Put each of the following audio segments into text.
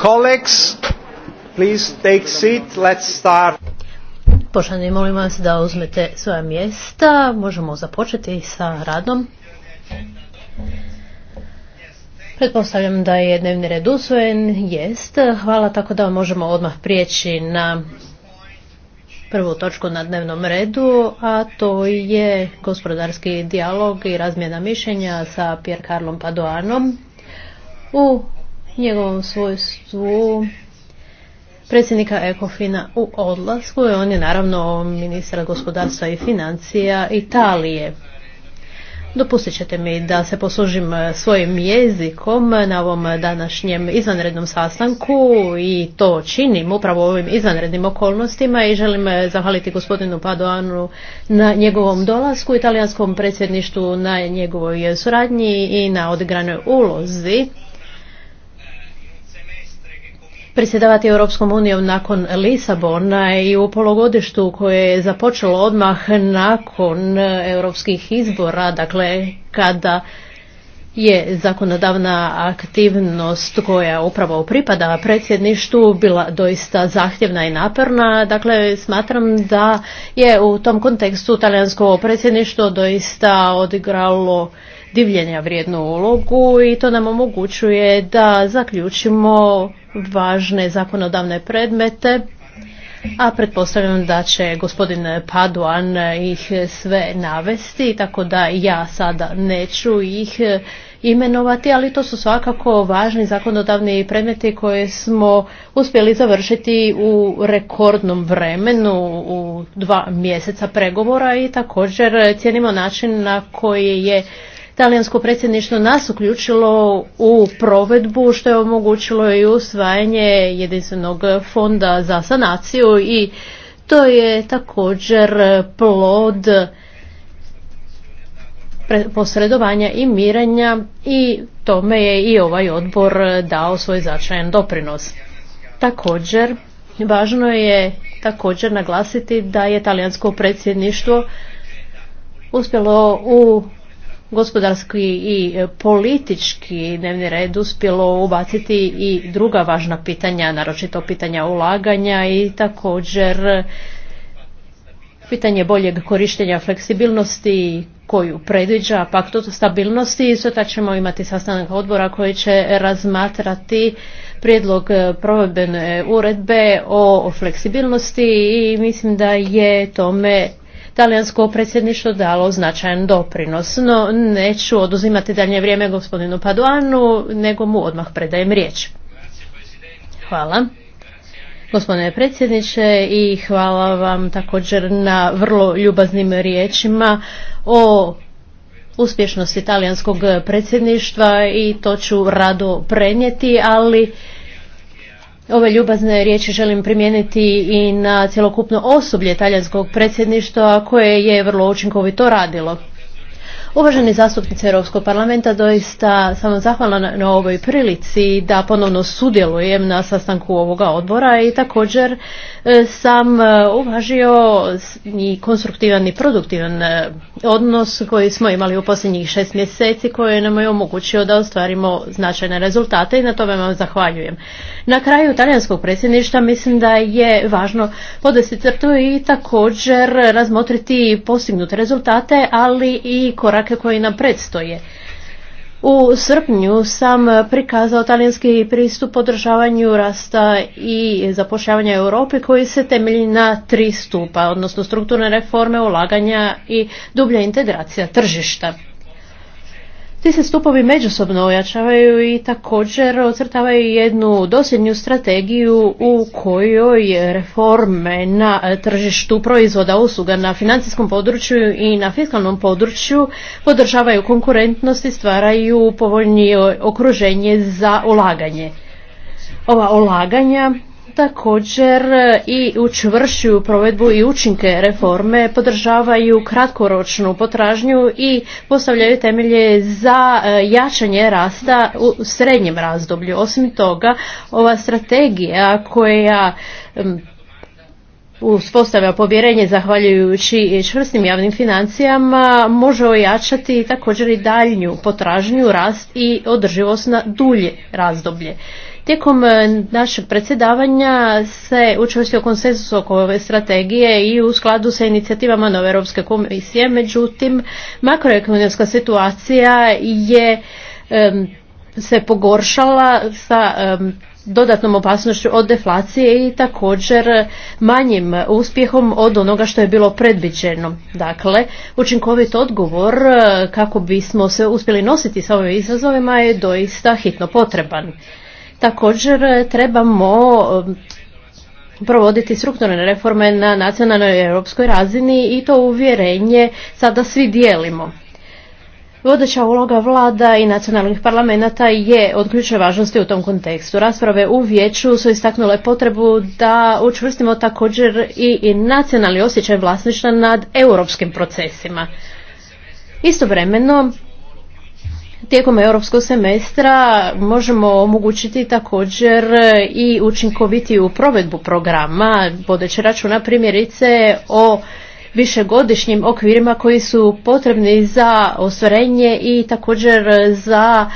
Colleagues, please take seat. Let's start. Poštovani, molim vas da uzmete svoja mjesta. Možemo započeti sa radom. Pretpostavljam da je dnevni red usvojen. Jest. Hvala, tako da možemo odmah prijeći na prvu točku na dnevnom redu, a to je gospodarski dijalog i razmjena mišljenja sa Pierre Carlom Padoanom u njegovom svojstvu predsjednika Ekofina u odlasku i on je naravno ministar gospodarstva i financija Italije. Dopustit ćete mi da se poslužim svojim jezikom na ovom današnjem izvanrednom sastanku i to činim upravo u ovim izvanrednim okolnostima i želim zahvaliti gospodinu Padoanu na njegovom dolasku, italijanskom predsjedništvu na njegovoj suradnji i na odigranoj ulozi predsjedavati Europskom unijom nakon Lisabona i u polugodištu koje je započelo odmah nakon europskih izbora, dakle kada je zakonodavna aktivnost koja upravo pripada predsjedništu bila doista zahtjevna i naporna. Dakle, smatram da je u tom kontekstu talijansko predsjedništvo doista odigralo divljenja vrijednu ulogu i to nam omogućuje da zaključimo važne zakonodavne predmete, a pretpostavljam da će gospodin Paduan ih sve navesti, tako da ja sada neću ih imenovati, ali to su svakako važni zakonodavni predmeti koje smo uspjeli završiti u rekordnom vremenu, u dva mjeseca pregovora i također cijenimo način na koji je talijansko predsjedništvo nas uključilo u provedbu što je omogućilo i usvajanje jedinstvenog fonda za sanaciju i to je također plod posredovanja i mirenja i tome je i ovaj odbor dao svoj značajan doprinos. Također, važno je također naglasiti da je talijansko predsjedništvo uspjelo u gospodarski i e, politički dnevni red uspjelo ubaciti i druga važna pitanja, naročito pitanja ulaganja i također e, pitanje boljeg korištenja fleksibilnosti koju predviđa paktu stabilnosti. Isto tako ćemo imati sastanak odbora koji će razmatrati prijedlog e, provedbene uredbe o fleksibilnosti i mislim da je tome talijansko predsjedništvo dalo značajan doprinos. No neću oduzimati dalje vrijeme gospodinu Paduanu, nego mu odmah predajem riječ. Hvala. Gospodine predsjedniče i hvala vam također na vrlo ljubaznim riječima o uspješnosti talijanskog predsjedništva i to ću rado prenijeti, ali Ove ljubazne riječi želim primijeniti i na cjelokupno osoblje talijanskog predsjedništva koje je vrlo učinkovito radilo. Uvaženi zastupnici Europskog parlamenta, doista sam zahvalna na ovoj prilici da ponovno sudjelujem na sastanku ovoga odbora i također E, sam e, uvažio i konstruktivan i produktivan e, odnos koji smo imali u posljednjih šest mjeseci koji nam je omogućio da ostvarimo značajne rezultate i na tome vam zahvaljujem. Na kraju talijanskog predsjedništva mislim da je važno podesti crtu i također razmotriti postignute rezultate ali i korake koji nam predstoje. U srpnju sam prikazao talijanski pristup podržavanju rasta i zapošljavanja Europe koji se temelji na tri stupa, odnosno strukturne reforme, ulaganja i dublja integracija tržišta. Ti se stupovi međusobno ojačavaju i također ocrtavaju jednu dosljednju strategiju u kojoj reforme na tržištu proizvoda usluga na financijskom području i na fiskalnom području podržavaju konkurentnost i stvaraju povoljnije okruženje za ulaganje. Ova ulaganja također i učvršuju provedbu i učinke reforme, podržavaju kratkoročnu potražnju i postavljaju temelje za e, jačanje rasta u srednjem razdoblju. Osim toga, ova strategija koja uspostavlja povjerenje zahvaljujući čvrstim javnim financijama može ojačati također i daljnju potražnju, rast i održivost na dulje razdoblje. Tijekom e, našeg predsjedavanja se učvrstio konsensus oko ove strategije i u skladu sa inicijativama Nove Europske komisije, međutim makroekonomska situacija je se pogoršala sa dodatnom opasnošću od deflacije i također manjim uspjehom od onoga što je bilo predviđeno. Dakle, učinkovit odgovor e, kako bismo se uspjeli nositi sa ovim izazovima je doista hitno potreban. Također e, trebamo e, provoditi strukturne reforme na nacionalnoj i europskoj razini i to uvjerenje sada svi dijelimo. Vodeća uloga vlada i nacionalnih parlamenta je od ključne važnosti u tom kontekstu. Rasprave u vijeću su istaknule potrebu da učvrstimo također i nacionalni osjećaj vlasništva nad europskim procesima. Istovremeno, tijekom europskog semestra možemo omogućiti također i učinkovitiju provedbu programa, vodeći računa primjerice o višegodišnjim okvirima koji su potrebni za ostvarenje i također za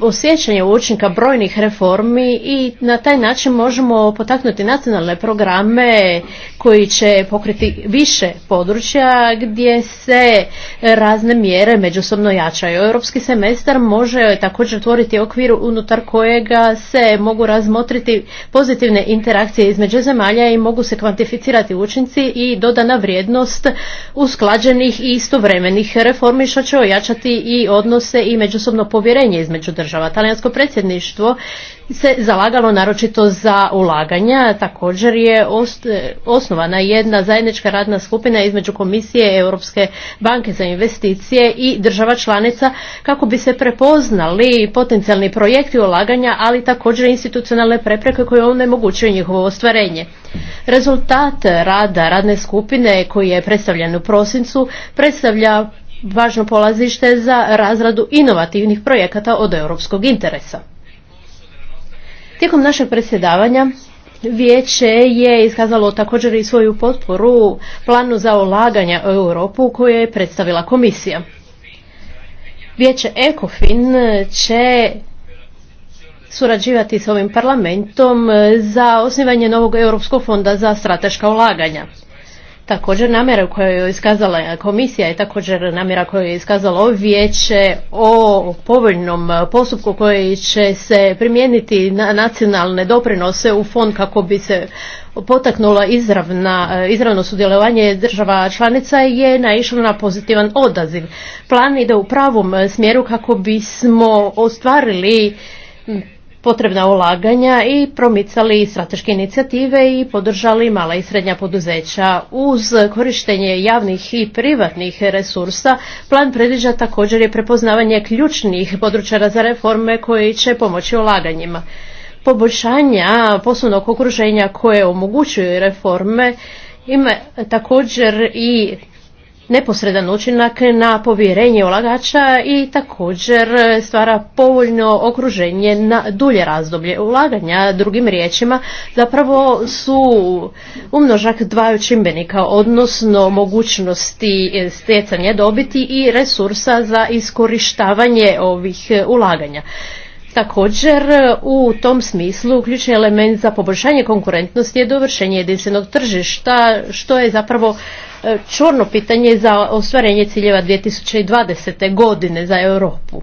osjećanje učinka brojnih reformi i na taj način možemo potaknuti nacionalne programe koji će pokriti više područja gdje se razne mjere međusobno jačaju. Europski semestar može također otvoriti okvir unutar kojega se mogu razmotriti pozitivne interakcije između zemalja i mogu se kvantificirati učinci i dodana vrijednost usklađenih i istovremenih reformi što će ojačati i odnose i međusobno povjerenje između između država. Talijansko predsjedništvo se zalagalo naročito za ulaganja. Također je e, osnovana jedna zajednička radna skupina između Komisije Europske banke za investicije i država članica kako bi se prepoznali potencijalni projekti ulaganja, ali također institucionalne prepreke koje onemogućuju njihovo ostvarenje. Rezultat rada radne skupine koji je predstavljen u prosincu predstavlja važno polazište za razradu inovativnih projekata od europskog interesa. Tijekom našeg predsjedavanja Vijeće je iskazalo također i svoju potporu planu za ulaganja u Europu koju je predstavila komisija. Vijeće ECOFIN će surađivati s ovim parlamentom za osnivanje novog Europskog fonda za strateška ulaganja. Također namjera koju je iskazala komisija i također namjera koju je iskazalo vijeće o povoljnom postupku koji će se primijeniti na nacionalne doprinose u fond kako bi se potaknula izravna, izravno sudjelovanje država članica je naišlo na pozitivan odaziv. Plan ide u pravom smjeru kako bismo ostvarili potrebna ulaganja i promicali strateške inicijative i podržali mala i srednja poduzeća. Uz korištenje javnih i privatnih resursa, plan predviđa također je prepoznavanje ključnih područja za reforme koji će pomoći ulaganjima. Poboljšanja poslovnog okruženja koje omogućuju reforme ima također i neposredan učinak na povjerenje ulagača i također stvara povoljno okruženje na dulje razdoblje ulaganja. Drugim riječima zapravo su umnožak dva čimbenika, odnosno mogućnosti stjecanja dobiti i resursa za iskorištavanje ovih ulaganja. Također, u tom smislu ključni element za poboljšanje konkurentnosti je dovršenje jedinstvenog tržišta, što je zapravo e, čorno pitanje za ostvarenje ciljeva 2020. godine za Europu.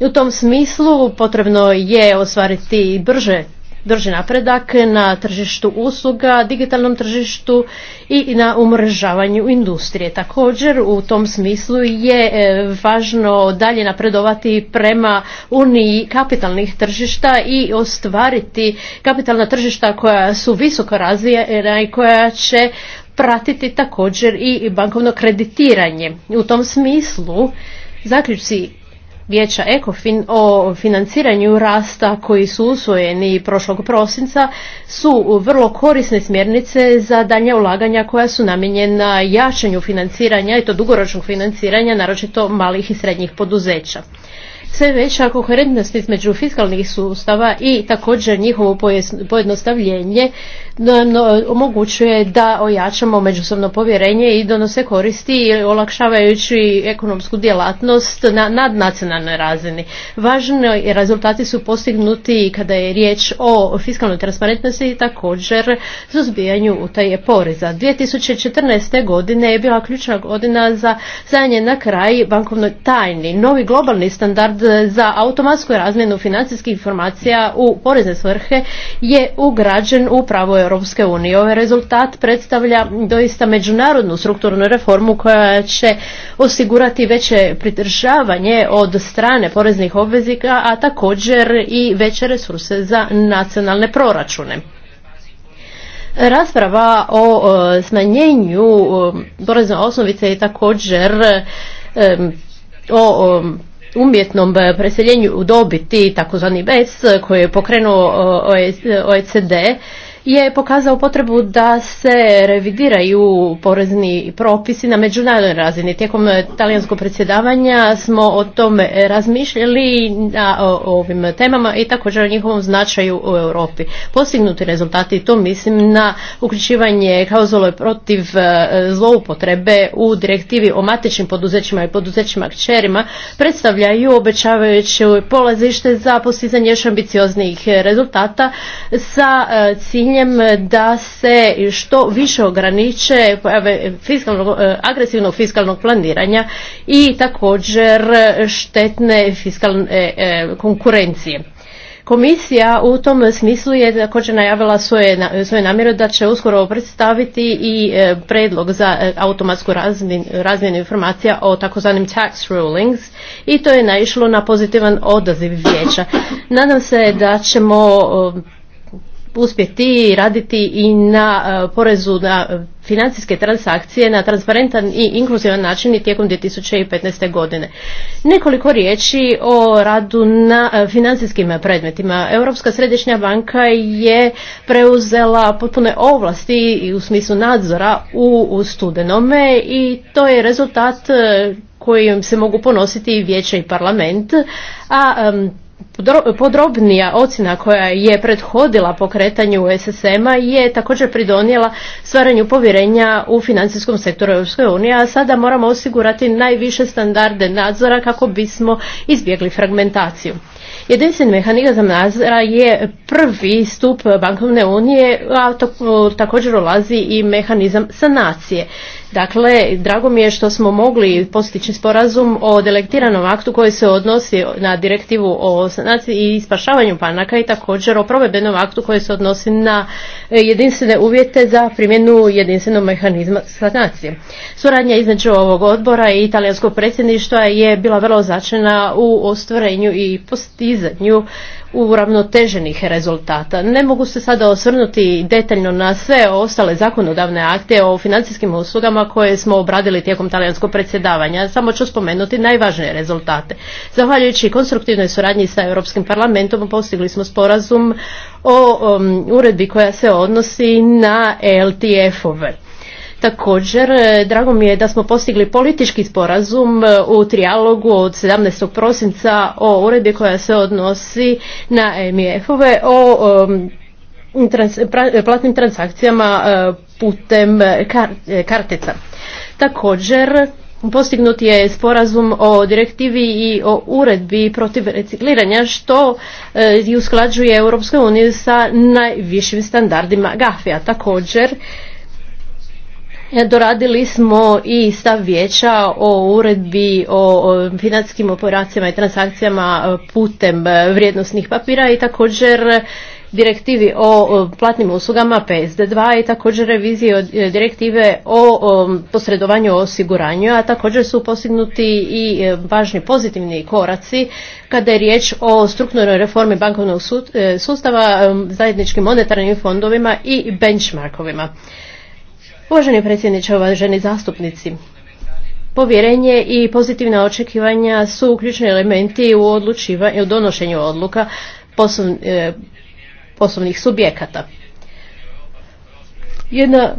U tom smislu potrebno je ostvariti brže drži napredak na tržištu usluga, digitalnom tržištu i na umrežavanju industrije. Također u tom smislu je e, važno dalje napredovati prema uniji kapitalnih tržišta i ostvariti kapitalna tržišta koja su visoko razvijena i koja će pratiti također i bankovno kreditiranje. U tom smislu zaključci vijeća ECOFIN o financiranju rasta koji su usvojeni prošlog prosinca su vrlo korisne smjernice za daljnja ulaganja koja su namijenjena jačanju financiranja i to dugoročnog financiranja naročito malih i srednjih poduzeća sve veća koherentnost između fiskalnih sustava i također njihovo pojednostavljenje omogućuje da ojačamo međusobno povjerenje i donose koristi olakšavajući ekonomsku djelatnost na nadnacionalnoj razini. Važni rezultati su postignuti kada je riječ o fiskalnoj transparentnosti i također suzbijanju utaje poreza. 2014. godine je bila ključna godina za zajednje na kraj bankovnoj tajni. Novi globalni standard E, za automatsku razmjenu financijskih informacija u porezne svrhe je ugrađen u pravo Europske unije. Ovaj rezultat predstavlja doista međunarodnu strukturnu reformu koja će osigurati veće pridržavanje od strane poreznih obveznika, a također i veće resurse za nacionalne proračune. Rasprava o e, smanjenju e, porezne osnovice i također o umjetnom e, preseljenju u dobiti takozvani BES koji je pokrenuo OECD je pokazao potrebu da se revidiraju porezni propisi na međunarodnoj razini. Tijekom talijanskog predsjedavanja smo o tome razmišljali na ovim temama i također o njihovom značaju u Europi. Postignuti rezultati, to mislim na uključivanje klauzule protiv e, zloupotrebe u direktivi o matičnim poduzećima i poduzećima kćerima, predstavljaju obećavajuće polazište za postizanje još ambicioznijih rezultata sa e, ciljem Eh, da se što više ograniče pojave eh, agresivnog fiskalnog planiranja i također eh, štetne fiskalne konkurencije. Komisija u tom smislu je također najavila svoje, svoje namjere da će uskoro predstaviti i predlog za automatsku razmjenu informacija o takozvanim tax rulings i to je naišlo na pozitivan odaziv vijeća. Nadam se da ćemo uspjeti raditi i na e, porezu na e, financijske transakcije na transparentan i inkluzivan način i tijekom 2015. godine. Nekoliko riječi o radu na e, financijskim predmetima. Europska središnja banka je preuzela potpune ovlasti u smislu nadzora u, studenome i to je rezultat kojim se mogu ponositi i vijeće i parlament, a podrobnija ocjena koja je prethodila pokretanju SSM-a je također pridonijela stvaranju povjerenja u financijskom sektoru Europske unije, a sada moramo osigurati najviše standarde nadzora kako bismo izbjegli fragmentaciju. Jedinstven mehanizam nadzora je prvi stup bankovne unije, a također ulazi i mehanizam sanacije. Dakle, drago mi je što smo mogli postići sporazum o delektiranom aktu koji se odnosi na direktivu o sanaciji i spašavanju banaka i također o provedbenom aktu koji se odnosi na jedinstvene uvjete za primjenu jedinstvenog mehanizma sanacije. Suradnja između ovog odbora i italijanskog predsjedništva je bila vrlo značajna u ostvarenju i postizanju uravnoteženih rezultata. Ne mogu se sada osvrnuti detaljno na sve ostale zakonodavne akte o financijskim uslugama koje smo obradili tijekom talijanskog predsjedavanja. Samo ću spomenuti najvažnije rezultate. Zahvaljujući konstruktivnoj suradnji sa Europskim parlamentom postigli smo sporazum o um, uredbi koja se odnosi na LTF-ove. Također, e, drago mi je da smo postigli politički sporazum e, u trijalogu od 17. prosinca o uredbi koja se odnosi na MIF-ove o platnim transakcijama e, putem kar, kartica. Također, Postignut je sporazum o direktivi i o uredbi protiv recikliranja što i usklađuje EU sa najvišim standardima GAFI-a. Također Doradili smo i stav vijeća o uredbi o financijskim operacijama i transakcijama e, putem e, vrijednosnih papira i također direktivi o platnim uslugama PSD2 i također revizije e, direktive o posredovanju osiguranju, a također su postignuti i važni pozitivni koraci kada je riječ o strukturnoj reformi bankovnog sustava, zajedničkim monetarnim fondovima i benchmarkovima. Uvaženi predsjedniče, uvaženi zastupnici, povjerenje i pozitivna očekivanja su ključni elementi u, u donošenju odluka e, poslovnih subjekata. Jedna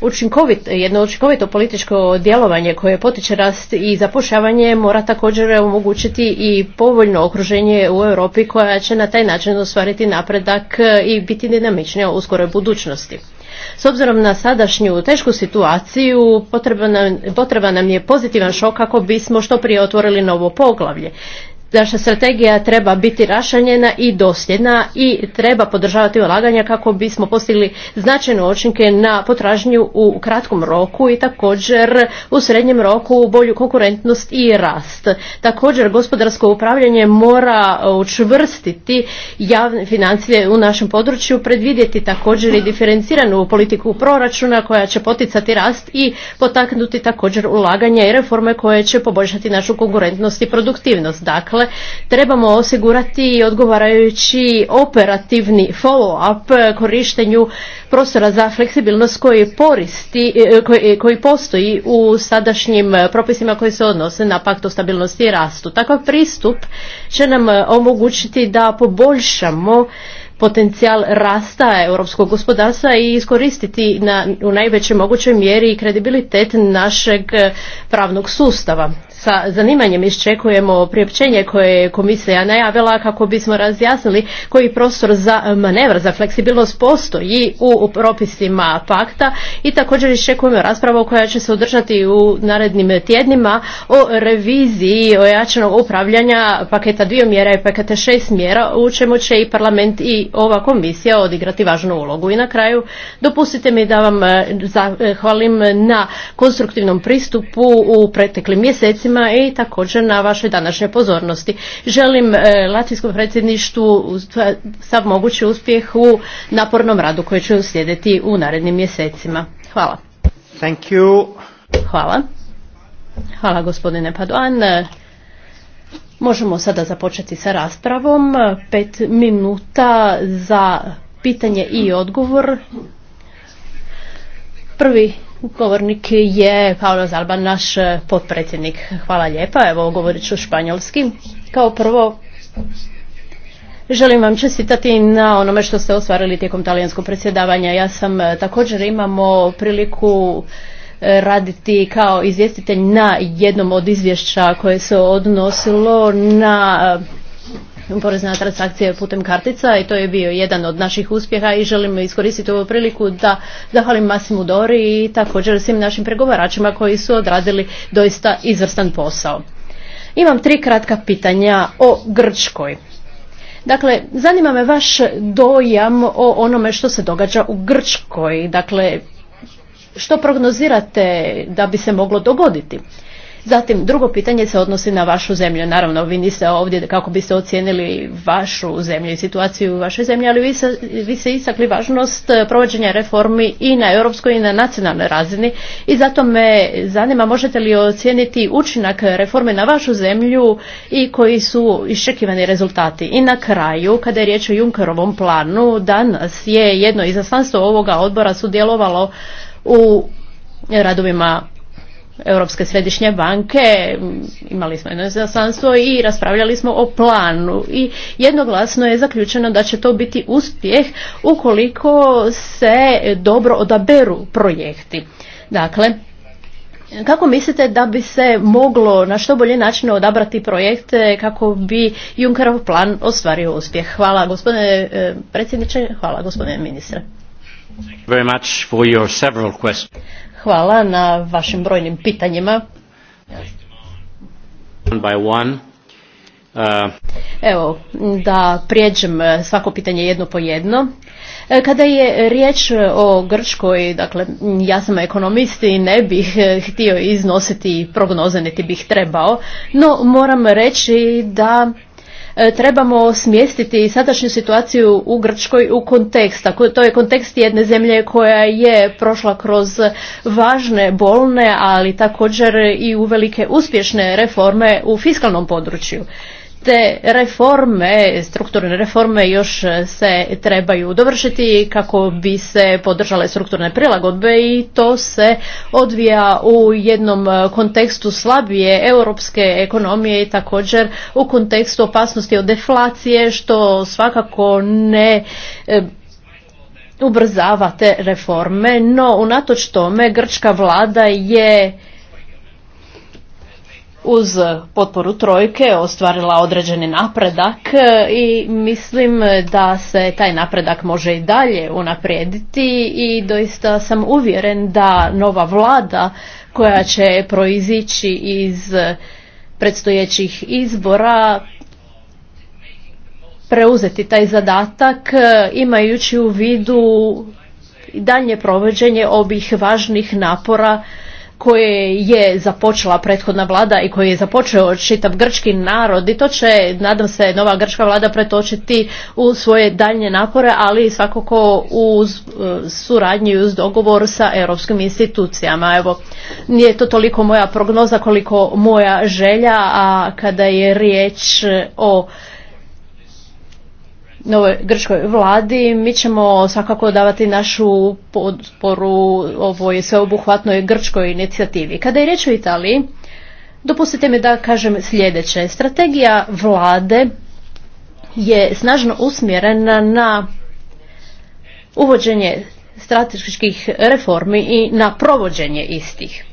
Učinkovit, jedno učinkovito političko djelovanje koje potiče rast i zapošljavanje mora također omogućiti i povoljno okruženje u Europi koja će na taj način ostvariti napredak i biti dinamičnija u skoroj budućnosti. S obzirom na sadašnju tešku situaciju potreban nam, potreba nam je pozitivan šok kako bismo što prije otvorili novo poglavlje naša strategija treba biti rašanjena i dosljedna i treba podržavati ulaganja kako bismo postigli značajne učinke na potražnju u kratkom roku i također u srednjem roku bolju konkurentnost i rast. Također gospodarsko upravljanje mora učvrstiti javne financije u našem području, predvidjeti također i diferenciranu politiku proračuna koja će poticati rast i potaknuti također ulaganja i reforme koje će poboljšati našu konkurentnost i produktivnost. Dakle, Dakle, trebamo osigurati odgovarajući operativni follow-up korištenju prostora za fleksibilnost koji, poristi, e, koji, e, koji postoji u sadašnjim propisima koji se odnose na pakt o stabilnosti i rastu. Takav pristup će nam omogućiti da poboljšamo potencijal rasta europskog gospodarstva i iskoristiti na, u najvećoj mogućoj mjeri kredibilitet našeg pravnog sustava sa zanimanjem iščekujemo priopćenje koje je komisija najavila kako bismo razjasnili koji prostor za manevr, za fleksibilnost postoji u propisima pakta i također iščekujemo raspravu koja će se održati u narednim tjednima o reviziji ojačanog upravljanja paketa dvije mjera i paketa šest mjera u čemu će i parlament i ova komisija odigrati važnu ulogu. I na kraju dopustite mi da vam eh, zahvalim eh, na konstruktivnom pristupu u preteklim mjesecima ma i također na vašoj današnjoj pozornosti. Želim e, Latvijskom predsjedništvu sav mogući uspjeh u napornom radu koji će uslijediti u narednim mjesecima. Hvala. Thank you. Hvala. Hvala gospodine Paduan. E, možemo sada započeti sa raspravom. Pet minuta za pitanje i odgovor. Prvi Govornik je Paolo Zalban naš e, potpredsjednik. Hvala lijepa, evo govorit ću španjolski. Kao prvo, Želim vam čestitati na onome što ste ostvarili tijekom talijanskog predsjedavanja. Ja sam e, također imamo priliku e, raditi kao izvjestitelj na jednom od izvješća koje se odnosilo na porezna transakcija putem kartica i to je bio jedan od naših uspjeha i želim iskoristiti ovu priliku da zahvalim Masimu Dori i također svim našim pregovaračima koji su odradili doista izvrstan posao. Imam tri kratka pitanja o Grčkoj. Dakle, zanima me vaš dojam o onome što se događa u Grčkoj. Dakle, što prognozirate da bi se moglo dogoditi? Zatim, drugo pitanje se odnosi na vašu zemlju. Naravno, vi niste ovdje kako biste ocijenili vašu zemlju i situaciju u vašoj zemlji, ali vi, ste isakli istakli važnost eh, provođenja reformi i na europskoj i na nacionalnoj razini. I zato me zanima, možete li ocijeniti učinak reforme na vašu zemlju i koji su iščekivani rezultati. I na kraju, kada je riječ o Junkerovom planu, danas je jedno izaslanstvo ovoga odbora sudjelovalo u radovima Europske središnje banke, mm, imali smo jedno izaslanstvo i raspravljali smo o planu i jednoglasno je zaključeno da će to biti uspjeh ukoliko se dobro odaberu projekti. Dakle, kako mislite da bi se moglo na što bolji način odabrati projekte kako bi Junckerov plan ostvario uspjeh? Hvala gospodine e, predsjedniče, hvala gospodine ministre. Hvala na vašim brojnim pitanjima. Uh, Evo, da prijeđem e, svako pitanje jedno po jedno. E, kada je riječ o Grčkoj, dakle, ja sam ekonomist i ne bih e, htio iznositi prognoze, niti bih trebao, no moram reći da E, trebamo smjestiti sadašnju situaciju u Grčkoj u kontekst. To je kontekst jedne zemlje koja je prošla kroz važne, bolne, ali također i u velike uspješne reforme u fiskalnom području te reforme, strukturne reforme još se trebaju dovršiti kako bi se podržale strukturne prilagodbe i to se odvija u jednom kontekstu slabije europske ekonomije i također u kontekstu opasnosti od deflacije što svakako ne e, ubrzava te reforme, no unatoč tome grčka vlada je uz potporu trojke ostvarila određeni napredak e, i mislim da se taj napredak može i dalje unaprijediti i doista sam uvjeren da nova vlada koja će proizići iz predstojećih izbora preuzeti taj zadatak e, imajući u vidu daljnje provođenje ovih važnih napora koje je započela prethodna vlada i koje je započeo čitav grčki narod i to će, nadam se, nova grčka vlada pretočiti u svoje daljnje napore, ali svakako uz e, suradnju i uz dogovor sa europskim institucijama. Evo, nije to toliko moja prognoza koliko moja želja, a kada je riječ o novoj grčkoj vladi. Mi ćemo svakako davati našu podporu ovoj sveobuhvatnoj grčkoj inicijativi. Kada je riječ o Italiji, dopustite mi da kažem sljedeće. Strategija vlade je snažno usmjerena na uvođenje strateških reformi i na provođenje istih.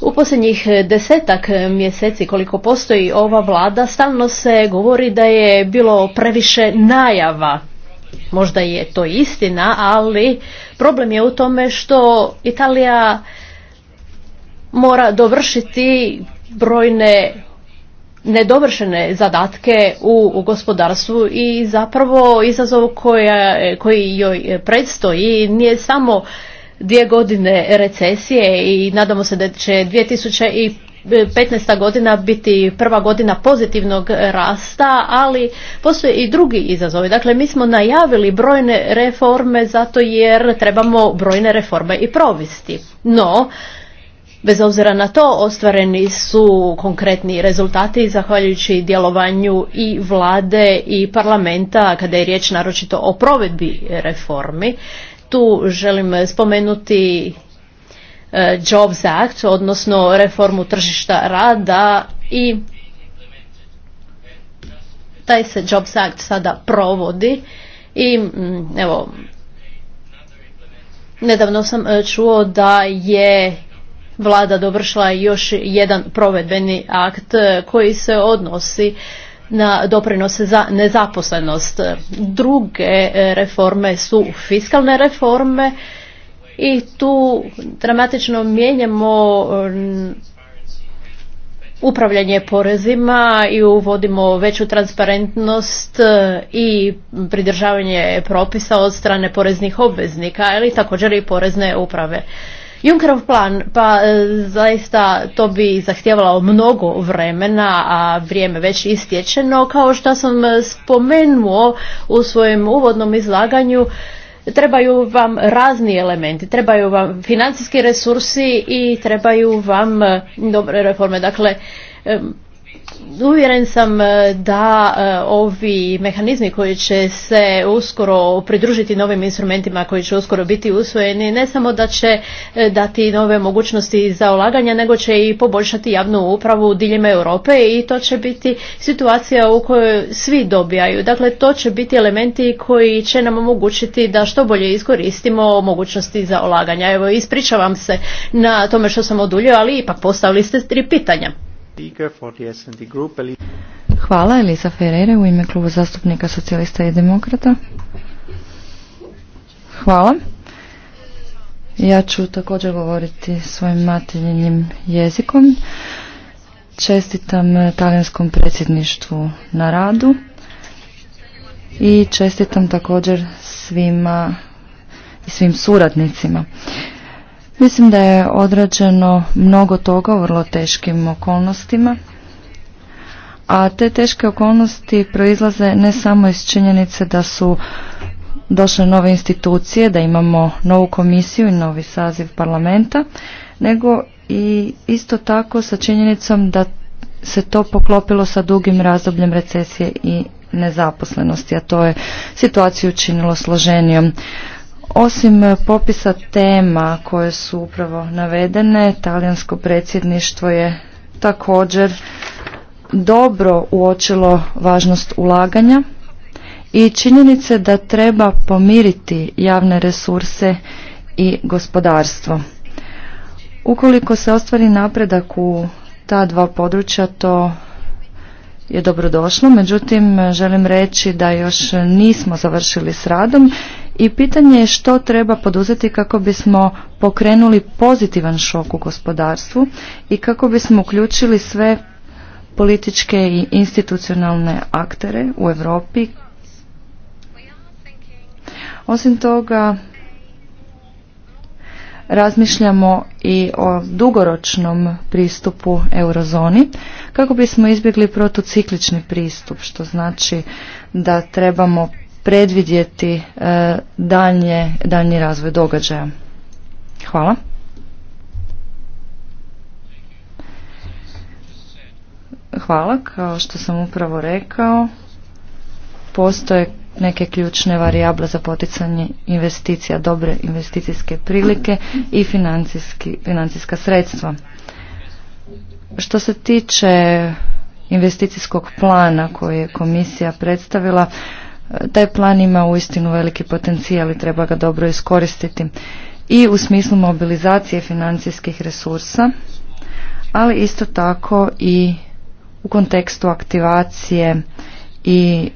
U posljednjih e, desetak e, mjeseci koliko postoji ova vlada stalno se govori da je bilo previše najava. Možda je to istina, ali problem je u tome što Italija mora dovršiti brojne nedovršene zadatke u gospodarstvu i zapravo izazov koji joj predstoji nije samo dvije godine recesije i nadamo se da će 2015. godina biti prva godina pozitivnog rasta, ali postoje i drugi izazovi. Dakle, mi smo najavili brojne reforme zato jer trebamo brojne reforme i provesti. No, Bez obzira na to, ostvareni su konkretni rezultati zahvaljujući djelovanju i vlade i parlamenta kada je riječ naročito o provedbi reformi. Tu želim spomenuti e, Jobs Act, odnosno reformu tržišta rada i taj se Jobs Act sada provodi i mm, evo nedavno sam e, čuo da je vlada dovršila još jedan provedbeni akt koji se odnosi na doprinose za nezaposlenost. Druge e, reforme su fiskalne reforme i tu dramatično mijenjamo mm, upravljanje porezima i uvodimo veću transparentnost e, i pridržavanje propisa od strane poreznih obveznika, ili također i porezne uprave. Junkerov plan, pa e, zaista to bi zahtjevalo mnogo vremena, a vrijeme već istječe, no kao što sam spomenuo u svojem uvodnom izlaganju, trebaju vam razni elementi, trebaju vam financijski resursi i trebaju vam e, dobre reforme. Dakle, e, Uvjeren sam e, da e, ovi mehanizmi koji će se uskoro pridružiti novim instrumentima koji će uskoro biti usvojeni ne samo da će e, dati nove mogućnosti za ulaganja nego će i poboljšati javnu upravu diljem Europe i to će biti situacija u kojoj svi dobijaju. Dakle, to će biti elementi koji će nam omogućiti da što bolje iskoristimo mogućnosti za ulaganja. Evo, ispričavam se na tome što sam oduljio, ali ipak postavili ste tri pitanja. Hvala Elisa Ferreira u ime kluba zastupnika socijalista i demokrata. Hvala. Ja ću također govoriti svojim materinjim jezikom. Čestitam talijanskom predsjedništvu na radu i čestitam također svima i svim suradnicima. Mislim da je odrađeno mnogo toga u vrlo teškim okolnostima, a te teške okolnosti proizlaze ne samo iz činjenice da su došle nove institucije, da imamo novu komisiju i novi saziv parlamenta, nego i isto tako sa činjenicom da se to poklopilo sa dugim razdobljem recesije i nezaposlenosti, a to je situaciju učinilo složenijom. Osim e, popisa tema koje su upravo navedene, talijansko predsjedništvo je također dobro uočilo važnost ulaganja i činjenice da treba pomiriti javne resurse i gospodarstvo. Ukoliko se ostvari napredak u ta dva područja, to je dobrodošlo, međutim želim reći da još nismo završili s radom i pitanje je što treba poduzeti kako bismo pokrenuli pozitivan šok u gospodarstvu i kako bismo uključili sve političke i institucionalne aktere u Europi. Osim toga, razmišljamo i o dugoročnom pristupu eurozoni kako bismo izbjegli protuciklični pristup, što znači da trebamo predvidjeti e, daljnji razvoj događaja. Hvala. Hvala, kao što sam upravo rekao, postoje neke ključne varijable za poticanje investicija, dobre investicijske prilike i financijska sredstva. Što se tiče investicijskog plana koji je komisija predstavila, taj plan ima uistinu veliki potencijal i treba ga dobro iskoristiti i u smislu mobilizacije financijskih resursa, ali isto tako i u kontekstu aktivacije i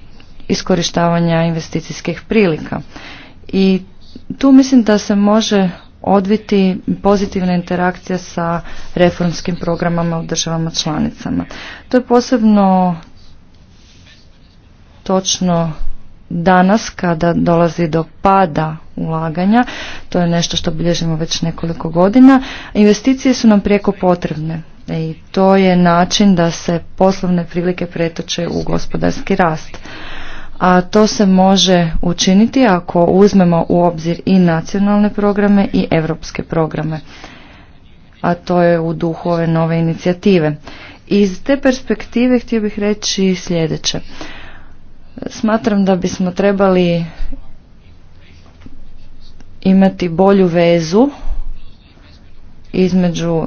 iskorištavanja investicijskih prilika. I tu mislim da se može odviti pozitivna interakcija sa reformskim programama u državama članicama. To je posebno točno danas kada dolazi do pada ulaganja, to je nešto što bilježimo već nekoliko godina, investicije su nam prijeko potrebne e, i to je način da se poslovne prilike pretoče u gospodarski rast. A to se može učiniti ako uzmemo u obzir i nacionalne programe i europske programe. A to je u duhu ove nove inicijative. Iz te perspektive htio bih reći sljedeće. Smatram da bismo trebali imati bolju vezu između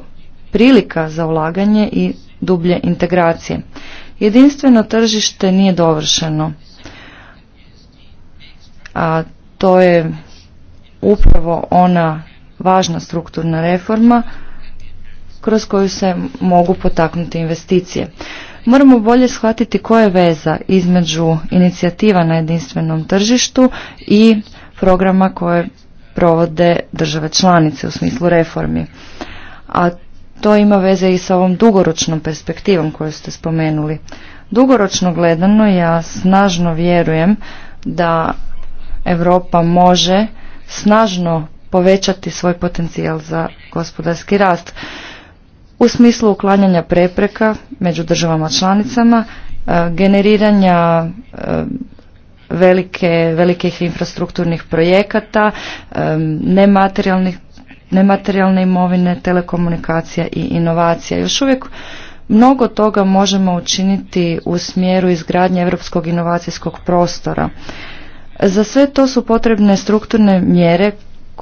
prilika za ulaganje i dublje integracije. Jedinstveno tržište nije dovršeno, a to je upravo ona važna strukturna reforma kroz koju se mogu potaknuti investicije. Moramo bolje shvatiti koja je veza između inicijativa na jedinstvenom tržištu i programa koje provode države članice u smislu reformi. A to ima veze i sa ovom dugoročnom perspektivom koju ste spomenuli. Dugoročno gledano ja snažno vjerujem da Europa može snažno povećati svoj potencijal za gospodarski rast u smislu uklanjanja prepreka među državama članicama, e, generiranja e, velike, velikih infrastrukturnih projekata, e, nematerijalnih nematerijalne imovine, telekomunikacija i inovacija. Još uvijek mnogo toga možemo učiniti u smjeru izgradnje europskog inovacijskog prostora. Za sve to su potrebne strukturne mjere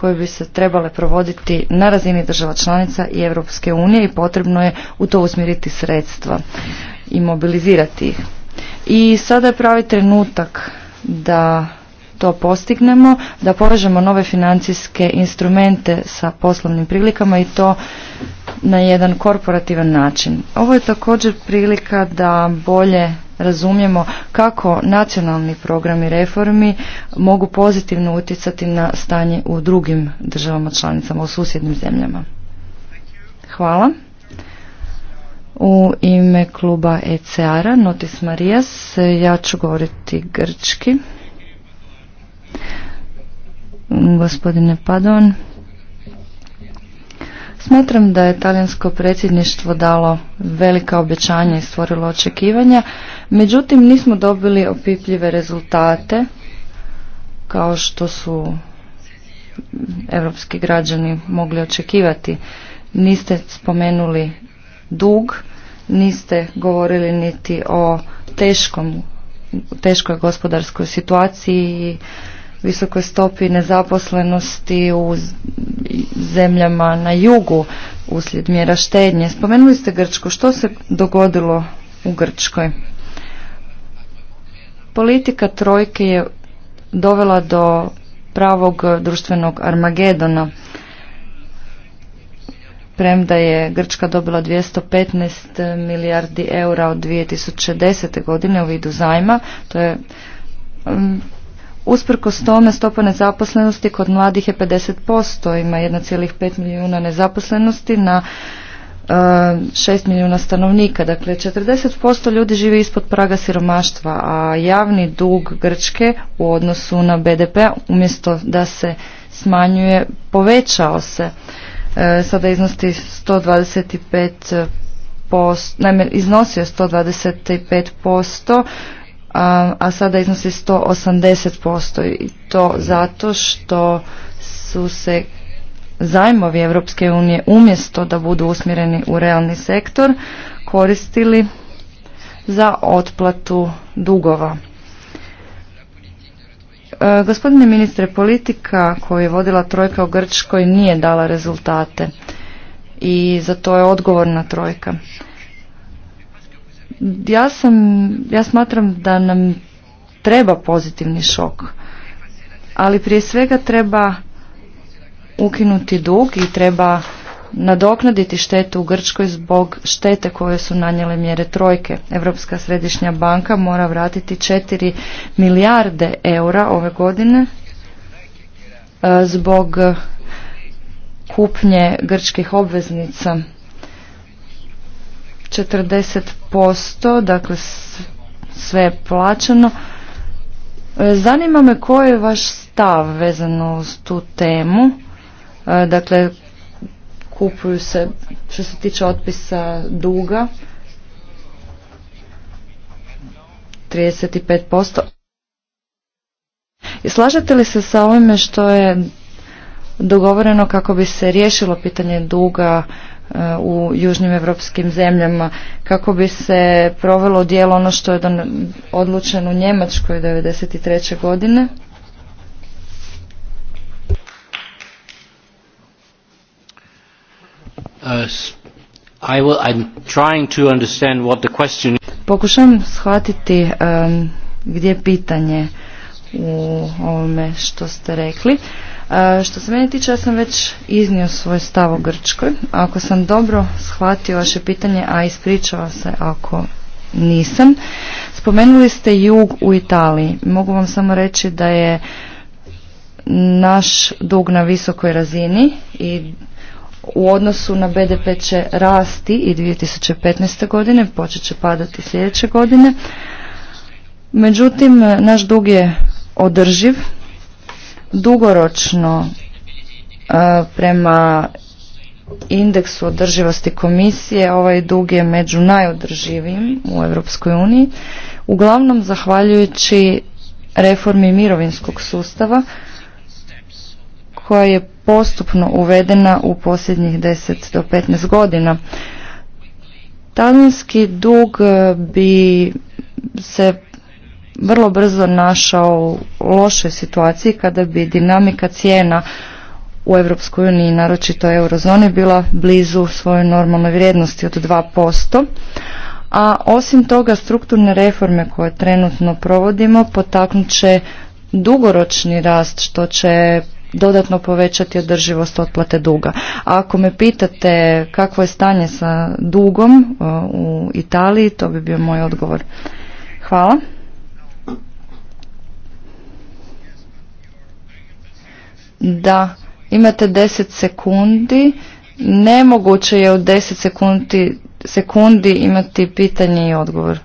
koje bi se trebale provoditi na razini država članica i Europske unije i potrebno je u to usmjeriti sredstva i mobilizirati ih. I sada je pravi trenutak da to postignemo, da povežemo nove financijske instrumente sa poslovnim prilikama i to na jedan korporativan način. Ovo je također prilika da bolje razumijemo kako nacionalni programi reformi mogu pozitivno utjecati na stanje u drugim državama članicama, u susjednim zemljama. Hvala. U ime kluba ECR-a, Notis Marijas, ja ću govoriti grčki. Gospodine Padon. Smatram da je talijansko predsjedništvo dalo velika obećanja i stvorilo očekivanja, međutim nismo dobili opipljive rezultate kao što su evropski građani mogli očekivati. Niste spomenuli dug, niste govorili niti o teškom, teškoj gospodarskoj situaciji i visokoj stopi nezaposlenosti u zemljama na jugu uslijed mjera štednje. Spomenuli ste Grčku. Što se dogodilo u Grčkoj? Politika trojke je dovela do pravog društvenog armagedona. Premda je Grčka dobila 215 milijardi eura od 2010. godine u vidu zajma, to je mm, Usprkos tome stopa nezaposlenosti kod mladih je 50%, ima 1,5 milijuna nezaposlenosti na 6 e, milijuna stanovnika. Dakle, 40% ljudi živi ispod praga siromaštva, a javni dug Grčke u odnosu na BDP umjesto da se smanjuje, povećao se. E, sada iznosi 125%, naime, iznosio 125%, a, sada iznosi 180% i to zato što su se zajmovi Europske unije umjesto da budu usmjereni u realni sektor koristili za otplatu dugova. E, gospodine ministre, politika koju je vodila trojka u Grčkoj nije dala rezultate i za to je odgovorna trojka. Ja, sam, ja smatram da nam treba pozitivni šok, ali prije svega treba ukinuti dug i treba nadoknaditi štetu u Grčkoj zbog štete koje su nanjele mjere trojke. Europska središnja banka mora vratiti 4 milijarde eura ove godine e, zbog kupnje grčkih obveznica 40%, dakle sve je plaćeno. E, zanima me koji je vaš stav vezano uz tu temu. E, dakle, kupuju se što se tiče otpisa duga 35%. I slažete li se sa ovime što je dogovoreno kako bi se riješilo pitanje duga u južnim evropskim zemljama kako bi se provelo dijelo ono što je odlučeno u Njemačkoj 1993. godine. Pokušam shvatiti um, gdje je pitanje u ovome što ste rekli. Što se mene tiče, ja sam već iznio svoj stav o Grčkoj. Ako sam dobro shvatio vaše pitanje, a ispričava se ako nisam, spomenuli ste jug u Italiji. Mogu vam samo reći da je naš dug na visokoj razini i u odnosu na BDP će rasti i 2015. godine, počet će padati sljedeće godine. Međutim, naš dug je održiv, dugoročno e, prema indeksu održivosti komisije ovaj dug je među najodrživijim u Europskoj uniji uglavnom zahvaljujući reformi mirovinskog sustava koja je postupno uvedena u posljednjih 10 do 15 godina. Talijanski dug bi se vrlo brzo našao u lošoj situaciji kada bi dinamika cijena u EU uniji, naročito eurozoni, bila blizu svojoj normalnoj vrijednosti od 2%. A osim toga strukturne reforme koje trenutno provodimo potaknut će dugoročni rast što će dodatno povećati održivost otplate duga. A ako me pitate kakvo je stanje sa dugom uh, u Italiji, to bi bio moj odgovor. Hvala. da imate 10 sekundi, nemoguće je u 10 sekundi, sekundi imati pitanje i odgovor.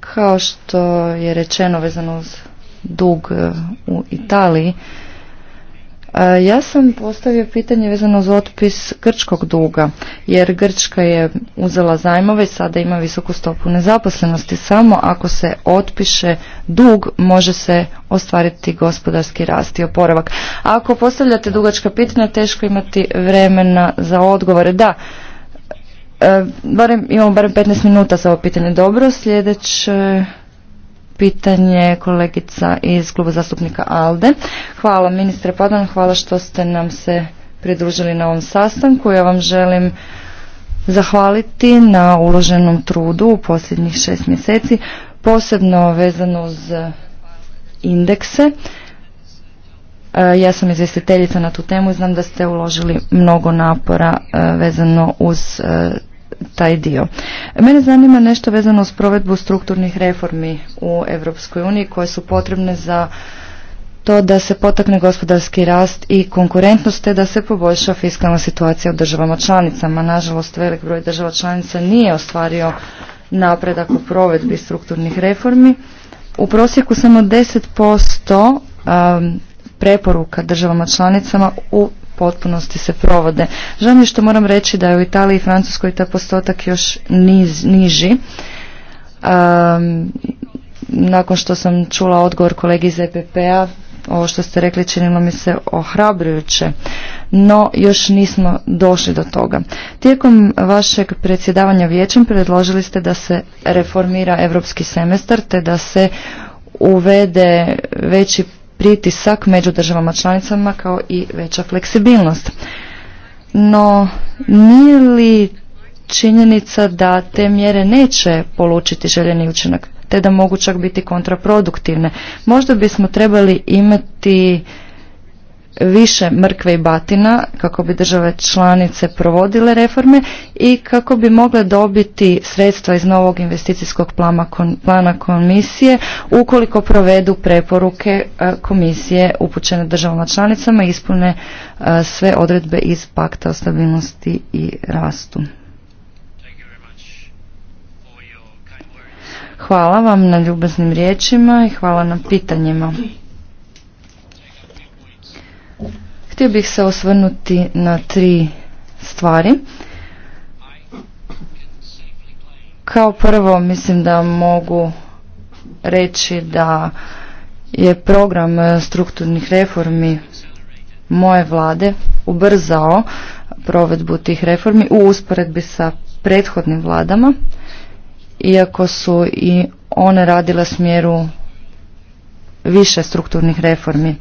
Kao što je rečeno vezano uz dug eh, u Italiji, ja sam postavio pitanje vezano za otpis grčkog duga, jer Grčka je uzela zajmove i sada ima visoku stopu nezaposlenosti. Samo ako se otpiše dug, može se ostvariti gospodarski rast i oporavak. ako postavljate dugačka pitanja, teško imati vremena za odgovore. Da, e, imamo barem 15 minuta za ovo pitanje. Dobro, sljedeće pitanje kolegica iz kluba zastupnika ALDE. Hvala ministre Padan, hvala što ste nam se pridružili na ovom sastanku. Ja vam želim zahvaliti na uloženom trudu u posljednjih šest mjeseci, posebno vezano uz indekse. E, ja sam izvjestiteljica na tu temu i znam da ste uložili mnogo napora e, vezano uz e, taj dio. Mene zanima nešto vezano s provedbu strukturnih reformi u Europskoj uniji koje su potrebne za to da se potakne gospodarski rast i konkurentnost te da se poboljša fiskalna situacija u državama članicama. Nažalost, velik broj država članica nije ostvario napredak u provedbi strukturnih reformi. U prosjeku samo 10% um, preporuka državama članicama u potpunosti se provode. Žao mi je što moram reći da je u Italiji i Francuskoj taj postotak još niz, niži. Um, nakon što sam čula odgovor kolegi iz EPP-a, ovo što ste rekli činilo mi se ohrabrujuće, no još nismo došli do toga. Tijekom vašeg predsjedavanja vijećem predložili ste da se reformira europski semestar te da se uvede veći pritisak među državama članicama kao i veća fleksibilnost. No, nije li činjenica da te mjere neće polučiti željeni učinak, te da mogu čak biti kontraproduktivne? Možda bismo trebali imati više mrkve i batina kako bi države članice provodile reforme i kako bi mogle dobiti sredstva iz novog investicijskog plana komisije ukoliko provedu preporuke e, komisije upućene državama članicama i ispune e, sve odredbe iz pakta o stabilnosti i rastu. Hvala vam na ljubaznim riječima i hvala na pitanjima. Htio bih se osvrnuti na tri stvari. Kao prvo mislim da mogu reći da je program strukturnih reformi moje vlade ubrzao provedbu tih reformi u usporedbi sa prethodnim vladama, iako su i one radile smjeru više strukturnih reformi.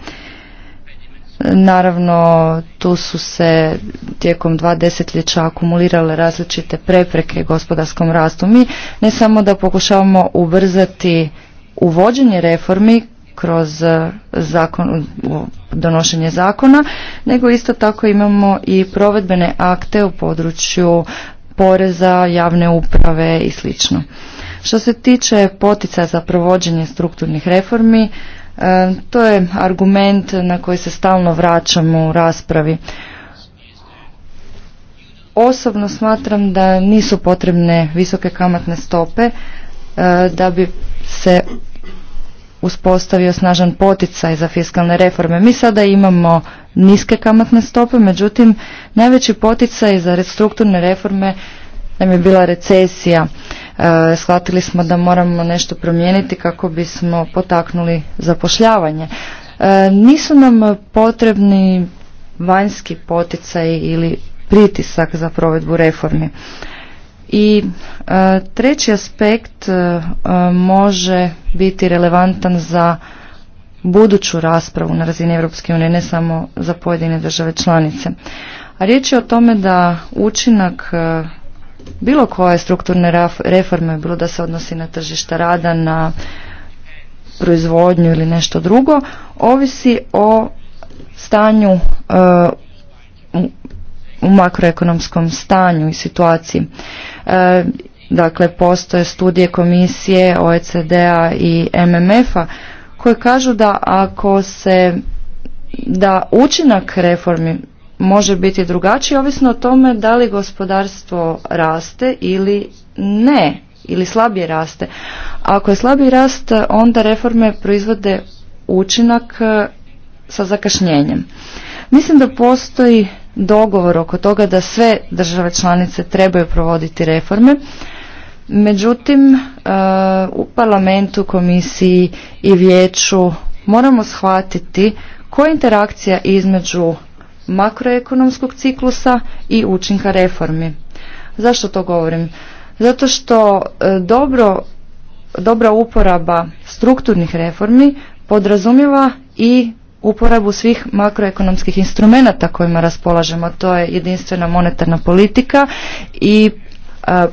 Naravno, tu su se tijekom dva desetljeća akumulirale različite prepreke gospodarskom rastu. Mi ne samo da pokušavamo ubrzati uvođenje reformi kroz e, zakon, donošenje zakona, nego isto tako imamo i provedbene akte u području poreza, javne uprave i sl. Što se tiče potica za provođenje strukturnih reformi, E, to je argument na koji se stalno vraćamo u raspravi. Osobno smatram da nisu potrebne visoke kamatne stope e, da bi se uspostavio snažan poticaj za fiskalne reforme. Mi sada imamo niske kamatne stope, međutim najveći poticaj za strukturne reforme nam je bila recesija. E, shvatili smo da moramo nešto promijeniti kako bismo potaknuli zapošljavanje. E, nisu nam potrebni vanjski poticaj ili pritisak za provedbu reformi. I e, treći aspekt može biti relevantan za buduću raspravu na razini Europske unije, ne samo za pojedine države članice. A riječ je o tome da učinak bilo koje strukturne reforme, bilo da se odnosi na tržišta rada, na proizvodnju ili nešto drugo, ovisi o stanju uh, u makroekonomskom stanju i situaciji. Uh, dakle, postoje studije komisije OECD-a i MMF-a koje kažu da ako se da učinak reformi može biti drugačiji ovisno o tome da li gospodarstvo raste ili ne ili slabije raste. ako je slabiji rast onda reforme proizvode učinak e, sa zakašnjenjem. Mislim da postoji dogovor oko toga da sve države članice trebaju provoditi reforme. Međutim, e, u parlamentu, komisiji i vijeću moramo shvatiti koja interakcija između makroekonomskog ciklusa i učinka reformi. Zašto to govorim? Zato što e, dobro, dobra uporaba strukturnih reformi podrazumijeva i uporabu svih makroekonomskih instrumenata kojima raspolažemo. To je jedinstvena monetarna politika i e,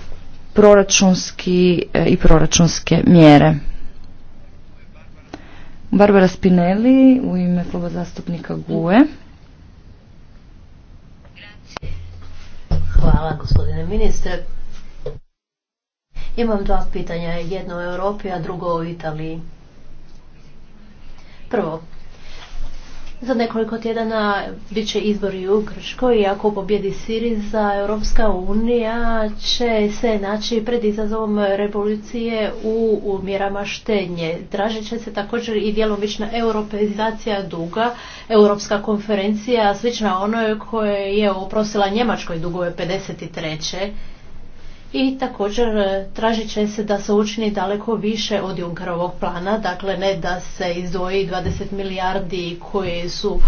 proračunski e, i proračunske mjere. Barbara Spinelli u ime kluba zastupnika GUE. Hvala gospodine ministre. Imam dva pitanja, jedno u Europi, a drugo u Italiji. Prvo, za nekoliko tjedana bit će izbori u Grčkoj i ako pobjedi Siriza, Europska unija će se naći pred izazovom revolucije u, u mjerama štenje. Dražit će se također i djelomična europeizacija duga, Europska konferencija, slična onoj koja je oprosila Njemačkoj dugove 53 i također e, tražit će se da se učini daleko više od Junkerovog plana, dakle ne da se izdvoji 20 milijardi koje su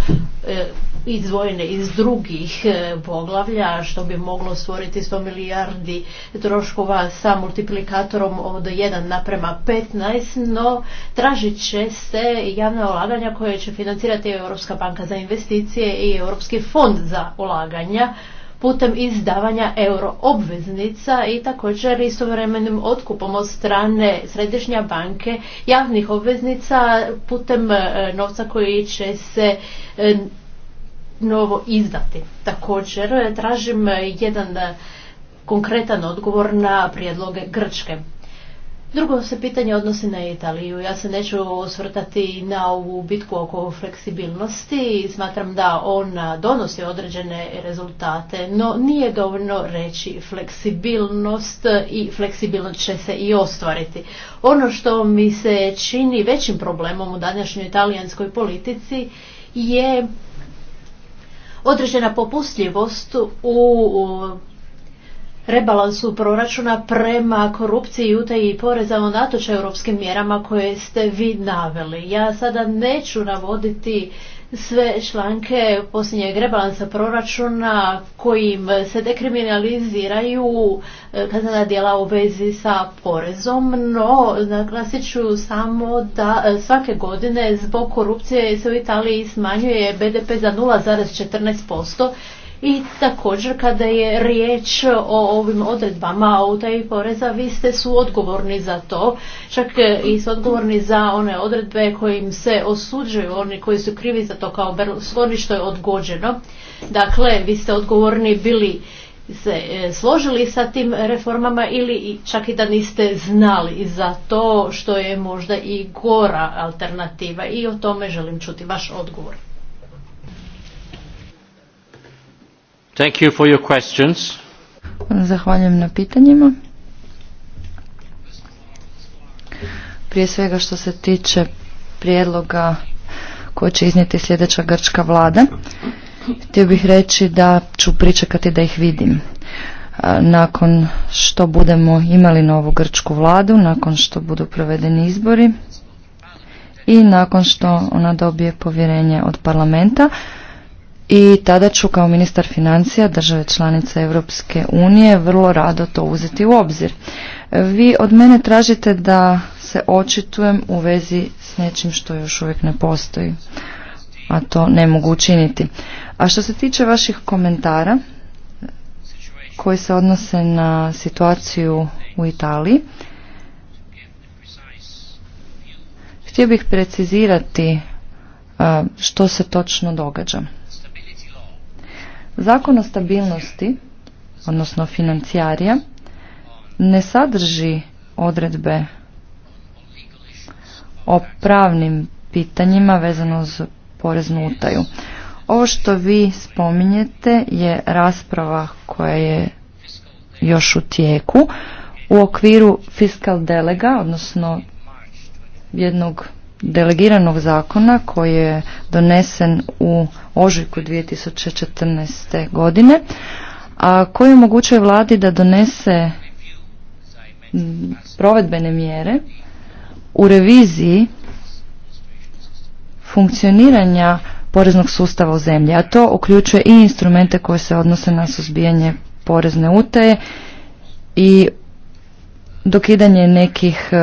e, izdvojene iz drugih e, poglavlja, što bi moglo stvoriti 100 milijardi troškova sa multiplikatorom od 1 naprema 15, no tražit će se javna ulaganja koje će financirati Europska banka za investicije i Europski fond za ulaganja, putem izdavanja euro obveznica i također istovremenim otkupom od strane Središnja banke javnih obveznica putem e, novca koji će se e, novo izdati. Također e, tražim jedan konkretan odgovor na prijedloge Grčke. Drugo se pitanje odnosi na Italiju. Ja se neću osvrtati na ovu bitku oko fleksibilnosti i smatram da ona donosi određene rezultate, no nije dovoljno reći fleksibilnost i fleksibilnost će se i ostvariti. Ono što mi se čini većim problemom u današnjoj italijanskoj politici je određena popustljivost u rebalansu proračuna prema korupciji i utaji poreza unatoč europskim mjerama koje ste vi naveli. Ja sada neću navoditi sve članke posljednjeg rebalansa proračuna kojim se dekriminaliziraju e, kaznena djela u vezi sa porezom, no naglasit ću samo da e, svake godine zbog korupcije se u Italiji smanjuje BDP za 0,14%, i također kada je riječ o ovim odredbama o utaji poreza, vi ste su odgovorni za to, čak i su odgovorni za one odredbe kojim se osuđuju oni koji su krivi za to kao Berlusconi što je odgođeno. Dakle, vi ste odgovorni bili se e, složili sa tim reformama ili čak i da niste znali za to što je možda i gora alternativa i o tome želim čuti vaš odgovor. Thank you for your questions. Zahvaljujem na pitanjima. Prije svega što se tiče prijedloga koje će iznijeti sljedeća grčka vlada, htio bih reći da ću pričekati da ih vidim. Nakon što budemo imali novu grčku vladu, nakon što budu provedeni izbori i nakon što ona dobije povjerenje od parlamenta, i tada ću kao ministar financija države članice Europske unije vrlo rado to uzeti u obzir. Vi od mene tražite da se očitujem u vezi s nečim što još uvijek ne postoji, a to ne mogu učiniti. A što se tiče vaših komentara koji se odnose na situaciju u Italiji, htio bih precizirati što se točno događa. Zakon o stabilnosti, odnosno financijarija, ne sadrži odredbe o pravnim pitanjima vezano uz poreznu utaju. Ovo što vi spominjete je rasprava koja je još u tijeku u okviru fiskal delega, odnosno jednog delegiranog zakona koji je donesen u ožujku 2014. godine, a koji omogućuje vladi da donese provedbene mjere u reviziji funkcioniranja poreznog sustava u zemlji, a to uključuje i instrumente koje se odnose na suzbijanje porezne utaje i dokidanje nekih e,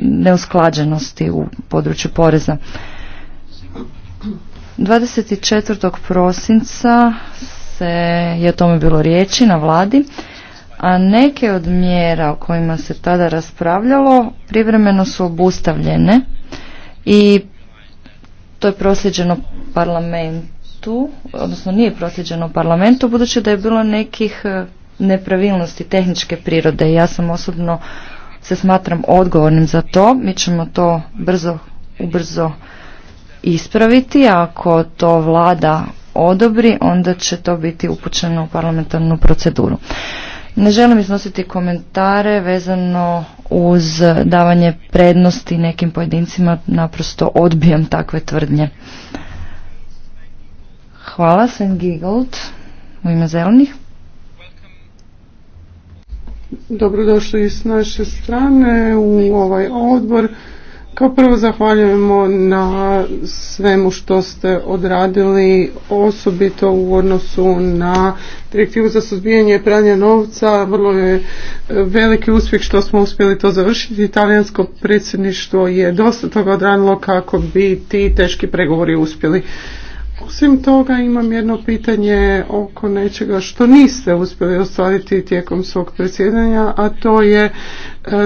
neusklađenosti u području poreza. 24. prosinca se je o tome bilo riječi na vladi, a neke od mjera o kojima se tada raspravljalo privremeno su obustavljene i to je prosjeđeno parlamentu, odnosno nije prosjeđeno parlamentu, budući da je bilo nekih eh, nepravilnosti tehničke prirode. Ja sam osobno se smatram odgovornim za to. Mi ćemo to brzo, ubrzo ispraviti. ako to vlada odobri, onda će to biti upućeno u parlamentarnu proceduru. Ne želim iznositi komentare vezano uz davanje prednosti nekim pojedincima, naprosto odbijam takve tvrdnje. Hvala, Sven Giegold, u ime zelenih. Dobrodošli s naše strane u ovaj odbor. Kao prvo zahvaljujemo na svemu što ste odradili, osobito u odnosu na direktivu za suzbijanje pranja novca. Vrlo je e, veliki uspjeh što smo uspjeli to završiti. Italijansko predsjedništvo je dosta toga odradilo kako bi ti teški pregovori uspjeli. Osim toga imam jedno pitanje oko nečega što niste uspjeli ostvariti tijekom svog predsjedanja, a to je e,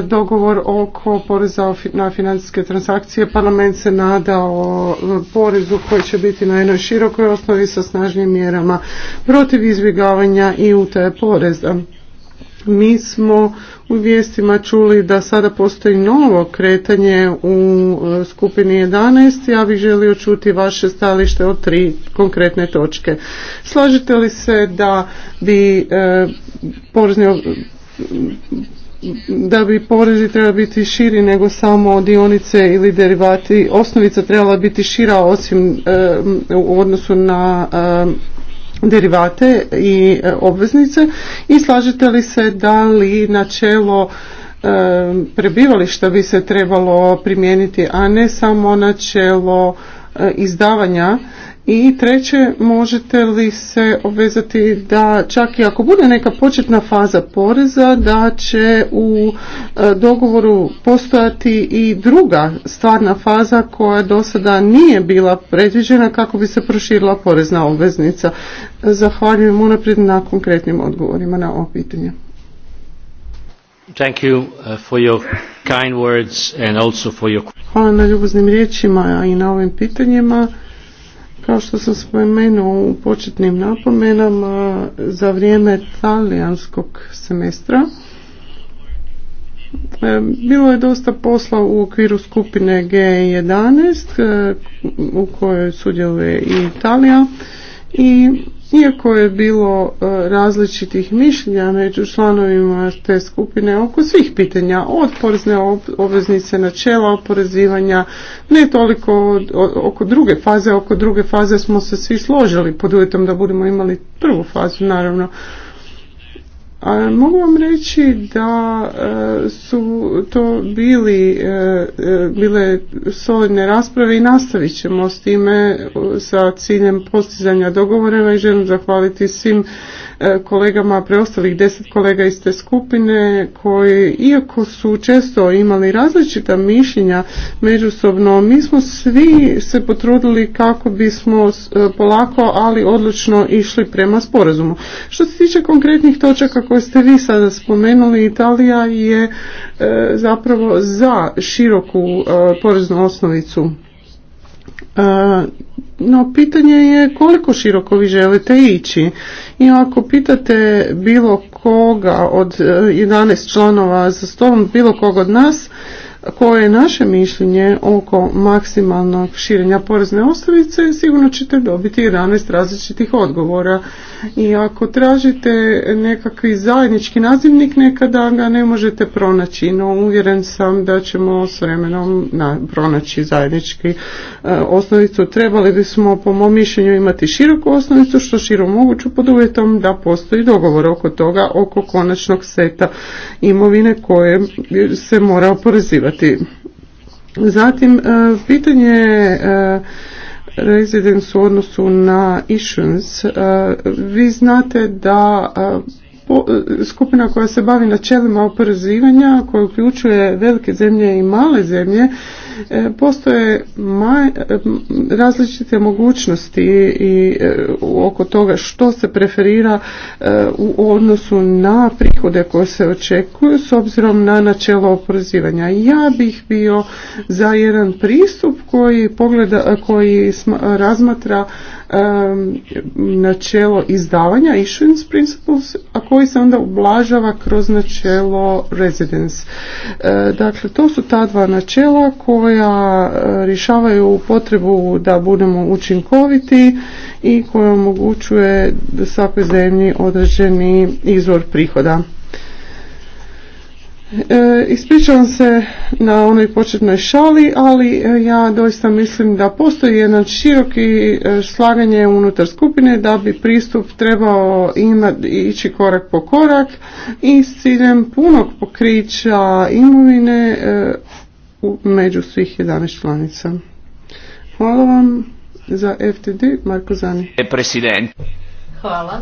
dogovor oko poreza na financijske transakcije. Parlament se nada o e, porezu koji će biti na jednoj širokoj osnovi sa snažnim mjerama protiv izbjegavanja i utaje poreza. Mi smo u vijestima čuli da sada postoji novo kretanje u e, skupini 11. Ja bih želio čuti vaše stalište o tri konkretne točke. Slažete li se da bi e, porezni da bi porezi treba biti širi nego samo dionice ili derivati. Osnovica trebala biti šira osim e, u odnosu na e, derivate i e, obveznice i slažete li se da li načelo e, prebivališta bi se trebalo primijeniti, a ne samo načelo e, izdavanja i treće, možete li se obvezati da čak i ako bude neka početna faza poreza, da će u e, dogovoru postojati i druga stvarna faza koja do sada nije bila predviđena kako bi se proširila porezna obveznica. Zahvaljujem unaprijed na konkretnim odgovorima na ovo pitanje. Thank you uh, for your kind words and also for your... Hvala na ljuboznim riječima i na ovim pitanjima. Kao što sam spomenuo u početnim napomenama, za vrijeme talijanskog semestra e, bilo je dosta posla u okviru skupine G11 e, u kojoj sudjeluje i Italija i iako je bilo e, različitih mišljenja među članovima te skupine oko svih pitanja, od porezne obveznice načela oporezivanja, ne toliko oko druge faze, oko druge faze smo se svi složili pod uvjetom da budemo imali prvu fazu naravno. Mogu vam reći da e, su to bili, e, e, bile solidne rasprave i nastavit ćemo s time sa ciljem postizanja dogovora i želim zahvaliti svim E, kolegama, preostalih deset kolega iz te skupine koji iako su često imali različita mišljenja međusobno, mi smo svi se potrudili kako bismo e, polako ali odlučno išli prema sporazumu. Što se tiče konkretnih točaka koje ste vi sada spomenuli, Italija je e, zapravo za široku poreznu osnovicu no pitanje je koliko široko vi želite ići. I ako pitate bilo koga od 11 eh, članova za stolom, bilo koga od nas, koje je naše mišljenje oko maksimalnog širenja porezne osnovice, sigurno ćete dobiti 11 različitih odgovora. I ako tražite nekakvi zajednički nazivnik, nekada ga ne možete pronaći, no uvjeren sam da ćemo s vremenom na, pronaći zajednički e, osnovicu. Trebali bismo, po mom mišljenju, imati široku osnovicu, što širo moguću pod uvjetom da postoji dogovor oko toga, oko konačnog seta imovine koje se mora oporezivati. Zatim, e, pitanje e, residence u odnosu na issuance. E, vi znate da E, skupina koja se bavi načelima oporezivanja, koja uključuje velike zemlje i male zemlje, e, postoje e, različite mogućnosti i oko toga što se preferira u odnosu na prihode koje se očekuju s obzirom na načelo oporezivanja. Ja bih bio za jedan pristup koji pogleda, koji razmatra načelo izdavanja, issuance principles, ako koji se onda ublažava kroz načelo residence. E, dakle, to su ta dva načela koja e, rješavaju potrebu da budemo učinkoviti i koja omogućuje svakoj zemlji određeni izvor prihoda. E, ispričavam se na onoj početnoj šali, ali e, ja doista mislim da postoji jedan široki e, slaganje unutar skupine da bi pristup trebao ići korak po korak i s ciljem punog pokrića imovine e, u, među svih 11 članica. Hvala vam za FTD, Marko Zani. Hvala.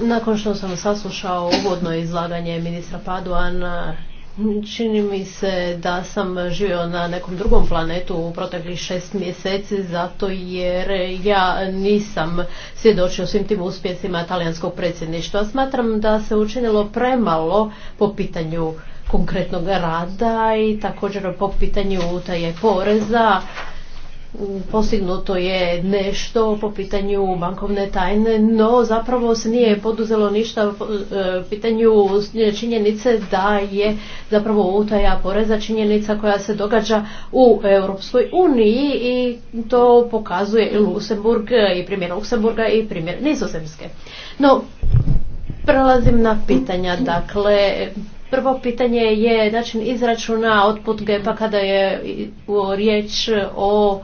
Nakon što sam saslušao uvodno izlaganje ministra Paduana, čini mi se da sam živio na nekom drugom planetu u proteklih šest mjeseci zato jer ja nisam svjedočio svim tim uspjesima talijanskog predsjedništva. Smatram da se učinilo premalo po pitanju konkretnog rada i također po pitanju utaje poreza postignuto je nešto po pitanju bankovne tajne, no zapravo se nije poduzelo ništa po e, pitanju činjenice da je zapravo utaja poreza činjenica koja se događa u Europskoj uniji i to pokazuje i Luksemburg i primjer Luksemburga i primjer Nizozemske. No, prelazim na pitanja. Dakle, Prvo pitanje je način izračuna otput GEPA kada je riječ o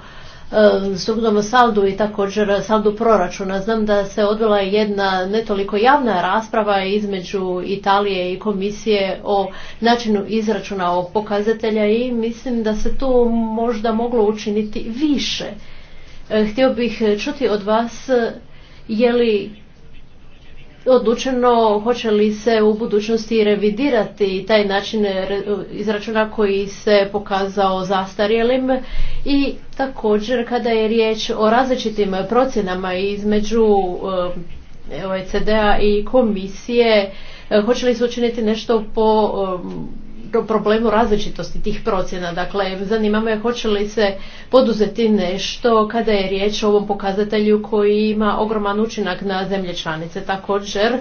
Um, strukturnom saldu i također saldu proračuna. Znam da se odvila jedna netoliko javna rasprava između Italije i komisije o načinu izračuna ovog pokazatelja i mislim da se tu možda moglo učiniti više. E, htio bih čuti od vas je li odlučeno hoće li se u budućnosti revidirati taj način izračuna koji se pokazao zastarjelim i također kada je riječ o različitim procjenama između eh, OECD-a i komisije eh, hoće li se učiniti nešto po eh, problemu različitosti tih procjena. Dakle, zanima me hoće li se poduzeti nešto kada je riječ o ovom pokazatelju koji ima ogroman učinak na zemlje članice. Također,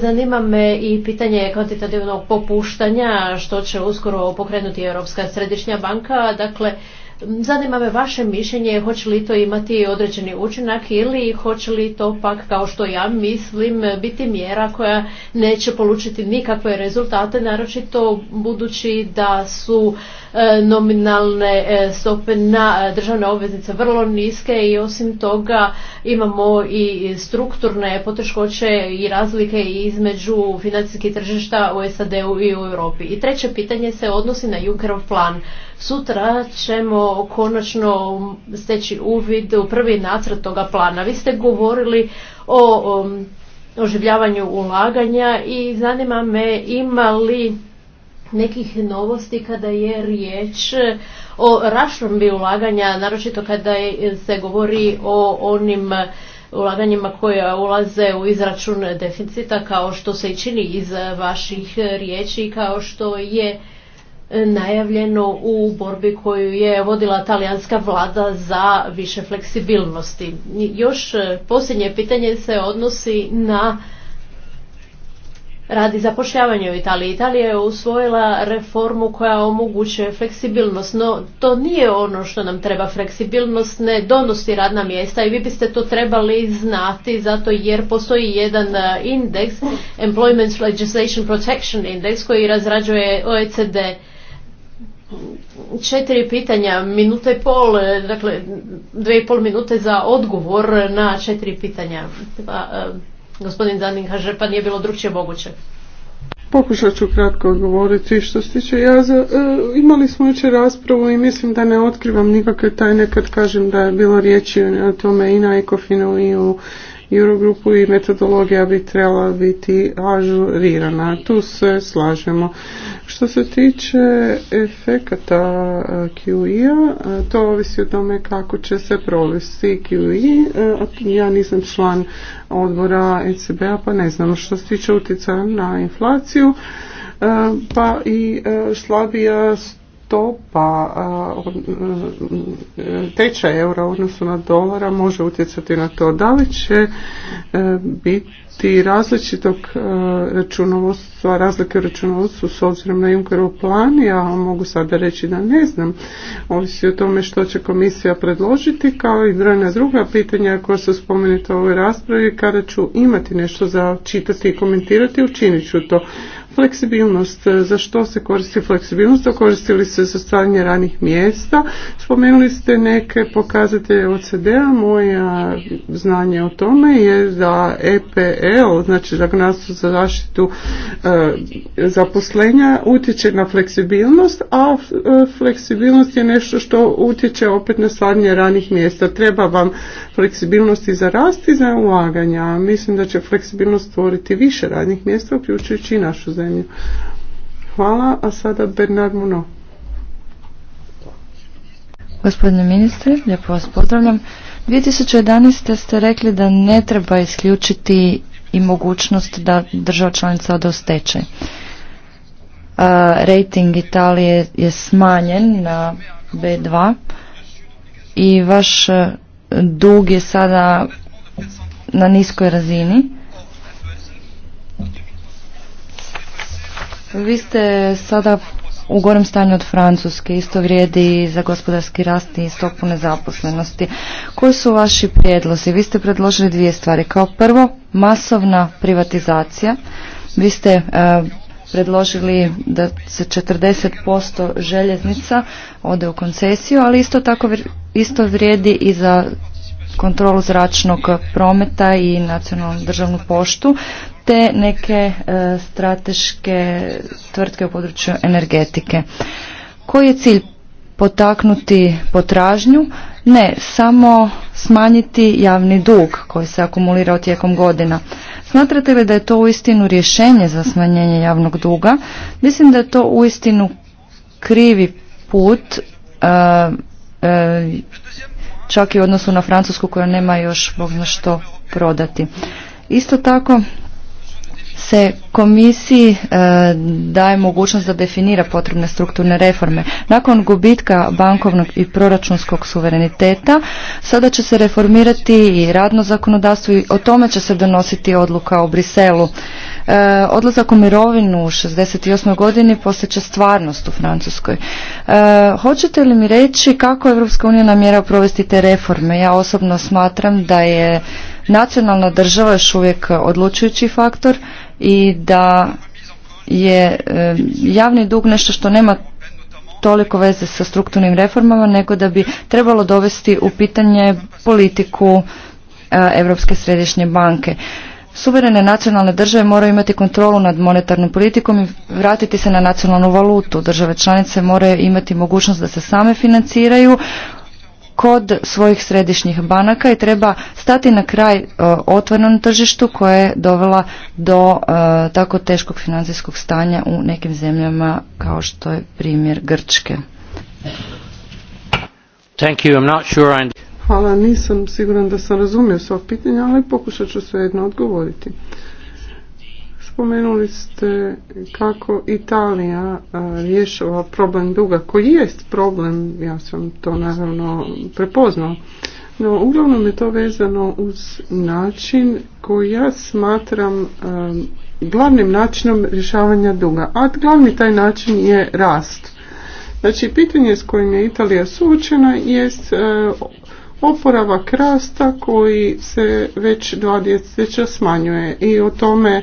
zanima me i pitanje kvantitativnog popuštanja što će uskoro pokrenuti Europska središnja banka. Dakle, Zanima me vaše mišljenje, hoće li to imati određeni učinak ili hoće li to pak, kao što ja mislim, biti mjera koja neće polučiti nikakve rezultate, naročito budući da su e, nominalne e, stope na e, državne obveznice vrlo niske i osim toga imamo i strukturne poteškoće i razlike između financijskih tržišta u SAD-u i u Europi. I treće pitanje se odnosi na Junckerov plan. Sutra ćemo konačno steći uvid u prvi nacrt toga plana. Vi ste govorili o um, oživljavanju ulaganja i zanima me ima li nekih novosti kada je riječ o rašnombi ulaganja, naročito kada se govori o onim ulaganjima koja ulaze u izračun deficita kao što se i čini iz vaših riječi kao što je najavljeno u borbi koju je vodila talijanska vlada za više fleksibilnosti. Još e, posljednje pitanje se odnosi na radi zapošljavanja u Italiji. Italija je usvojila reformu koja omogućuje fleksibilnost, no to nije ono što nam treba. Fleksibilnost ne donosi radna mjesta i vi biste to trebali znati zato jer postoji jedan e, indeks, Employment Legislation Protection Index koji razrađuje OECD Četiri pitanja, minute i pol, e, dakle dve i pol minute za odgovor na četiri pitanja. Pa, e, gospodin Danin kaže pa nije bilo drugčije moguće. Pokušat ću kratko odgovoriti što se tiče jaza. E, imali smo jučer raspravu i mislim da ne otkrivam nikakve tajne kad kažem da je bilo riječi o tome i na Ekofinu i u Eurogrupu i metodologija bi trebala biti ažurirana. Tu se slažemo. Što se tiče efekata QE-a, to ovisi o tome kako će se provesti QE. Ja nisam član odbora ECB-a pa ne znam što se tiče utjecaja na inflaciju pa i slabija stopa tečaj eura u odnosu na dolara može utjecati na to da li će e, biti različitog e, računovodstva, razlike u računovodstvu s obzirom na Junckerov plan, ja mogu sada reći da ne znam, ovisi o tome što će komisija predložiti, kao i brojna druga pitanja koja su spomenuta u ovoj raspravi, kada ću imati nešto za čitati i komentirati, učinit ću to. Fleksibilnost. Za što se koristi fleksibilnost? Koristili se za stvaranje ranih mjesta. Spomenuli ste neke pokazatelje OCD-a. Moja znanje o tome je da EPL, znači zakonodavstvo za zaštitu e, zaposlenja, utječe na fleksibilnost, a e, fleksibilnost je nešto što utječe opet na stvaranje ranih mjesta. Treba vam fleksibilnosti za rast i za ulaganja. Mislim da će fleksibilnost stvoriti više radnih mjesta, uključujući i našu Hvala, a sada Bernard Muno. Gospodine ministre, lijepo vas pozdravljam. 2011. ste rekli da ne treba isključiti i mogućnost da država članica ode u stečaj. Rating Italije je smanjen na B2 i vaš e, dug je sada na niskoj razini. Vi ste sada u gorem stanju od Francuske, isto vrijedi za gospodarski rast i stopu nezaposlenosti. Koji su vaši prijedlozi? Vi ste predložili dvije stvari. Kao prvo, masovna privatizacija. Vi ste e, predložili da se 40% željeznica ode u koncesiju, ali isto tako isto vrijedi i za kontrolu zračnog prometa i nacionalnu državnu poštu te neke e, strateške tvrtke u području energetike. Koji je cilj potaknuti potražnju? Ne, samo smanjiti javni dug koji se akumulirao tijekom godina. Smatrate li da je to uistinu rješenje za smanjenje javnog duga? Mislim da je to uistinu krivi put, e, e, čak i u odnosu na Francusku koja nema još bog što prodati. Isto tako se komisiji e, daje mogućnost da definira potrebne strukturne reforme. Nakon gubitka bankovnog i proračunskog suvereniteta sada će se reformirati i radno zakonodavstvo i o tome će se donositi odluka o Briselu. E, odlazak u mirovinu u 68. godini postaće stvarnost u Francuskoj. E, hoćete li mi reći kako Evropska unija namjera provesti te reforme? Ja osobno smatram da je nacionalna država još uvijek odlučujući faktor i da je javni dug nešto što nema toliko veze sa strukturnim reformama nego da bi trebalo dovesti u pitanje politiku e, Europske središnje banke. Suverene nacionalne države moraju imati kontrolu nad monetarnom politikom i vratiti se na nacionalnu valutu. Države članice moraju imati mogućnost da se same financiraju kod svojih središnjih banaka i treba stati na kraj e, otvorenom tržištu koje je dovela do e, tako teškog financijskog stanja u nekim zemljama kao što je primjer Grčke. Thank Hvala, nisam siguran da sam razumio svog pitanja, ali pokušat ću svejedno odgovoriti. Spomenuli ste kako Italija e, rješava problem duga, koji jest problem, ja sam to naravno prepoznao, no uglavnom je to vezano uz način koji ja smatram e, glavnim načinom rješavanja duga, a glavni taj način je rast. Znači, pitanje s kojim je Italija suočena jest e, oporavak rasta koji se već dva smanjuje i o tome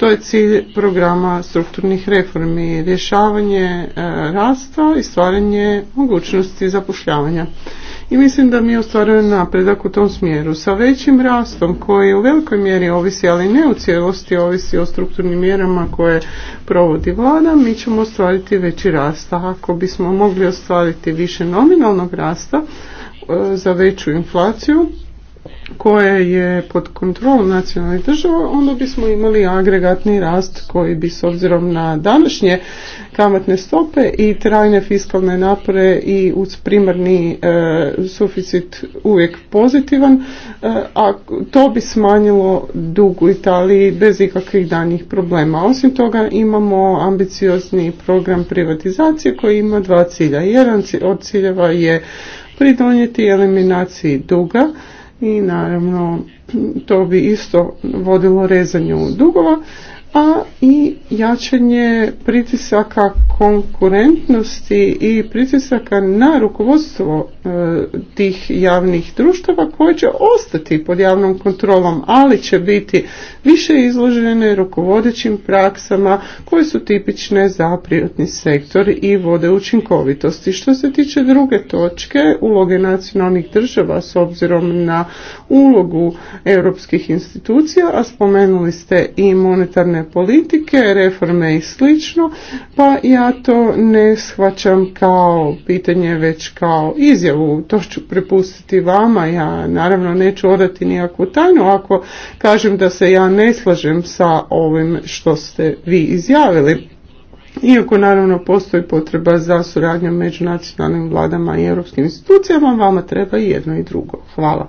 to je cilj programa strukturnih reformi, rješavanje e, rasta i stvaranje mogućnosti zapošljavanja. I mislim da mi ostvarujemo napredak u tom smjeru. Sa većim rastom koji u velikoj mjeri ovisi, ali ne u cijelosti ovisi o strukturnim mjerama koje provodi vlada, mi ćemo ostvariti veći rast. ako bismo mogli ostvariti više nominalnog rasta e, za veću inflaciju, koje je pod kontrolom nacionalnih država, onda bismo imali agregatni rast koji bi s obzirom na današnje kamatne stope i trajne fiskalne napore i uz primarni e, suficit uvijek pozitivan, e, a to bi smanjilo dug u Italiji bez ikakvih danjih problema. Osim toga imamo ambiciozni program privatizacije koji ima dva cilja. Jedan od ciljeva je pridonijeti eliminaciji duga, i naravno to bi isto vodilo rezanju dugova a i jačanje pritisaka konkurentnosti i pritisaka na rukovodstvo e, tih javnih društava koje će ostati pod javnom kontrolom, ali će biti više izložene rukovodećim praksama koje su tipične za privatni sektor i vode učinkovitosti. Što se tiče druge točke, uloge nacionalnih država s obzirom na ulogu europskih institucija, a spomenuli ste i monetarne politike, reforme i slično, pa ja to ne shvaćam kao pitanje već kao izjavu. To ću prepustiti vama, ja naravno neću odati nijakvu tajnu ako kažem da se ja ne slažem sa ovim što ste vi izjavili. Iako naravno postoji potreba za suradnjom među nacionalnim vladama i europskim institucijama, vama treba i jedno i drugo. Hvala.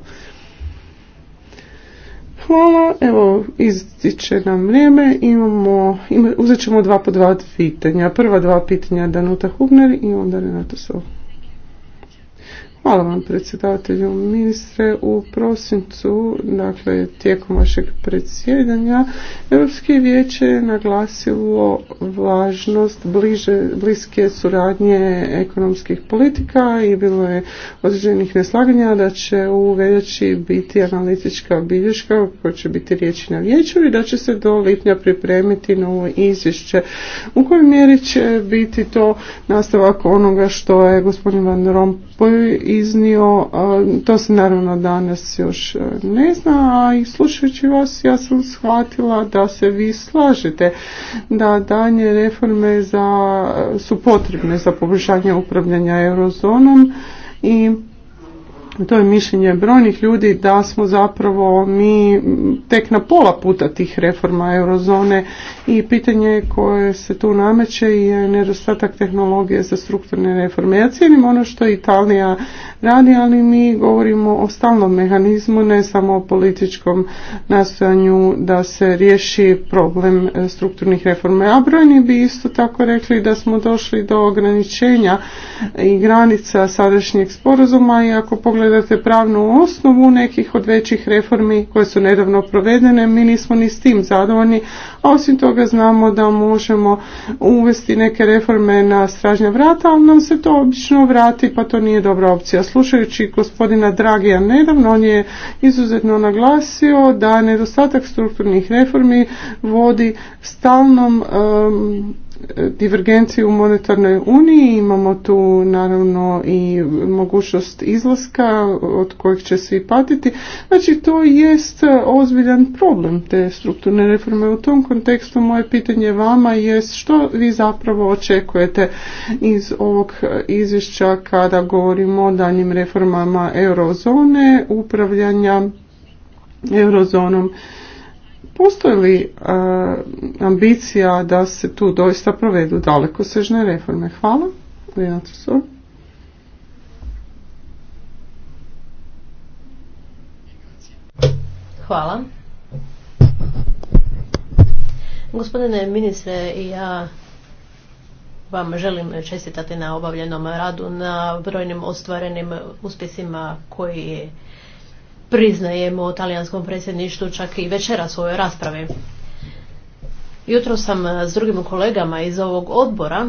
Hvala, evo ističe nam vrijeme, imamo, ima, uzet ćemo dva po dva pitanja. Prva dva pitanja Danuta Hubner i onda Renato Sovo. Hvala vam predsjedatelju ministre. U prosincu, dakle tijekom vašeg predsjedanja, Europski vijeće je naglasilo važnost bliže, bliske suradnje ekonomskih politika i bilo je određenih neslaganja da će u veljači biti analitička bilješka koja će biti riječi na vijeću i da će se do lipnja pripremiti novo izvješće. U kojoj mjeri će biti to nastavak onoga što je gospodin Van Rompuy koju je iznio, to se naravno danas još e, ne zna, a i slušajući vas ja sam shvatila da se vi slažete da danje reforme za, su potrebne za poboljšanje upravljanja eurozonom i to je mišljenje brojnih ljudi da smo zapravo mi tek na pola puta tih reforma eurozone i pitanje koje se tu nameće je nedostatak tehnologije za strukturne reforme. Ja cijenim ono što Italija radi, ali mi govorimo o stalnom mehanizmu, ne samo o političkom nastojanju da se riješi problem e, strukturnih reforme. A brojni bi isto tako rekli da smo došli do ograničenja i granica sadašnjeg sporazuma i ako pogledamo pogledate pravnu osnovu nekih od većih reformi koje su nedavno provedene, mi nismo ni s tim zadovoljni, a osim toga znamo da možemo uvesti neke reforme na stražnja vrata, ali nam se to obično vrati, pa to nije dobra opcija. Slušajući gospodina Dragija nedavno, on je izuzetno naglasio da nedostatak strukturnih reformi vodi stalnom divergenciju u monetarnoj uniji, imamo tu naravno i mogućnost izlaska od kojih će svi patiti. Znači to jest ozbiljan problem te strukturne reforme. U tom kontekstu moje pitanje vama jest što vi zapravo očekujete iz ovog izvješća kada govorimo o daljnjim reformama eurozone, upravljanja eurozonom Postoji li e, ambicija da se tu doista provedu sežne reforme? Hvala. Hvala. Gospodine ministre, ja vam želim čestitati na obavljenom radu, na brojnim ostvarenim uspjesima koji priznajemo talijanskom predsjedništvu čak i večera svoje raspravi. Jutro sam s drugim kolegama iz ovog odbora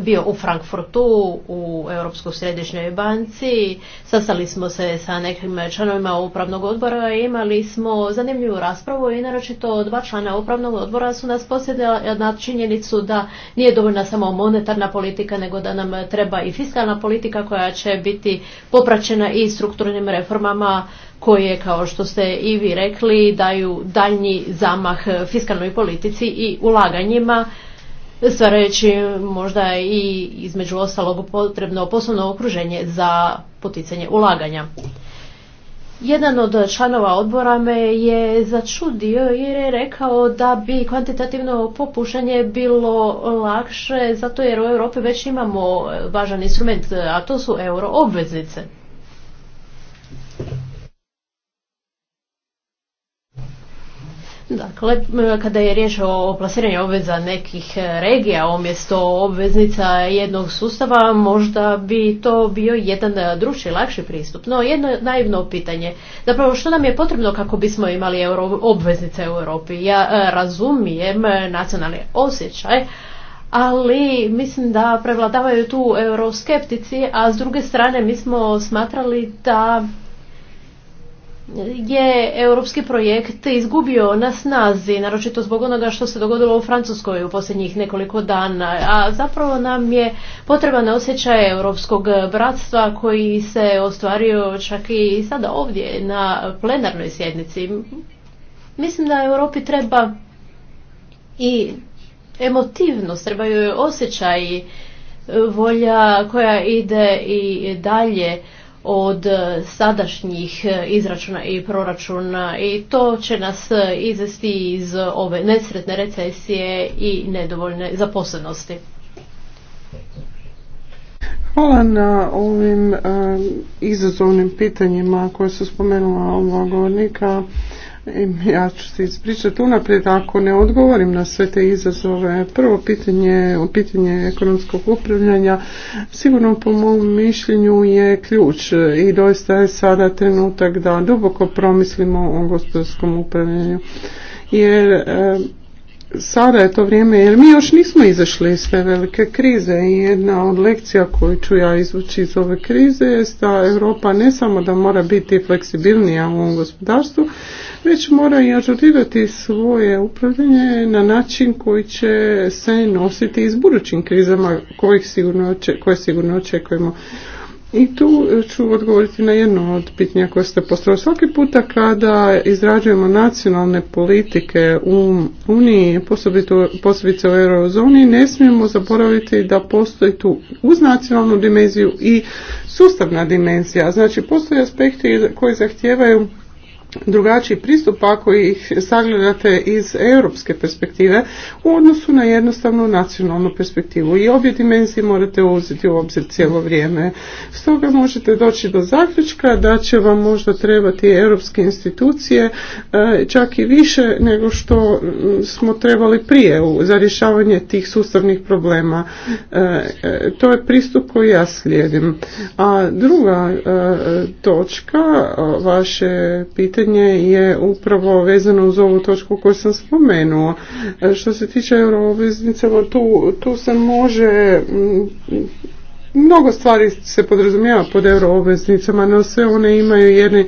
bio u Frankfurtu u Europskoj središnjoj banci. Sastali smo se sa nekim članovima upravnog odbora i imali smo zanimljivu raspravu i naročito dva člana upravnog odbora su nas posjedila na činjenicu da nije dovoljna samo monetarna politika nego da nam treba i fiskalna politika koja će biti popraćena i strukturnim reformama koje, kao što ste i vi rekli, daju daljnji zamah fiskalnoj politici i ulaganjima stvarajući možda i između ostalog potrebno poslovno okruženje za poticanje ulaganja. Jedan od članova odbora me je začudio jer je rekao da bi kvantitativno popušanje bilo lakše zato jer u Europi već imamo važan instrument, a to su euro obveznice. Dakle, kada je riječ o plasiranju obveza nekih e, regija umjesto obveznica jednog sustava, možda bi to bio jedan e, drugi, lakši pristup. No, jedno naivno pitanje. Zapravo, što nam je potrebno kako bismo imali euro, obveznice u Europi? Ja e, razumijem nacionalni osjećaj, ali mislim da prevladavaju tu euroskeptici, a s druge strane mi smo smatrali da je europski projekt izgubio na snazi, naročito zbog onoga što se dogodilo u Francuskoj u posljednjih nekoliko dana, a zapravo nam je potreban osjećaj europskog bratstva koji se ostvario čak i sada ovdje na plenarnoj sjednici. Mislim da Europi treba i emotivnost, trebaju osjećaj, volja koja ide i dalje od e, sadašnjih e, izračuna i proračuna i to će nas e, izvesti iz ove nesretne recesije i nedovoljne zaposlenosti. Hvala na ovim izazovnim pitanjima koje su spomenula ova govornika. Ja ću se ispričati unaprijed ako ne odgovorim na sve te izazove. Prvo pitanje, pitanje ekonomskog upravljanja sigurno po mom mišljenju je ključ i doista je sada trenutak da duboko promislimo o gospodarskom upravljanju jer sada je to vrijeme jer mi još nismo izašli iz sve velike krize i jedna od lekcija koju ću ja izvući iz ove krize je da Europa ne samo da mora biti fleksibilnija u ovom gospodarstvu, već mora i ažurirati svoje upravljanje na način koji će se nositi i s budućim krizama kojih sigurno, koje sigurno očekujemo. I tu e, ću odgovoriti na jedno od pitanja koje ste postavili. Svaki puta kada izrađujemo nacionalne politike u Uniji, posebice u eurozoni, ne smijemo zaboraviti da postoji tu uz nacionalnu dimenziju i sustavna dimenzija. Znači, postoje aspekti koji zahtijevaju drugačiji pristup ako ih sagledate iz europske perspektive u odnosu na jednostavnu nacionalnu perspektivu i obje dimenzije morate uzeti u obzir cijelo vrijeme. Stoga možete doći do zaključka da će vam možda trebati europske institucije e, čak i više nego što smo trebali prije za rješavanje tih sustavnih problema. E, e, to je pristup koji ja slijedim. A druga točka vaše pitanje pitanje je upravo vezano uz ovu točku koju sam spomenuo. E, što se tiče euroobveznica, tu, tu se može mnogo stvari se podrazumijeva pod euroobveznicama, no sve one imaju jedne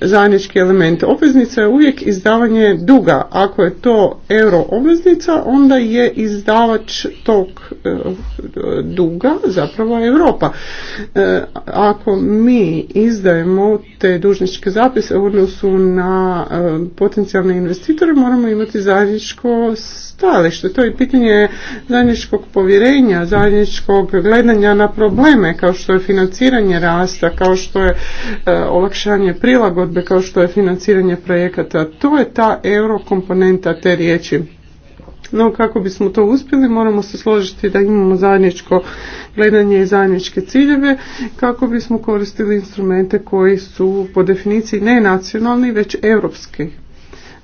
zajednički element. Obveznica je uvijek izdavanje duga. Ako je to euro obveznica, onda je izdavač tog e, duga zapravo Europa. E, ako mi izdajemo te dužničke zapise u odnosu na e, potencijalne investitore, moramo imati zajedničko stajalište. To je pitanje zajedničkog povjerenja, zajedničkog gledanja na probleme, kao što je financiranje rasta, kao što je olakšanje prilagodbe kao što je financiranje projekata. To je ta euro komponenta te riječi. No kako bismo to uspjeli moramo se složiti da imamo zajedničko gledanje i zajedničke ciljeve kako bismo koristili instrumente koji su po definiciji ne nacionalni već europski.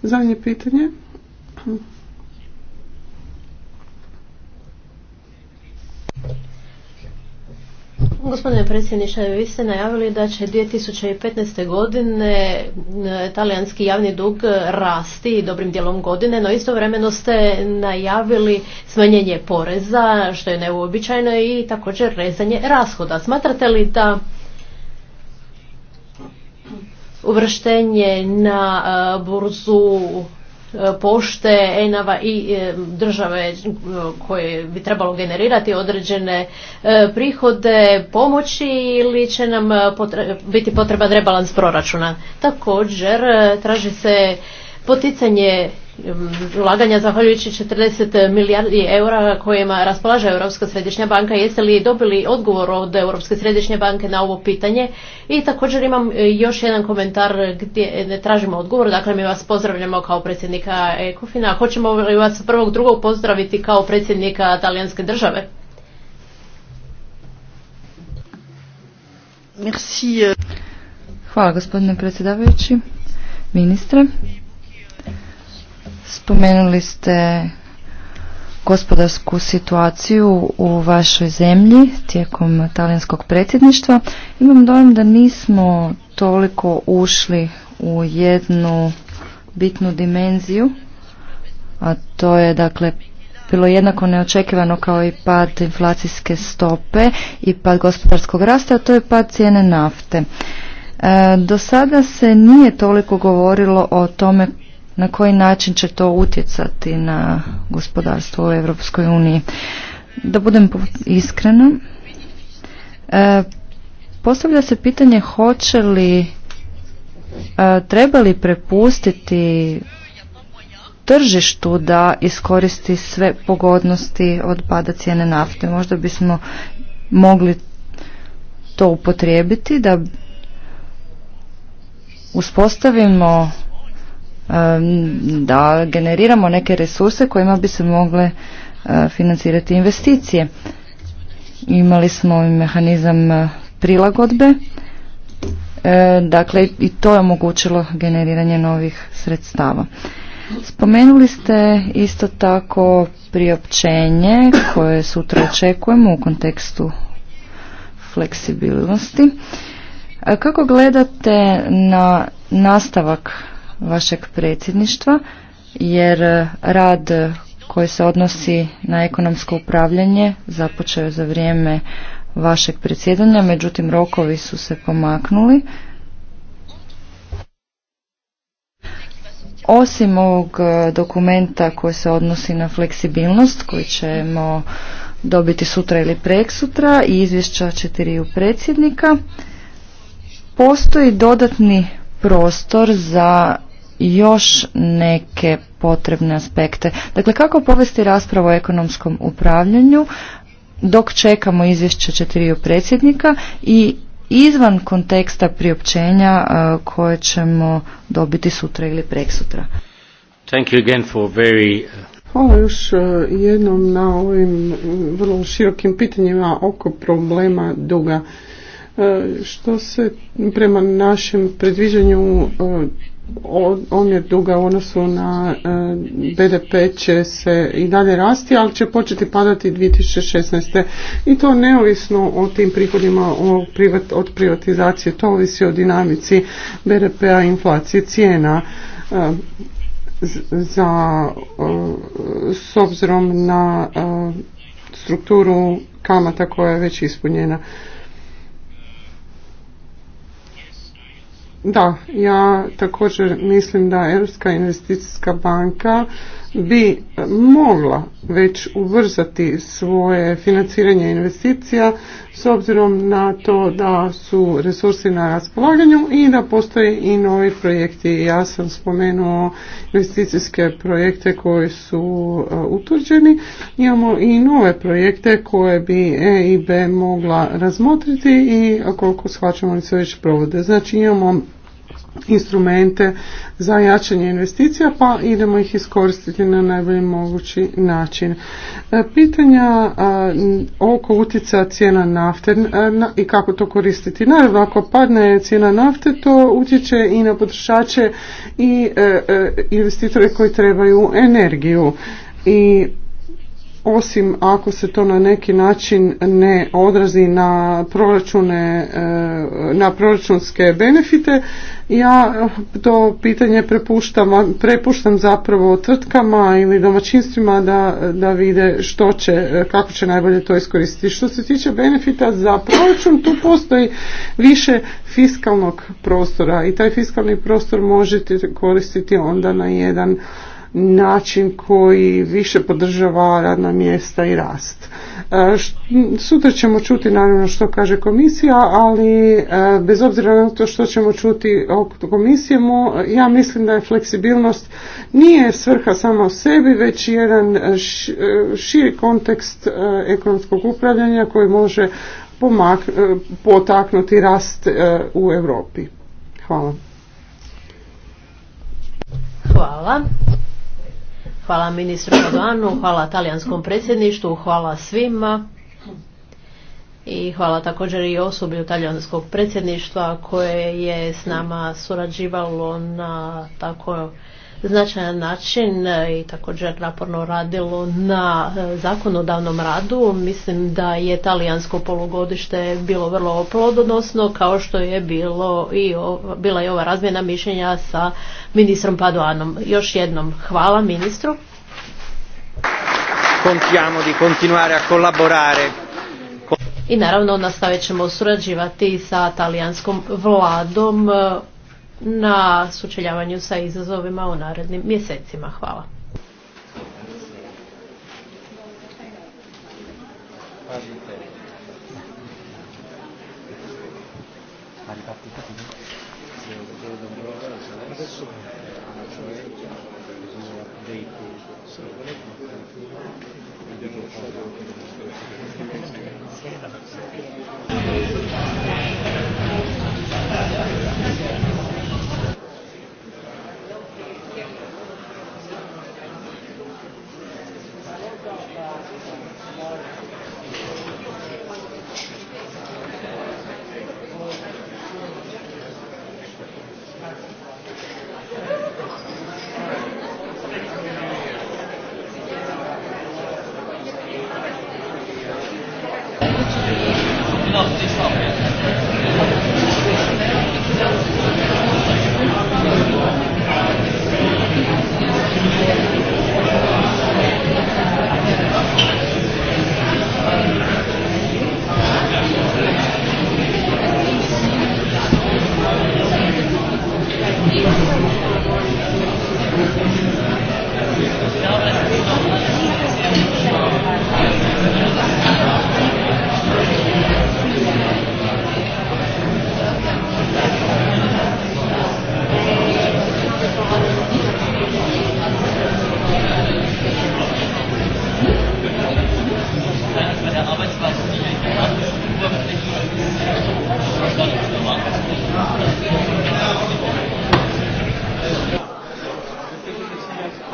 Zadnje pitanje. Gospodine predsjedniče, vi ste najavili da će 2015. godine e, talijanski javni dug rasti dobrim dijelom godine, no istovremeno ste najavili smanjenje poreza, što je neuobičajeno, i također rezanje rashoda. Smatrate li da uvrštenje na e, burzu pošte, enava i e, države e, koje bi trebalo generirati određene e, prihode, pomoći ili će nam biti potreban rebalans proračuna. Također traži se poticanje ulaganja zahvaljujući 40 milijardi eura kojima raspolaže Europska središnja banka. Jeste li dobili odgovor od Europske središnje banke na ovo pitanje? I također imam e, još jedan komentar gdje ne tražimo odgovor. Dakle, mi vas pozdravljamo kao predsjednika Ekofina. Hoćemo li vas prvog drugog pozdraviti kao predsjednika talijanske države? E. Hvala gospodine predsjedavajući, ministre. Spomenuli ste gospodarsku situaciju u vašoj zemlji tijekom talijanskog predsjedništva. Imam dojam da nismo toliko ušli u jednu bitnu dimenziju, a to je dakle bilo jednako neočekivano kao i pad inflacijske stope i pad gospodarskog rasta, a to je pad cijene nafte. E, do sada se nije toliko govorilo o tome na koji način će to utjecati na gospodarstvo u Europskoj uniji. Da budem iskrena, e, postavlja se pitanje hoće li, e, treba li prepustiti tržištu da iskoristi sve pogodnosti od pada cijene nafte. Možda bismo mogli to upotrijebiti da uspostavimo da generiramo neke resurse kojima bi se mogle e, financirati investicije. Imali smo mehanizam e, prilagodbe, e, dakle i to je omogućilo generiranje novih sredstava. Spomenuli ste isto tako priopćenje koje sutra očekujemo u kontekstu fleksibilnosti. Kako gledate na nastavak vašeg predsjedništva jer rad koji se odnosi na ekonomsko upravljanje započeo je za vrijeme vašeg predsjedanja, međutim rokovi su se pomaknuli. Osim ovog e, dokumenta koji se odnosi na fleksibilnost koji ćemo dobiti sutra ili preksutra i izvješća četiriju predsjednika, postoji dodatni prostor za još neke potrebne aspekte. Dakle, kako povesti raspravu o ekonomskom upravljanju dok čekamo izvješće četiri predsjednika i izvan konteksta priopćenja e, koje ćemo dobiti sutra ili preksutra. Thank Hvala još e, jednom na ovim vrlo širokim pitanjima oko problema duga. E, što se prema našem predviđanju e, omjer duga u odnosu na e, BDP će se i dalje rasti, ali će početi padati 2016. I to neovisno o tim prihodima od privatizacije, to ovisi o dinamici BDP-a, inflacije, cijena za s obzirom na strukturu kamata koja je već ispunjena. Da, ja također mislim da Europska investicijska banka bi mogla već uvrzati svoje financiranje investicija s obzirom na to da su resursi na raspolaganju i da postoje i novi projekti. Ja sam spomenuo investicijske projekte koji su e, utvrđeni. Imamo i nove projekte koje bi EIB mogla razmotriti i koliko shvaćamo oni se već provode. Znači imamo instrumente za jačanje investicija pa idemo ih iskoristiti na najbolji mogući način. E, pitanja oko utjecaja cijena nafte e, i kako to koristiti. Naravno ako padne cijena nafte to utječe i na potrošače i e, investitore koji trebaju energiju. I osim ako se to na neki način ne odrazi na proračune, e, na proračunske benefite, ja to pitanje prepuštam, prepuštam zapravo tvrtkama ili domaćinstvima da, da vide što će, kako će najbolje to iskoristiti. Što se tiče benefita za proračun, tu postoji više fiskalnog prostora i taj fiskalni prostor možete koristiti onda na jedan način koji više podržava radna mjesta i rast. E, sutra ćemo čuti naravno što kaže komisija, ali e, bez obzira na to što ćemo čuti oko komisije, ja mislim da je fleksibilnost nije svrha samo sebi, već jedan e, širi kontekst ekonomskog upravljanja koji može potaknuti rast u Europi. Hvala. Hvala. Hvala ministru Paganu, hvala talijanskom predsjedništvu, hvala svima i hvala također i osobi talijanskog predsjedništva koje je s nama surađivalo na tako značajan način e, i također naporno radilo na e, zakonodavnom radu. Mislim da je talijansko polugodište bilo vrlo plodonosno kao što je bilo i bila i ova razmjena mišljenja sa ministrom paduanom Još jednom hvala ministru. Kontiamo di continuare a collaborare i naravno nastavit ćemo surađivati sa talijanskom vladom e, na sučeljavanju sa izazovima u narednim mjesecima. Hvala. Hvala.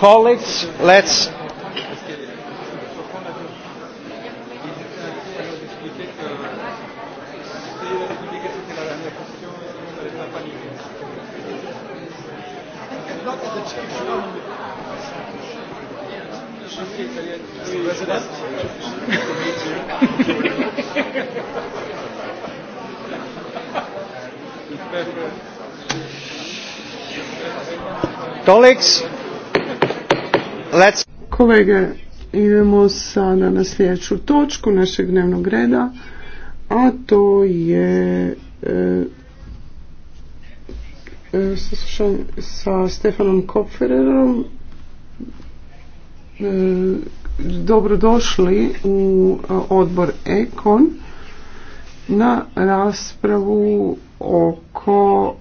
colleagues, let's Colleagues, Kolege, idemo sada na sljedeću točku našeg dnevnog reda, a to je e, e, sa Stefanom Kopfererom. E, dobrodošli u odbor Ekon na raspravu oko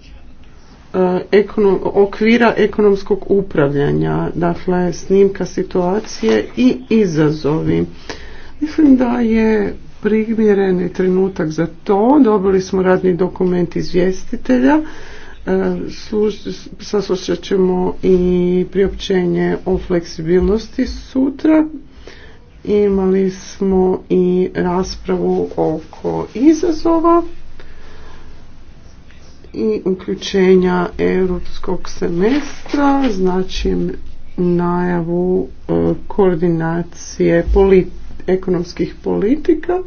E, okvira ekonomskog upravljanja, dakle snimka situacije i izazovi. Mislim da je primjereni trenutak za to. Dobili smo radni dokument izvjestitelja. E, saslušat ćemo i priopćenje o fleksibilnosti sutra. Imali smo i raspravu oko izazova i uključenja europskog semestra, znači najavu e, koordinacije ekonomskih politika,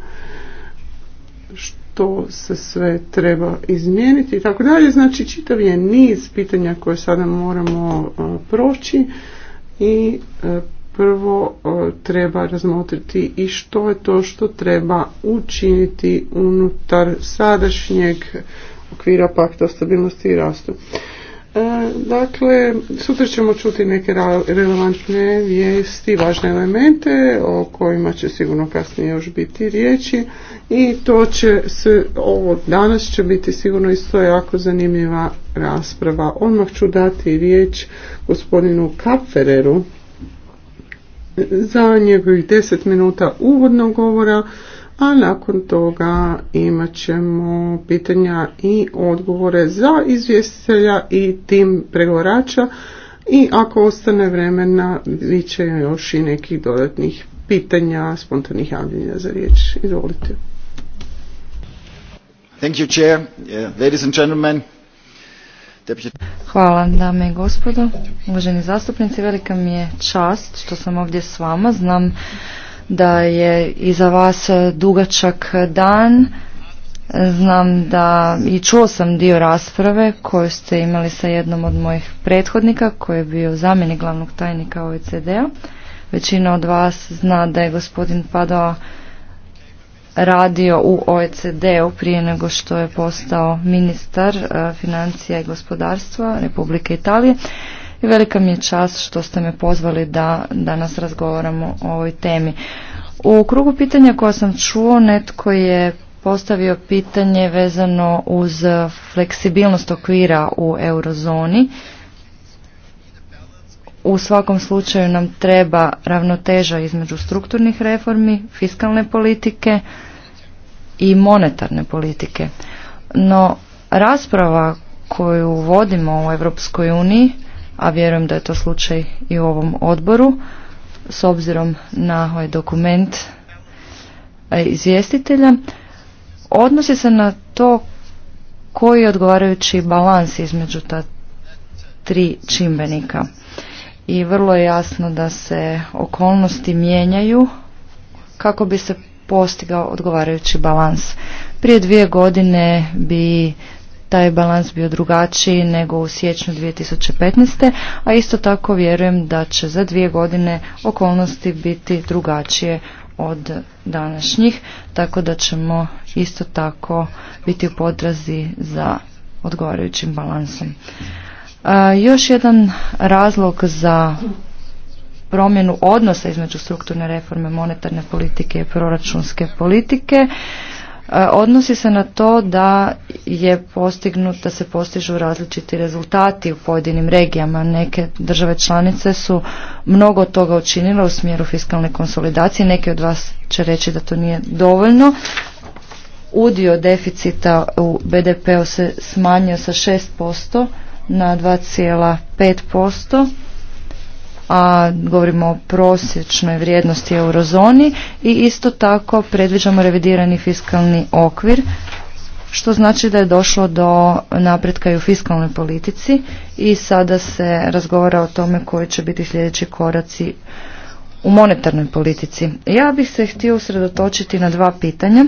što se sve treba izmijeniti i tako dalje. Znači čitav je niz pitanja koje sada moramo e, proći i e, prvo treba razmotriti i što je to što treba učiniti unutar sadašnjeg okvira pakta o stabilnosti i rastu. E, dakle, sutra ćemo čuti neke relevantne vijesti, važne elemente o kojima će sigurno kasnije još biti riječi i to će se, ovo danas će biti sigurno isto jako zanimljiva rasprava. Odmah ću dati riječ gospodinu Kapfereru za njegovih 10 minuta uvodnog govora a nakon toga imat ćemo pitanja i odgovore za izvjestitelja i tim pregovarača i ako ostane vremena bit će još i nekih dodatnih pitanja, spontanih javljenja za riječ. Izvolite. Thank you, Chair. Ladies and gentlemen. Hvala dame i gospodo, uvaženi zastupnici, velika mi je čast što sam ovdje s vama. Znam da je i za vas dugačak dan. Znam da i čuo sam dio rasprave koju ste imali sa jednom od mojih prethodnika koji je bio zamjenik glavnog tajnika OECD-a. Većina od vas zna da je gospodin Padova radio u OECD-u prije nego što je postao ministar eh, financija i gospodarstva Republike Italije velika mi je čast što ste me pozvali da danas razgovaramo o ovoj temi. U krugu pitanja koja sam čuo netko je postavio pitanje vezano uz fleksibilnost okvira u eurozoni. U svakom slučaju nam treba ravnoteža između strukturnih reformi, fiskalne politike i monetarne politike. No rasprava koju vodimo u Europskoj uniji a vjerujem da je to slučaj i u ovom odboru, s obzirom na ovaj dokument e, izvjestitelja, odnosi se na to koji je odgovarajući balans između ta tri čimbenika. I vrlo je jasno da se okolnosti mijenjaju kako bi se postigao odgovarajući balans. Prije dvije godine bi taj balans bio drugačiji nego u siječnju 2015. A isto tako vjerujem da će za dvije godine okolnosti biti drugačije od današnjih, tako da ćemo isto tako biti u podrazi za odgovarajućim balansom. još jedan razlog za promjenu odnosa između strukturne reforme monetarne politike i proračunske politike E, odnosi se na to da je postignut, da se postižu različiti rezultati u pojedinim regijama. Neke države članice su mnogo toga učinile u smjeru fiskalne konsolidacije, neki od vas će reći da to nije dovoljno. Udio deficita u BDP-u se smanjio sa 6% na 2,5% a govorimo o prosječnoj vrijednosti eurozoni i isto tako predviđamo revidirani fiskalni okvir što znači da je došlo do napretka i u fiskalnoj politici i sada se razgovara o tome koji će biti sljedeći koraci u monetarnoj politici. Ja bih se htio usredotočiti na dva pitanja.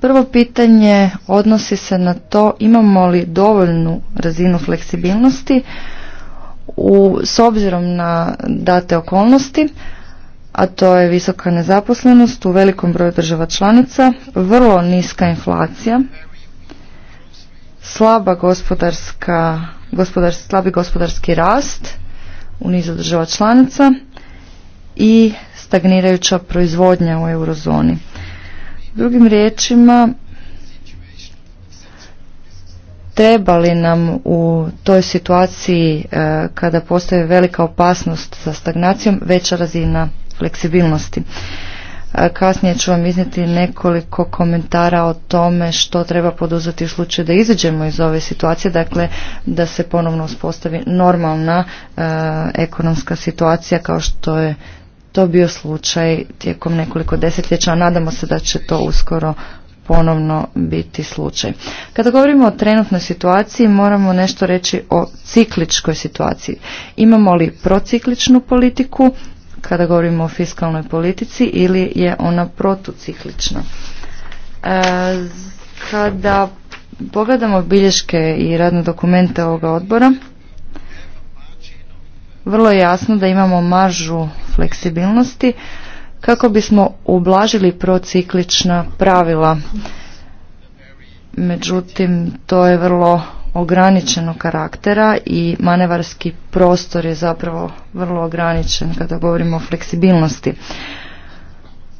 Prvo pitanje odnosi se na to imamo li dovoljnu razinu fleksibilnosti u, s obzirom na date okolnosti, a to je visoka nezaposlenost u velikom broju država članica, vrlo niska inflacija, slaba gospodarska, slabi gospodarski rast u nizu država članica i stagnirajuća proizvodnja u eurozoni. Drugim riječima, treba li nam u toj situaciji e, kada postoji velika opasnost za stagnacijom veća razina fleksibilnosti. E, kasnije ću vam iznijeti nekoliko komentara o tome što treba poduzeti u slučaju da izađemo iz ove situacije, dakle da se ponovno uspostavi normalna e, ekonomska situacija kao što je to bio slučaj tijekom nekoliko desetljeća, nadamo se da će to uskoro ponovno biti slučaj. Kada govorimo o trenutnoj situaciji moramo nešto reći o cikličkoj situaciji. Imamo li procikličnu politiku kada govorimo o fiskalnoj politici ili je ona protuciklična? E, kada pogledamo bilješke i radne dokumente ovoga odbora, vrlo je jasno da imamo maržu fleksibilnosti kako bismo ublažili prociklična pravila. Međutim, to je vrlo ograničenog karaktera i manevarski prostor je zapravo vrlo ograničen kada govorimo o fleksibilnosti.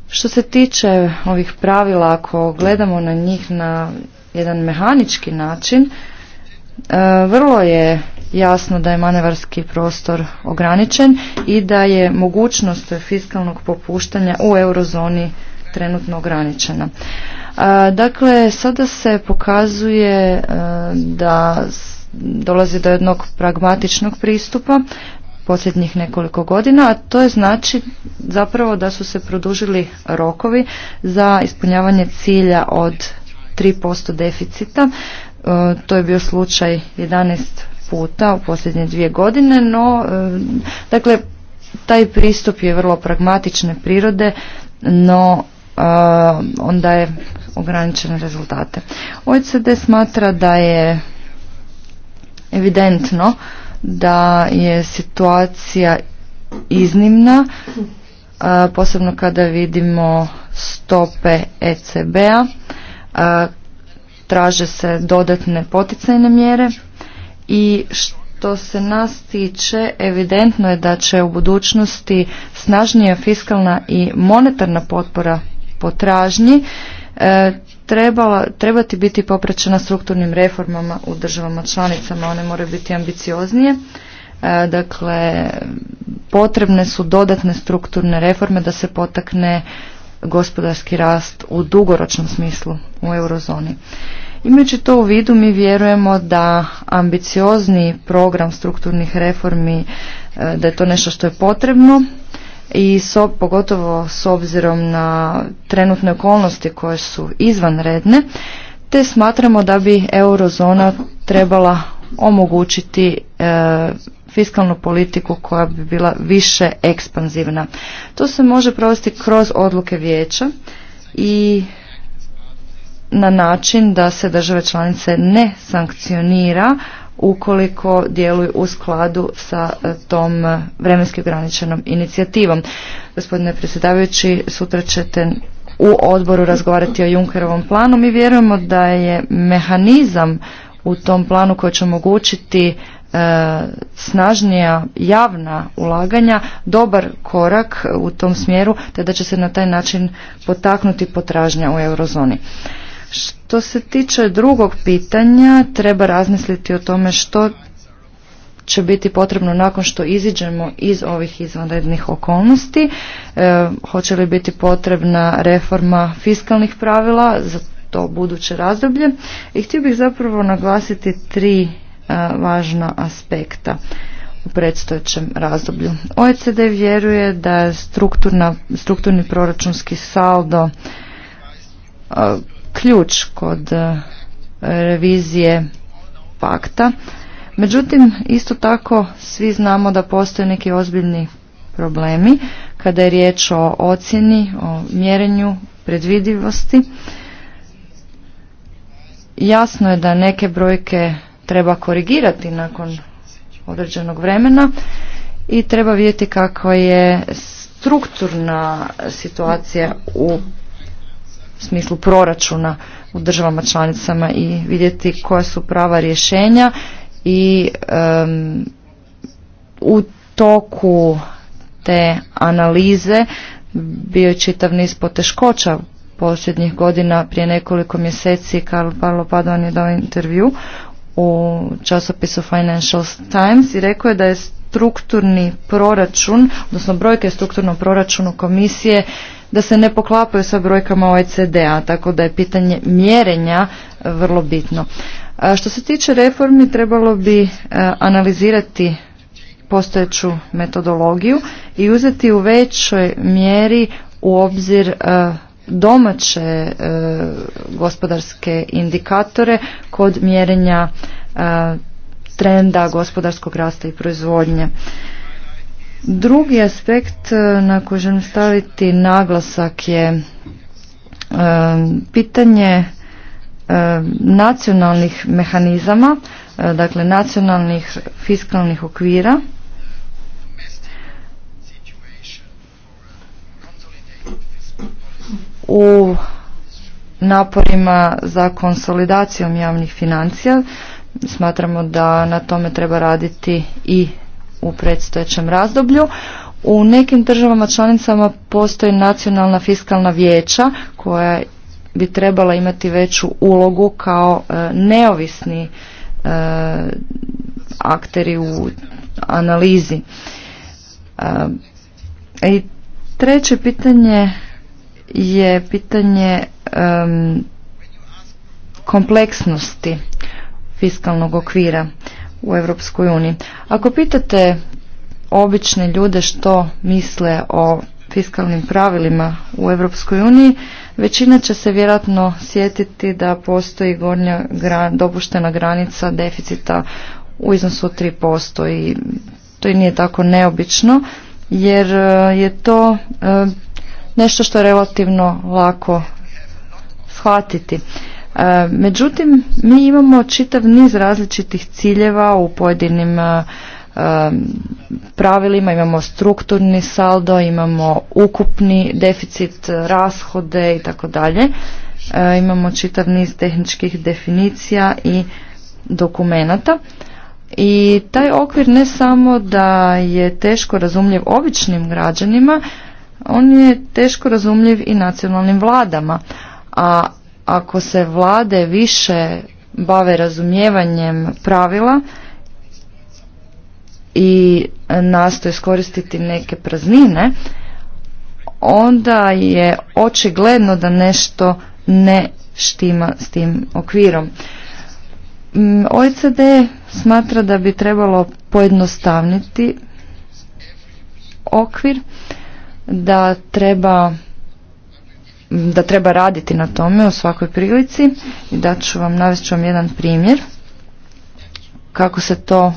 Što se tiče ovih pravila, ako gledamo na njih na jedan mehanički način, e, vrlo je jasno da je manevarski prostor ograničen i da je mogućnost fiskalnog popuštanja u eurozoni trenutno ograničena. Dakle, sada se pokazuje e, da dolazi do jednog pragmatičnog pristupa posljednjih nekoliko godina, a to je znači zapravo da su se produžili rokovi za ispunjavanje cilja od 3% deficita. E, to je bio slučaj 11 puta u posljednje dvije godine, no e, dakle taj pristup je vrlo pragmatične prirode, no e, onda je ograničene rezultate. OECD smatra da je evidentno da je situacija iznimna, e, posebno kada vidimo stope ECB-a, traže se dodatne poticajne mjere i što se nas tiče evidentno je da će u budućnosti snažnija fiskalna i monetarna potpora potražnji e, trebala, trebati biti popraćena strukturnim reformama u državama članicama. One moraju biti ambicioznije. E, dakle, potrebne su dodatne strukturne reforme da se potakne gospodarski rast u dugoročnom smislu u eurozoni. Imajući to u vidu mi vjerujemo da ambiciozni program strukturnih reformi, e, da je to nešto što je potrebno i pogotovo s obzirom na trenutne okolnosti koje su izvanredne, te smatramo da bi eurozona trebala omogućiti e, fiskalnu politiku koja bi bila više ekspanzivna. To se može provesti kroz odluke vijeća i na način da se države članice ne sankcionira ukoliko djeluju u skladu sa e, tom e, vremenski ograničenom inicijativom. Gospodine predsjedavajući, sutra ćete u odboru razgovarati o Junkerovom planu. Mi vjerujemo da je mehanizam u tom planu koji će omogućiti e, snažnija javna ulaganja dobar korak u tom smjeru te da će se na taj način potaknuti potražnja u eurozoni. Što se tiče drugog pitanja, treba razmisliti o tome što će biti potrebno nakon što iziđemo iz ovih izvanrednih okolnosti. E, hoće li biti potrebna reforma fiskalnih pravila za to buduće razdoblje? I htio bih zapravo naglasiti tri e, važna aspekta u predstojećem razdoblju. OECD vjeruje da je strukturni proračunski saldo e, ključ kod e, revizije pakta. Međutim, isto tako svi znamo da postoje neki ozbiljni problemi kada je riječ o ocjeni, o mjerenju predvidivosti. Jasno je da neke brojke treba korigirati nakon određenog vremena i treba vidjeti kako je strukturna situacija u smislu proračuna u državama članicama i vidjeti koja su prava rješenja i u toku te analize bio je čitav niz poteškoća posljednjih godina prije nekoliko mjeseci Karl Pablo Padovan je dao intervju u časopisu Financial Times i rekao je da je strukturni proračun, odnosno brojke strukturnom proračunu komisije da se ne poklapaju sa brojkama OECD-a, tako da je pitanje mjerenja e, vrlo bitno. E, što se tiče reformi, trebalo bi e, analizirati postojeću metodologiju i uzeti u većoj mjeri u obzir domaće gospodarske indikatore kod mjerenja trenda gospodarskog rasta i proizvodnje. Drugi aspekt e, na koji želim staviti naglasak je e, pitanje e, nacionalnih mehanizama, dakle nacionalnih fiskalnih okvira u naporima za konsolidacijom javnih financija. Smatramo da na tome treba raditi i u predstojećem razdoblju. U nekim državama članicama postoji nacionalna fiskalna vijeća koja bi trebala imati veću ulogu kao e, neovisni e, akteri u analizi. E, I treće pitanje je pitanje kompleksnosti fiskalnog okvira u Europskoj uniji. Ako pitate obične ljude što misle o fiskalnim pravilima u Europskoj uniji, većina će se vjerojatno sjetiti da postoji gornja gran, dopuštena granica deficita u iznosu od 3% i to i nije tako neobično jer e, je to e, nešto što je relativno lako shvatiti. E, međutim, mi imamo čitav niz različitih ciljeva u pojedinim e, e, pravilima, imamo strukturni saldo, imamo ukupni deficit, rashode i tako dalje. Imamo čitav niz tehničkih definicija i dokumenata. I taj okvir ne samo da je teško razumljiv običnim građanima, on je teško razumljiv i nacionalnim vladama. A ako se vlade više bave razumijevanjem pravila i nastoje iskoristiti neke praznine, onda je očigledno da nešto ne štima s tim okvirom. Mm, OECD smatra da bi trebalo pojednostavniti okvir, da treba da treba raditi na tome u svakoj prilici i da ću vam navest ću vam jedan primjer kako se to,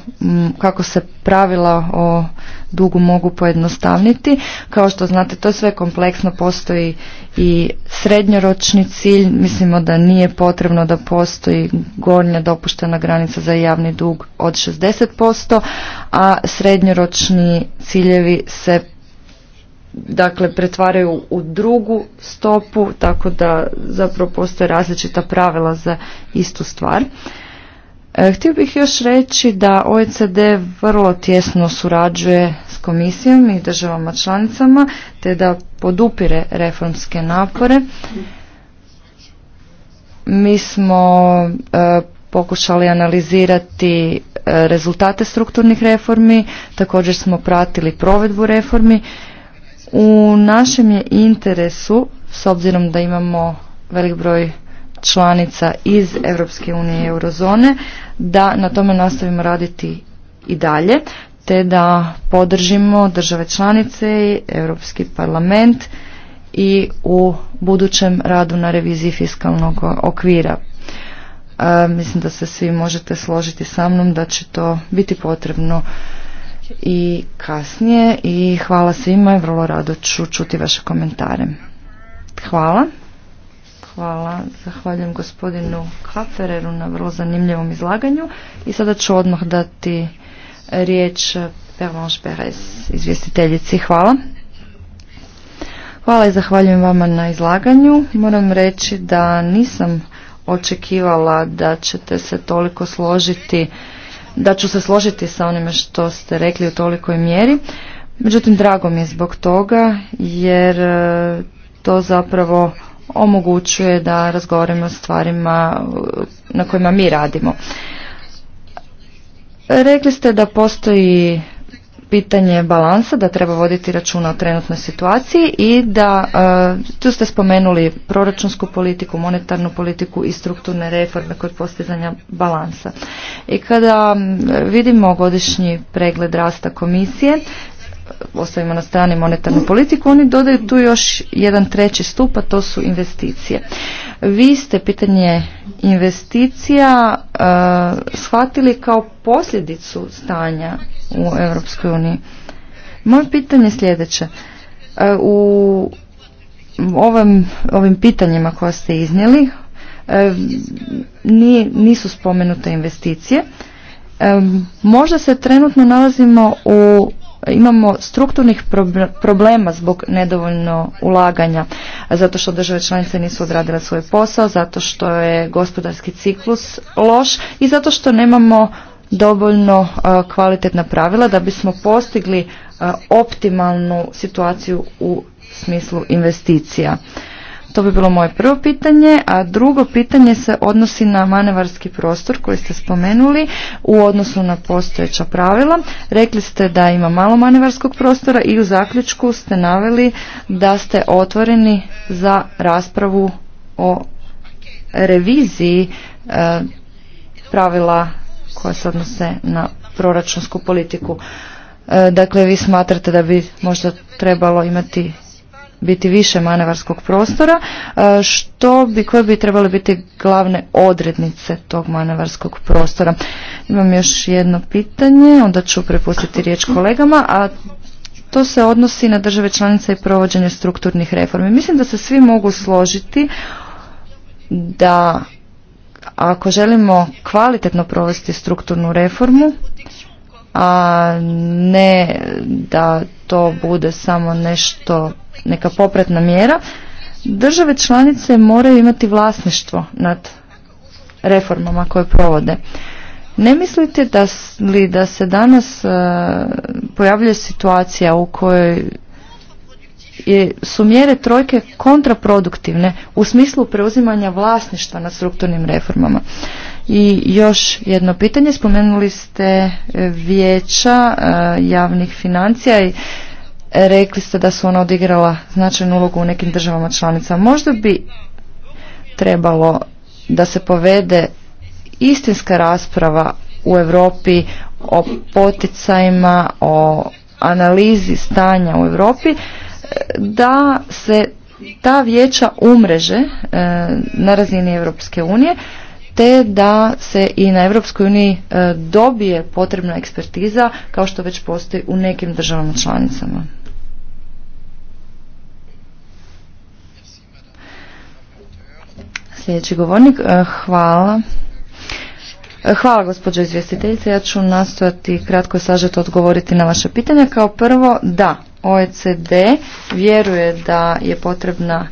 kako se pravila o dugu mogu pojednostavniti. Kao što znate, to je sve kompleksno, postoji i srednjoročni cilj. Mislimo da nije potrebno da postoji gornja dopuštena granica za javni dug od 60%, a srednjoročni ciljevi se dakle pretvaraju u drugu stopu tako da zapravo postoje različita pravila za istu stvar. E, htio bih još reći da OECD vrlo tjesno surađuje s komisijom i državama članicama te da podupire reformske napore. Mi smo e, pokušali analizirati e, rezultate strukturnih reformi, također smo pratili provedbu reformi u našem je interesu, s obzirom da imamo velik broj članica iz Europske unije i eurozone, da na tome nastavimo raditi i dalje, te da podržimo države članice i Europski parlament i u budućem radu na reviziji fiskalnog okvira. E, mislim da se svi možete složiti sa mnom da će to biti potrebno i kasnije i hvala svima i vrlo rado ću čuti vaše komentare. Hvala. Hvala. Zahvaljujem gospodinu Kafereru na vrlo zanimljivom izlaganju i sada ću odmah dati riječ Pervanche Perez, izvjestiteljici. Hvala. Hvala i zahvaljujem vama na izlaganju. Moram reći da nisam očekivala da ćete se toliko složiti da ću se složiti sa onime što ste rekli u tolikoj mjeri. Međutim, drago mi je zbog toga jer e, to zapravo omogućuje da razgovaramo o stvarima e, na kojima mi radimo. Rekli ste da postoji pitanje balansa, da treba voditi računa o trenutnoj situaciji i da, e, tu ste spomenuli proračunsku politiku, monetarnu politiku i strukturne reforme kod postizanja balansa. I kada vidimo godišnji pregled rasta komisije, ostavimo na strani monetarnu politiku, oni dodaju tu još jedan treći stup, a to su investicije. Vi ste pitanje investicija e, shvatili kao posljedicu stanja u Europskoj uniji. Moje pitanje je sljedeće. E, u ovim, ovim pitanjima koja ste iznijeli e, nisu spomenute investicije. možda se trenutno nalazimo u imamo strukturnih problema zbog nedovoljno ulaganja, zato što države članice nisu odradile svoj posao, zato što je gospodarski ciklus loš i zato što nemamo dovoljno e, kvalitetna pravila da bismo postigli e, optimalnu situaciju u smislu investicija. To bi bilo moje prvo pitanje, a drugo pitanje se odnosi na manevarski prostor koji ste spomenuli u odnosu na postojeća pravila. Rekli ste da ima malo manevarskog prostora i u zaključku ste naveli da ste otvoreni za raspravu o reviziji e, pravila koja se odnose na proračunsku politiku. E, dakle, vi smatrate da bi možda trebalo imati biti više manevarskog prostora, e, što bi, koje bi trebale biti glavne odrednice tog manevarskog prostora. Imam još jedno pitanje, onda ću prepustiti riječ kolegama, a to se odnosi na države članice i provođenje strukturnih reformi. Mislim da se svi mogu složiti da ako želimo kvalitetno provesti strukturnu reformu, a ne da to bude samo nešto neka popratna mjera, države članice moraju imati vlasništvo nad reformama koje provode. Ne mislite da, li da se danas e, pojavljuje situacija u kojoj je, su mjere trojke kontraproduktivne u smislu preuzimanja vlasništva nad strukturnim reformama? I još jedno pitanje, spomenuli ste e, vijeća e, javnih financija i Rekli ste da su ona odigrala značajnu ulogu u nekim državama članica. Možda bi trebalo da se povede istinska rasprava u Europi o poticajima, o analizi stanja u Europi, e, da se ta vijeća umreže e, na razini Europske unije, te da se i na Europskoj uniji e, dobije potrebna ekspertiza kao što već postoji u nekim državama članicama. Sljedeći govornik, e, hvala. E, hvala gospođo izvjestiteljice, ja ću nastojati kratko i sažeto odgovoriti na vaše pitanja. Kao prvo, da, OECD vjeruje da je potrebna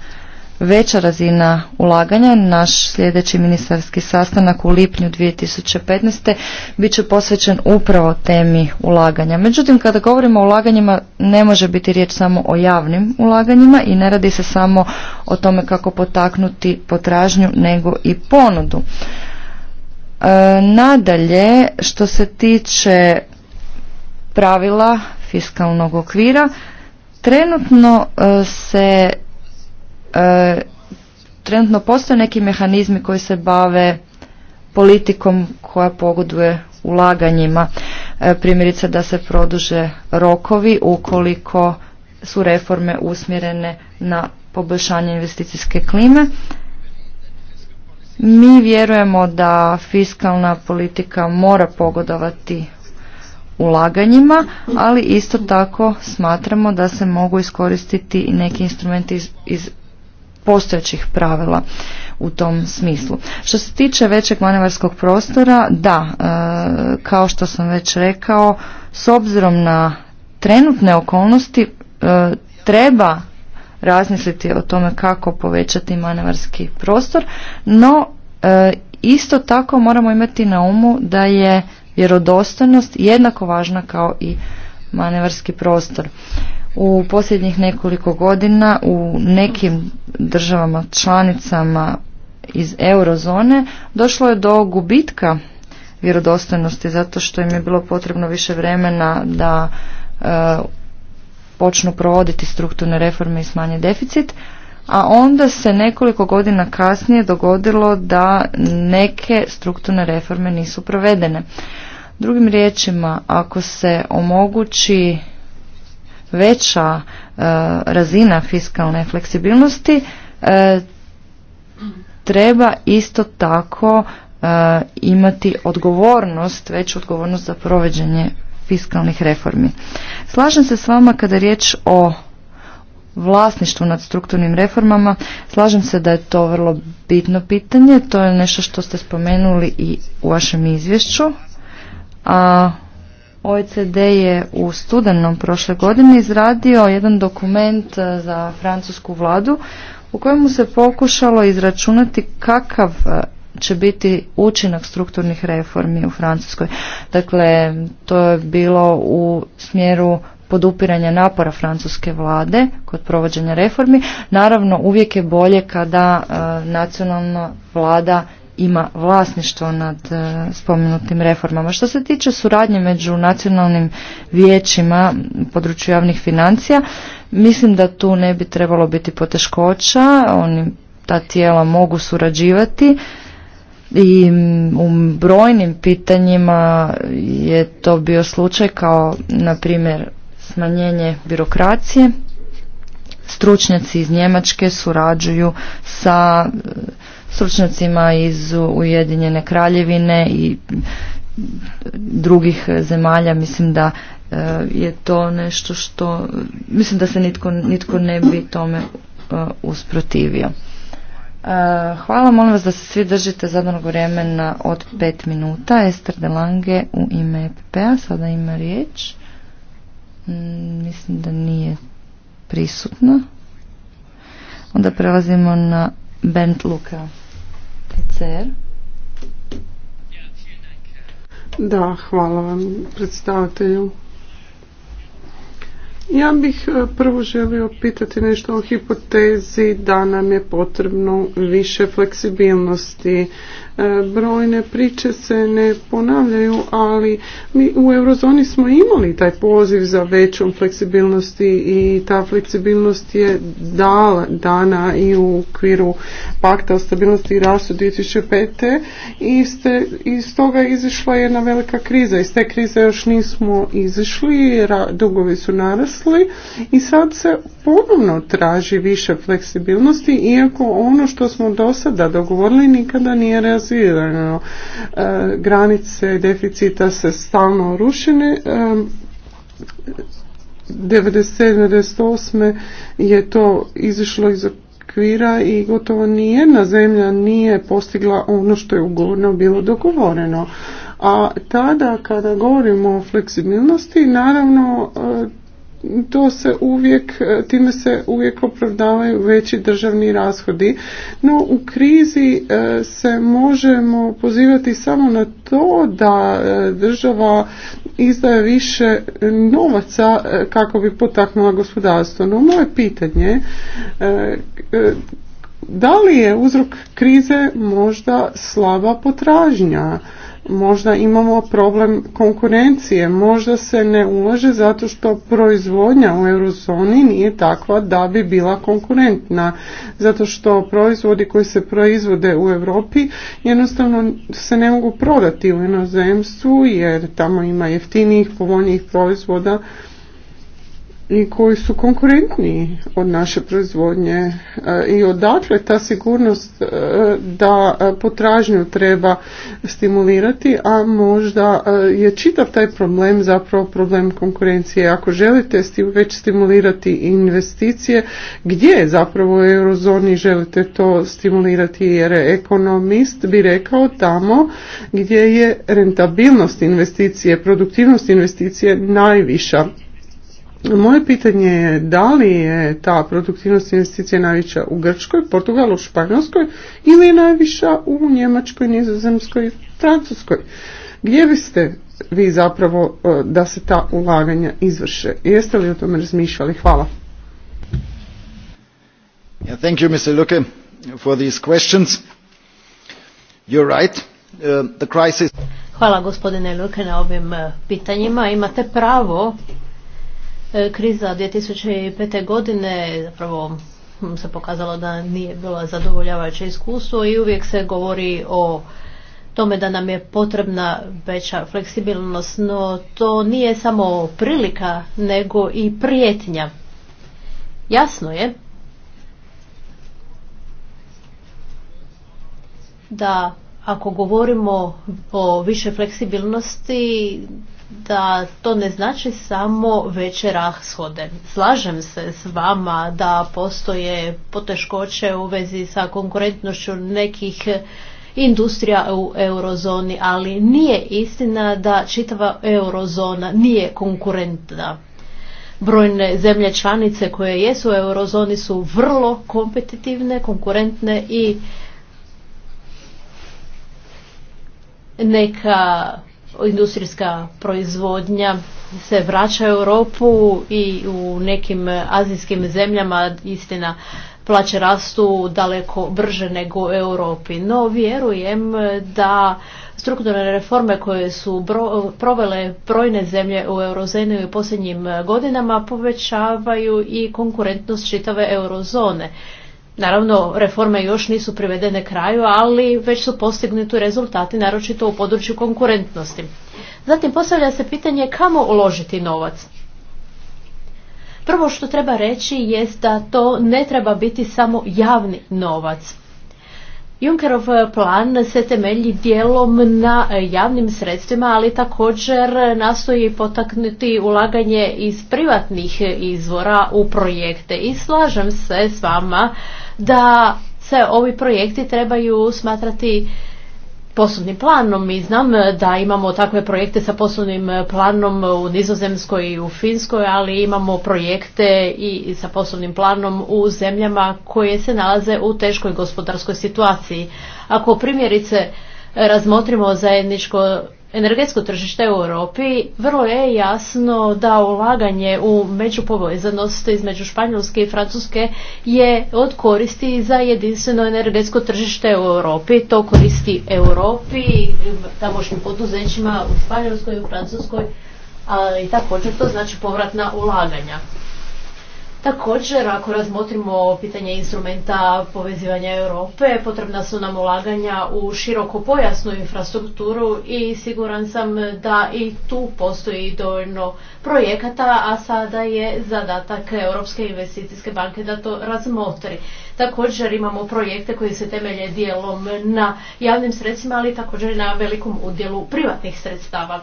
veća razina ulaganja. Naš sljedeći ministarski sastanak u lipnju 2015. bit će posvećen upravo temi ulaganja. Međutim, kada govorimo o ulaganjima, ne može biti riječ samo o javnim ulaganjima i ne radi se samo o tome kako potaknuti potražnju, nego i ponudu. E, nadalje, što se tiče pravila fiskalnog okvira, trenutno e, se E, trenutno postoje neki mehanizmi koji se bave politikom koja pogoduje ulaganjima. E, primjerice da se produže rokovi ukoliko su reforme usmjerene na poboljšanje investicijske klime. Mi vjerujemo da fiskalna politika mora pogodovati ulaganjima, ali isto tako smatramo da se mogu iskoristiti i neki instrumenti iz, iz postojećih pravila u tom smislu. Što se tiče većeg manevarskog prostora, da, e, kao što sam već rekao, s obzirom na trenutne okolnosti e, treba razmisliti o tome kako povećati manevarski prostor, no e, isto tako moramo imati na umu da je vjerodostojnost jednako važna kao i manevarski prostor. U posljednjih nekoliko godina u nekim državama članicama iz eurozone došlo je do gubitka vjerodostojnosti zato što im je bilo potrebno više vremena da e, počnu provoditi strukturne reforme i smanje deficit, a onda se nekoliko godina kasnije dogodilo da neke strukturne reforme nisu provedene. Drugim riječima, ako se omogući veća e, razina fiskalne fleksibilnosti e, treba isto tako e, imati odgovornost, veću odgovornost za provođenje fiskalnih reformi. Slažem se s vama kada je riječ o vlasništvu nad strukturnim reformama. Slažem se da je to vrlo bitno pitanje. To je nešto što ste spomenuli i u vašem izvješću. A OECD je u studenom prošle godine izradio jedan dokument e, za francusku vladu u kojemu se pokušalo izračunati kakav e, će biti učinak strukturnih reformi u Francuskoj. Dakle, to je bilo u smjeru podupiranja napora francuske vlade kod provođenja reformi. Naravno, uvijek je bolje kada e, nacionalna vlada ima vlasništvo nad e, spomenutim reformama. Što se tiče suradnje među nacionalnim vijećima području javnih financija, mislim da tu ne bi trebalo biti poteškoća, oni ta tijela mogu surađivati i u brojnim pitanjima je to bio slučaj kao na primjer smanjenje birokracije stručnjaci iz Njemačke surađuju sa stručnjacima iz Ujedinjene kraljevine i drugih e, zemalja. Mislim da e, je to nešto što, mislim da se nitko, nitko ne bi tome e, usprotivio. Hvala, molim vas da se svi držite zadanog vremena od pet minuta. Ester Lange u ime EPP-a, sada ima riječ. Mm, mislim da nije prisutna. Onda prelazimo na Bent Luka. Da, hvala vam predstavatelju. Ja bih e, prvo želio pitati nešto o hipotezi da nam je potrebno više fleksibilnosti E, brojne priče se ne ponavljaju, ali mi u eurozoni smo imali taj poziv za većom fleksibilnosti i ta fleksibilnost je dala, dana i u okviru pakta o stabilnosti i rastu 2005. I ste, iz toga izišla jedna velika kriza. Iz te krize još nismo izišli, dugovi su narasli i sad se ponovno traži više fleksibilnosti, iako ono što smo do sada dogovorili nikada nije E, Granice deficita se stalno rušene. 1997-1998 e, je to izišlo iz okvira i gotovo nijedna zemlja nije postigla ono što je ugovorno bilo dogovoreno. A tada kada govorimo o fleksibilnosti, naravno e, to se uvijek, e, time se uvijek opravdavaju veći državni rashodi. No u krizi e, se možemo pozivati samo na to da e, država izdaje više novaca kako bi potaknula gospodarstvo. No moje pitanje da li je uzrok krize možda slaba potražnja? Možda imamo problem konkurencije, možda se ne ulaže zato što proizvodnja u eurozoni nije takva da bi bila konkurentna, zato što proizvodi koji se proizvode u Europi jednostavno se ne mogu prodati u inozemstvu jer tamo ima jeftinijih, povoljnijih proizvoda i koji su konkurentniji od naše proizvodnje e, i odakle ta sigurnost e, da e, potražnju treba stimulirati, a možda je čitav taj problem zapravo problem konkurencije. Ako želite već stimulirati investicije, gdje zapravo u eurozoni želite to stimulirati jer ekonomist bi rekao tamo gdje je rentabilnost investicije, produktivnost investicije najviša moje pitanje je da li je ta produktivnost investicija najviša u Grčkoj, Portugalu, Španjolskoj ili je najviša u Njemačkoj, Nizozemskoj, Francuskoj. Gdje biste vi zapravo e, da se ta ulaganja izvrše? Jeste li o tome razmišljali? Hvala. Yeah, thank you, Mr. for these questions. You're right. Uh, the crisis... Hvala gospodine Luke na ovim uh, pitanjima. Imate pravo E, kriza 2005. godine zapravo se pokazalo da nije bila zadovoljavajuće iskustvo i uvijek se govori o tome da nam je potrebna veća fleksibilnost, no to nije samo prilika nego i prijetnja. Jasno je da ako govorimo o više fleksibilnosti da to ne znači samo veće rashode. Slažem se s vama da postoje poteškoće u vezi sa konkurentnošću nekih industrija u eurozoni, ali nije istina da čitava eurozona nije konkurentna. Brojne zemlje članice koje jesu u eurozoni su vrlo kompetitivne, konkurentne i neka industrijska proizvodnja se vraća u Europu i u nekim azijskim zemljama istina plaće rastu daleko brže nego u Europi. No vjerujem da strukturne reforme koje su provele brojne zemlje u eurozoni u posljednjim godinama povećavaju i konkurentnost čitave eurozone. Naravno, reforme još nisu privedene kraju, ali već su postignuti rezultati, naročito u području konkurentnosti. Zatim postavlja se pitanje kamo uložiti novac. Prvo što treba reći jest da to ne treba biti samo javni novac. Junkerov plan se temelji dijelom na javnim sredstvima, ali također nastoji potaknuti ulaganje iz privatnih izvora u projekte. I slažem se s vama da se ovi projekti trebaju smatrati poslovnim planom i znam da imamo takve projekte sa poslovnim planom u Nizozemskoj i u Finskoj, ali imamo projekte i sa poslovnim planom u zemljama koje se nalaze u teškoj gospodarskoj situaciji. Ako primjerice razmotrimo zajedničko energetsko tržište u Europi, vrlo je jasno da ulaganje u međupovezanost između Španjolske i Francuske je od koristi za jedinstveno energetsko tržište u Europi. To koristi Europi, tamošnjim poduzećima u Španjolskoj i u Francuskoj, ali također to znači povratna ulaganja. Također, ako razmotrimo pitanje instrumenta povezivanja Europe, potrebna su nam ulaganja u široko pojasnu infrastrukturu i siguran sam da i tu postoji dovoljno projekata, a sada je zadatak Europske investicijske banke da to razmotri. Također imamo projekte koji se temelje dijelom na javnim sredstvima, ali također i na velikom udjelu privatnih sredstava.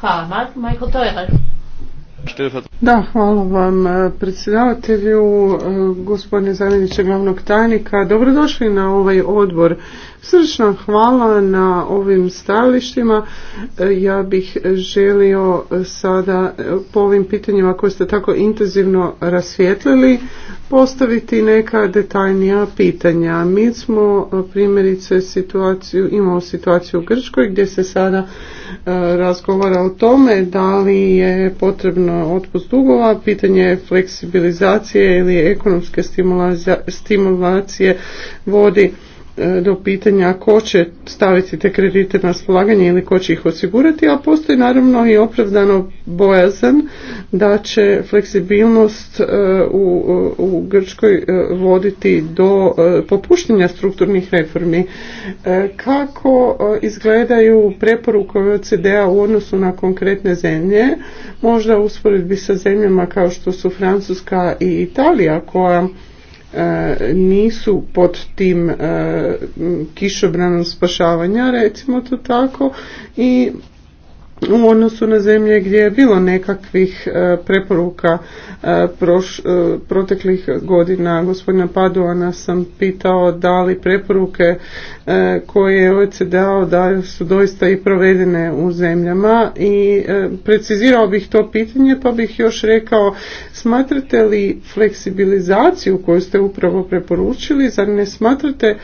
Hvala, Michael Toiler. Da, hvala vam e, predsjedavatelju, e, gospodine zamjeniče glavnog tajnika. Dobrodošli na ovaj odbor. Srčno hvala na ovim stajalištima. E, ja bih želio sada po ovim pitanjima koje ste tako intenzivno rasvijetlili postaviti neka detaljnija pitanja. Mi smo primjerice situaciju, imamo situaciju u Grčkoj gdje se sada razgovara o tome da li je potrebno otpust dugova, pitanje fleksibilizacije ili ekonomske stimulacije vodi E, do pitanja ko će staviti te kredite na raspolaganje ili ko će ih osigurati, a postoji naravno i opravdano bojazan da će fleksibilnost e, u, u Grčkoj e, voditi do popuštenja strukturnih reformi. Kako izgledaju preporuke OCD-a u odnosu na konkretne zemlje, možda usporedbi sa zemljama kao što su Francuska i Italija koja E, nisu pod tim e, kišobranom spašavanja, recimo to tako, i u odnosu na zemlje gdje je bilo nekakvih e, preporuka e, proš, e, proteklih godina. Gospodina Paduana sam pitao da li preporuke koje je OECD dao da su doista i provedene u zemljama i precizirao bih to pitanje pa bih još rekao smatrate li fleksibilizaciju koju ste upravo preporučili, zar ne smatrate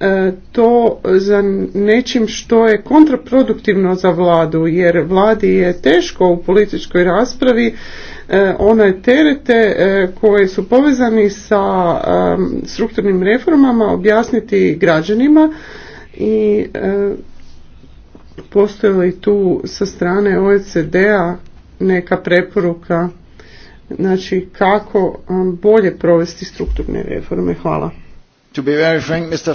E, to za nečim što je kontraproduktivno za vladu jer vladi je teško u političkoj raspravi e, one terete e, koje su povezani sa strukturnim reformama objasniti građanima i postoje li tu sa strane OECD-a neka preporuka znači kako bolje provesti strukturne reforme. Hvala. To be very frank, Mr.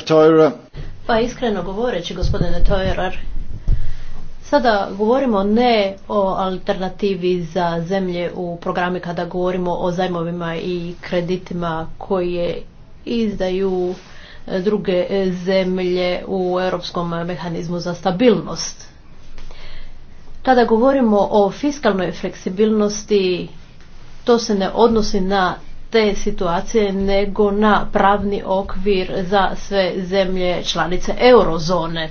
Pa iskreno govoreći, gospodine Teurer, Sada govorimo ne o alternativi za zemlje u programi kada govorimo o zajmovima i kreditima koje izdaju druge zemlje u europskom mehanizmu za stabilnost. Kada govorimo o fiskalnoj fleksibilnosti, to se ne odnosi na te situacije nego na pravni okvir za sve zemlje članice eurozone.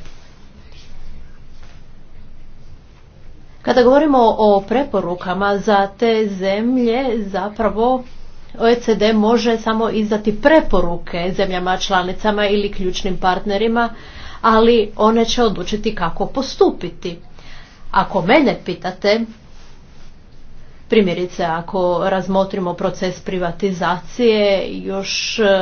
Kada govorimo o preporukama za te zemlje, zapravo OECD može samo izdati preporuke zemljama članicama ili ključnim partnerima, ali one će odlučiti kako postupiti. Ako mene pitate, Primjerice, ako razmotrimo proces privatizacije, još e,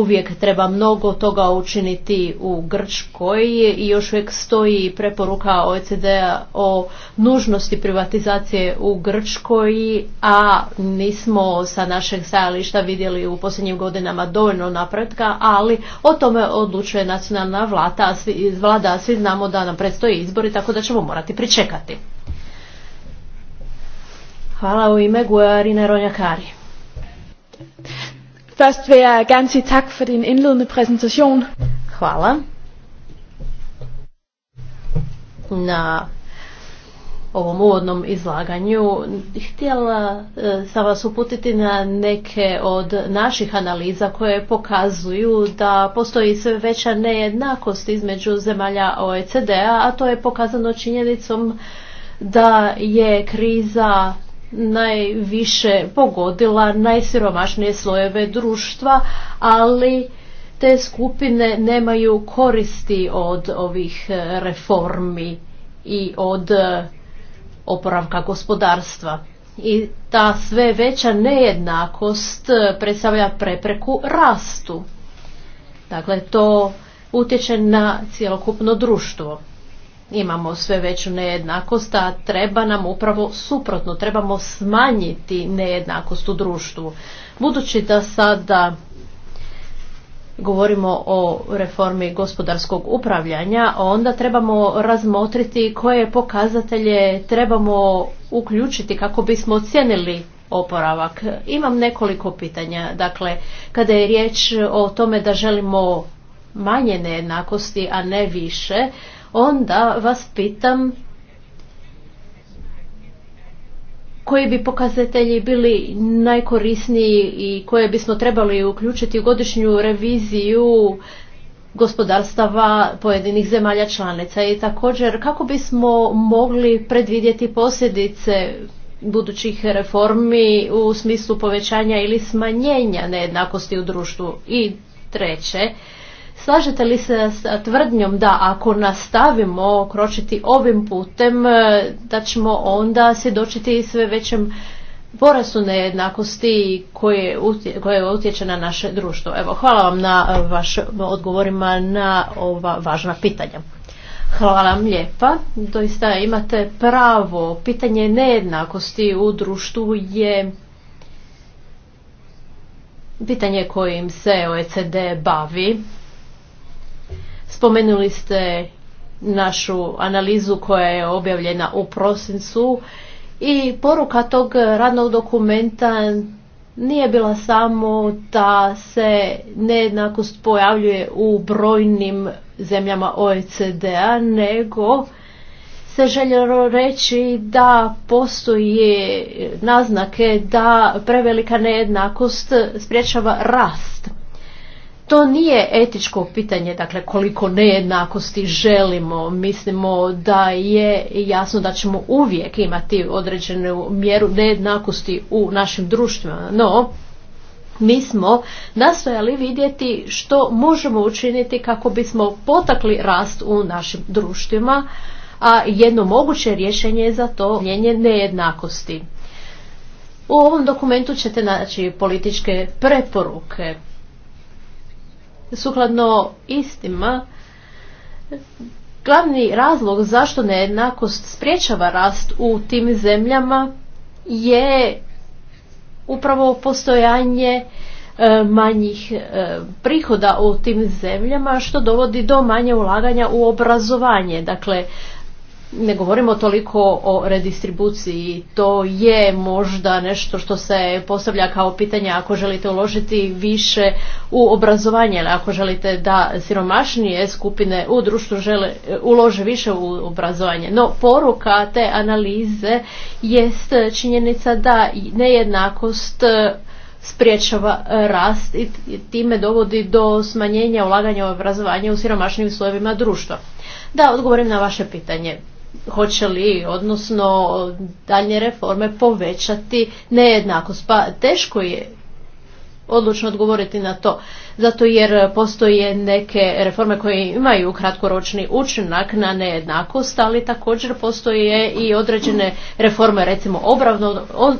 uvijek treba mnogo toga učiniti u Grčkoj i još uvijek stoji preporuka OECD-a o nužnosti privatizacije u Grčkoj, a nismo sa našeg stajališta vidjeli u posljednjim godinama dovoljno napretka, ali o tome odlučuje nacionalna vlada, a svi, vlada, svi znamo da nam predstoje izbori, tako da ćemo morati pričekati. Hvala u ime Guarina Ronjakari. Først vil jeg gerne sige Hvala. Na ovom uvodnom izlaganju htjela e, sam vas uputiti na neke od naših analiza koje pokazuju da postoji sve veća nejednakost između zemalja OECD-a, a to je pokazano činjenicom da je kriza najviše pogodila najsiromašnije slojeve društva, ali te skupine nemaju koristi od ovih e, reformi i od e, oporavka gospodarstva. I ta sve veća nejednakost e, predstavlja prepreku rastu. Dakle, to utječe na cjelokupno društvo imamo sve veću nejednakost, a treba nam upravo suprotno, trebamo smanjiti nejednakost u društvu. Budući da sada govorimo o reformi gospodarskog upravljanja, onda trebamo razmotriti koje pokazatelje trebamo uključiti kako bismo ocijenili oporavak. Imam nekoliko pitanja. Dakle, kada je riječ o tome da želimo manje nejednakosti, a ne više, onda vas pitam koji bi pokazatelji bili najkorisniji i koje bismo trebali uključiti u godišnju reviziju gospodarstava pojedinih zemalja članica i također kako bismo mogli predvidjeti posljedice budućih reformi u smislu povećanja ili smanjenja nejednakosti u društvu. I treće, Slažete li se s tvrdnjom da ako nastavimo kročiti ovim putem, e, da ćemo onda svjedočiti sve većem porastu nejednakosti koje, koje utječe na naše društvo. Evo, hvala vam na e, vašim odgovorima na ova važna pitanja. Hvala vam lijepa. Doista imate pravo. Pitanje nejednakosti u društvu je pitanje kojim se OECD bavi Spomenuli ste našu analizu koja je objavljena u prosincu i poruka tog radnog dokumenta nije bila samo da se nejednakost pojavljuje u brojnim zemljama OECD-a, nego se željelo reći da postoje naznake da prevelika nejednakost spriječava rast. To nije etičko pitanje, dakle koliko nejednakosti želimo. Mislimo da je jasno da ćemo uvijek imati određenu mjeru nejednakosti u našim društvima, no mi smo nastojali vidjeti što možemo učiniti kako bismo potakli rast u našim društvima, a jedno moguće rješenje je za to mjenje nejednakosti. U ovom dokumentu ćete naći političke preporuke sukladno istima glavni razlog zašto nejednakost spriječava rast u tim zemljama je upravo postojanje e, manjih e, prihoda u tim zemljama što dovodi do manje ulaganja u obrazovanje. Dakle, ne govorimo toliko o redistribuciji. To je možda nešto što se postavlja kao pitanje ako želite uložiti više u obrazovanje ako želite da siromašnije skupine u društvu žele, ulože više u obrazovanje. No poruka te analize jest činjenica da nejednakost spriječava rast i time dovodi do smanjenja ulaganja u obrazovanje u siromašnim slojevima društva. Da, odgovorim na vaše pitanje hoće li, odnosno daljnje reforme povećati nejednakost. Pa teško je odlučno odgovoriti na to. Zato jer postoje neke reforme koje imaju kratkoročni učinak na nejednakost, ali također postoje i određene reforme recimo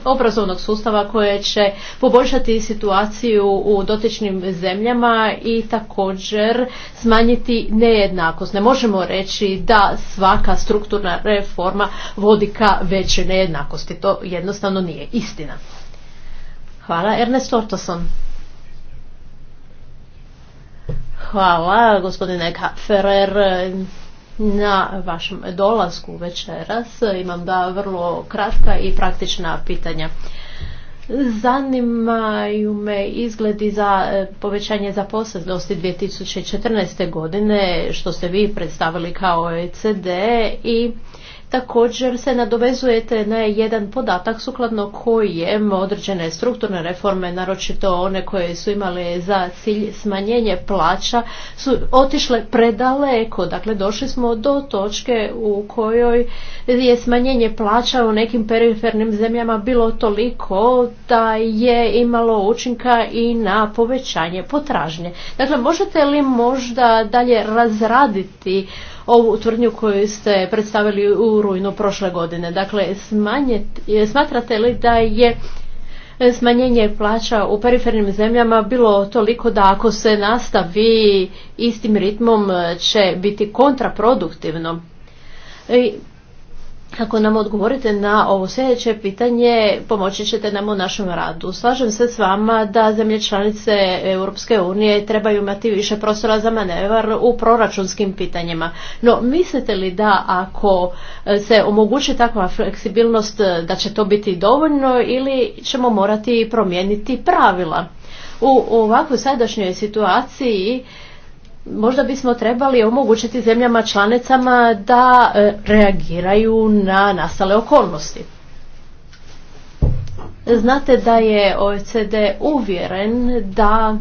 obrazovnog sustava koje će poboljšati situaciju u dotičnim zemljama i također smanjiti nejednakost. Ne možemo reći da svaka strukturna reforma vodi ka većoj nejednakosti. To jednostavno nije istina. Hvala. Ernest Ortoson. Hvala gospodine Kapferer na vašem dolasku večeras. Imam da vrlo kratka i praktična pitanja. Zanimaju me izgledi za e, povećanje zaposlenosti 2014. godine što ste vi predstavili kao OECD i Također se nadovezujete na jedan podatak sukladno kojem određene strukturne reforme, naročito one koje su imale za cilj smanjenje plaća, su otišle predaleko. Dakle, došli smo do točke u kojoj je smanjenje plaća u nekim perifernim zemljama bilo toliko da je imalo učinka i na povećanje potražnje. Dakle, možete li možda dalje razraditi ovu tvrdnju koju ste predstavili u rujnu prošle godine. Dakle, smatrate li da je e, smanjenje plaća u perifernim zemljama bilo toliko da ako se nastavi istim ritmom e, će biti kontraproduktivno? Ako nam odgovorite na ovo sljedeće pitanje, pomoći ćete nam u našem radu. Slažem se s vama da zemlje članice Europske unije trebaju imati više prostora za manevar u proračunskim pitanjima. No, mislite li da ako e, se omogući takva fleksibilnost e, da će to biti dovoljno ili ćemo morati promijeniti pravila? U ovakvoj sadašnjoj situaciji možda bismo trebali omogućiti zemljama članicama da e, reagiraju na nastale okolnosti. Znate da je OECD uvjeren da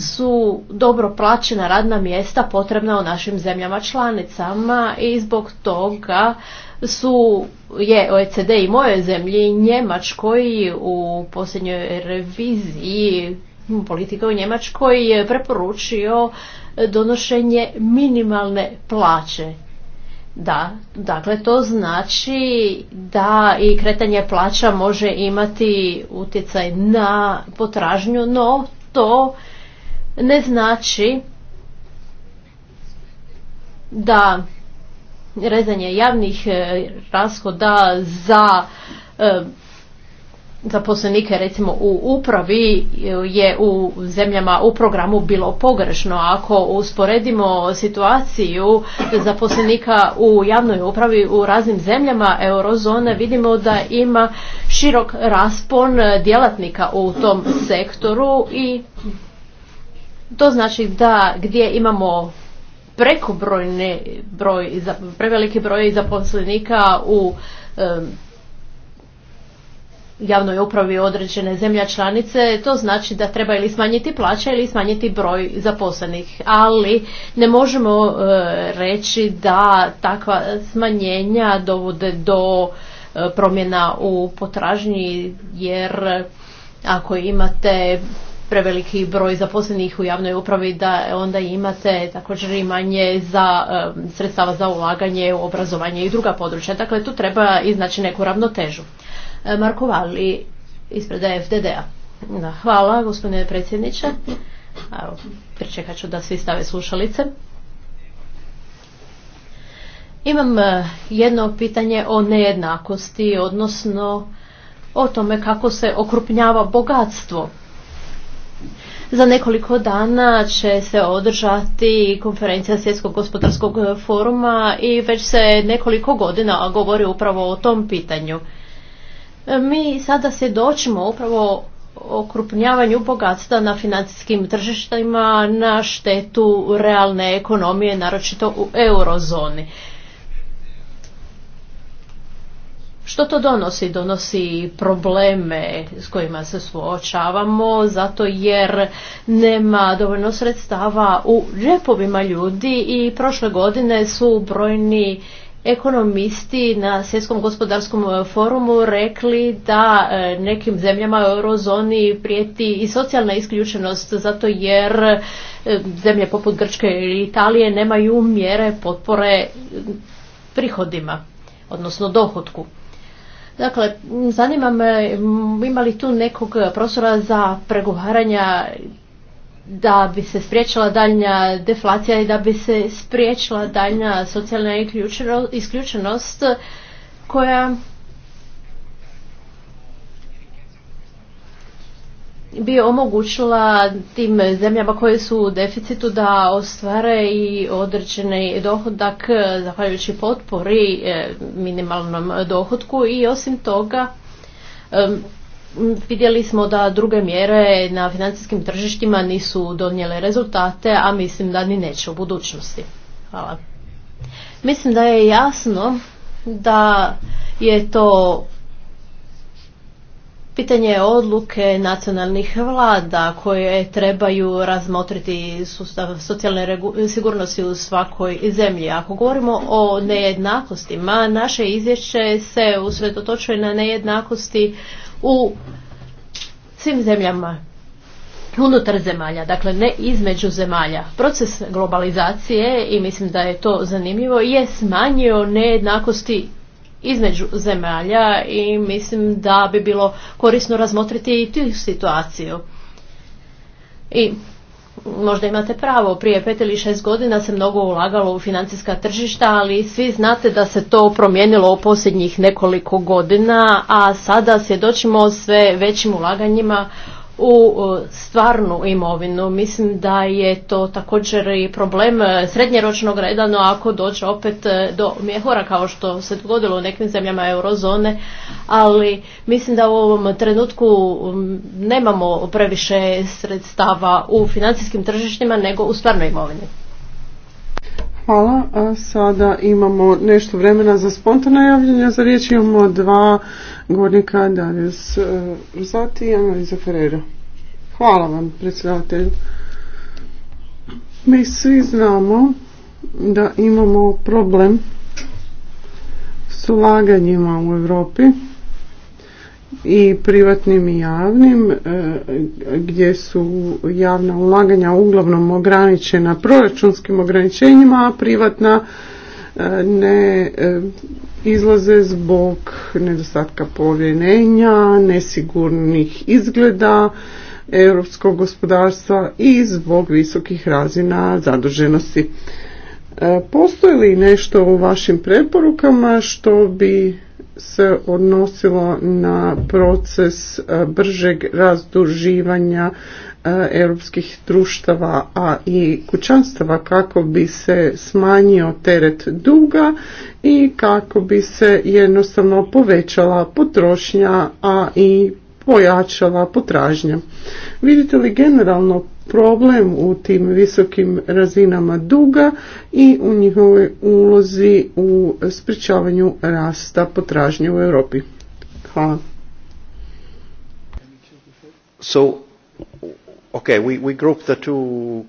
su dobro plaćena radna mjesta potrebna u našim zemljama članicama i zbog toga su je OECD i moje zemlji Njemačkoj u posljednjoj reviziji politika u Njemačkoj je preporučio e, donošenje minimalne plaće. Da, dakle to znači da i kretanje plaća može imati utjecaj na potražnju, no to ne znači da rezanje javnih e, rashoda za e, zaposlenike recimo u upravi je u zemljama u programu bilo pogrešno. Ako usporedimo situaciju zaposlenika u javnoj upravi u raznim zemljama eurozone vidimo da ima širok raspon djelatnika u tom sektoru i to znači da gdje imamo prekobrojni broj, preveliki broj zaposlenika u javnoj upravi određene zemlja članice, to znači da treba ili smanjiti plaće ili smanjiti broj zaposlenih. Ali ne možemo e, reći da takva smanjenja dovode do e, promjena u potražnji jer ako imate preveliki broj zaposlenih u javnoj upravi da onda imate također i manje za e, sredstava za ulaganje u obrazovanje i druga područja. Dakle, tu treba iznaći neku ravnotežu. Markovali ispred FDD-a. hvala gospodine predsjedniče. Evo, pričekat ću da svi stave slušalice. Imam e, jedno pitanje o nejednakosti, odnosno o tome kako se okrupnjava bogatstvo. Za nekoliko dana će se održati konferencija Svjetskog gospodarskog foruma i već se nekoliko godina govori upravo o tom pitanju. E, mi sada se svjedočimo upravo okrupnjavanju bogatstva na financijskim tržištima na štetu realne ekonomije, naročito u eurozoni. Što to donosi? Donosi probleme s kojima se suočavamo, zato jer nema dovoljno sredstava u džepovima ljudi i prošle godine su brojni ekonomisti na Svjetskom gospodarskom e, forumu rekli da e, nekim zemljama u eurozoni prijeti i socijalna isključenost zato jer e, zemlje poput Grčke ili Italije nemaju mjere potpore prihodima, odnosno dohodku. Dakle, zanima me ima li tu nekog prostora za pregovaranja da bi se spriječila daljnja deflacija i da bi se spriječila daljnja socijalna isključenost koja bi omogućila tim zemljama koje su u deficitu da ostvare i određeni dohodak zahvaljujući potpori eh, minimalnom dohodku i osim toga Mm, vidjeli smo da druge mjere na financijskim tržištima nisu donijele rezultate, a mislim da ni neće u budućnosti. Hvala. Mislim da je jasno da je to pitanje odluke nacionalnih vlada koje trebaju razmotriti sustav socijalne sigurnosti u svakoj zemlji. Ako govorimo o nejednakostima, naše izvješće se usredotočuje na nejednakosti u svim zemljama unutar zemalja, dakle ne između zemalja. Proces globalizacije, i mislim da je to zanimljivo, je smanjio nejednakosti između zemalja i mislim da bi bilo korisno razmotriti i tu situaciju. I možda imate pravo, prije pet ili šest godina se mnogo ulagalo u financijska tržišta, ali svi znate da se to promijenilo u posljednjih nekoliko godina, a sada svjedočimo sve većim ulaganjima u stvarnu imovinu. Mislim da je to također i problem e, srednjeročno gledano ako dođe opet e, do mjehora kao što se dogodilo u nekim zemljama eurozone, ali mislim da u ovom trenutku nemamo previše sredstava u financijskim tržištima nego u stvarnoj imovini. Hvala. A sada imamo nešto vremena za spontano javljanje Za riječ imamo dva govornika, Darius Rzati e, i Analiza Ferreira. Hvala vam, predsjedatelju. Mi svi znamo da imamo problem s ulaganjima u Europi i privatnim i javnim e, gdje su javna ulaganja uglavnom ograničena proračunskim ograničenjima, a privatna e, ne e, izlaze zbog nedostatka povjerenja, nesigurnih izgleda europskog gospodarstva i zbog visokih razina zaduženosti. Postoji li nešto u vašim preporukama što bi se odnosilo na proces e, bržeg razduživanja e, europskih društava, a i kućanstava kako bi se smanjio teret duga i kako bi se jednostavno povećala potrošnja, a i pojačava potražnja. Vidite li generalno problem u tim visokim razinama duga i u njihovoj ulozi u sprječavanju rasta potražnje u Europi? Hvala. So, okay, we, we group the two...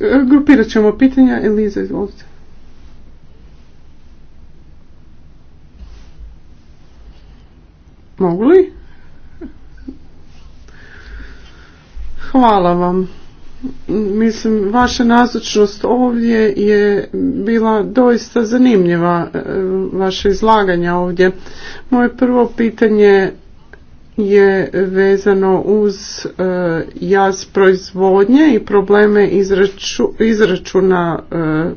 E, grupirat ćemo pitanja. Eliza, izvolite. Mogu li? Hvala vam. Mislim, vaša nazočnost ovdje je bila doista zanimljiva, e, vaše izlaganja ovdje. Moje prvo pitanje je vezano uz e, jaz proizvodnje i probleme izraču, izračuna e,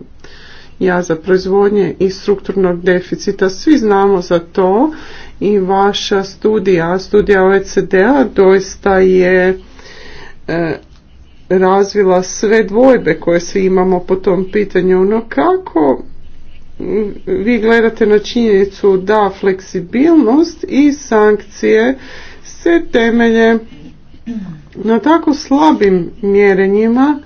jaza proizvodnje i strukturnog deficita. Svi znamo za to i vaša studija, studija OECD-a doista je E, razvila sve dvojbe koje svi imamo po tom pitanju. No kako vi gledate na činjenicu da fleksibilnost i sankcije se temelje na tako slabim mjerenjima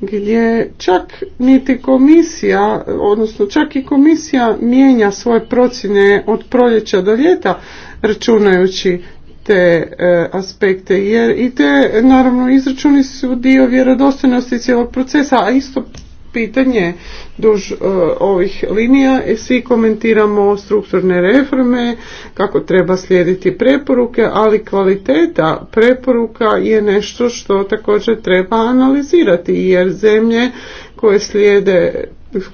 gdje čak niti komisija, odnosno čak i komisija mijenja svoje procjene od proljeća do ljeta računajući te e, aspekte jer i te naravno izračuni su dio vjerodostojnosti cijelog procesa, a isto pitanje duž e, ovih linija e, svi komentiramo strukturne reforme, kako treba slijediti preporuke, ali kvaliteta preporuka je nešto što također treba analizirati jer zemlje koje slijede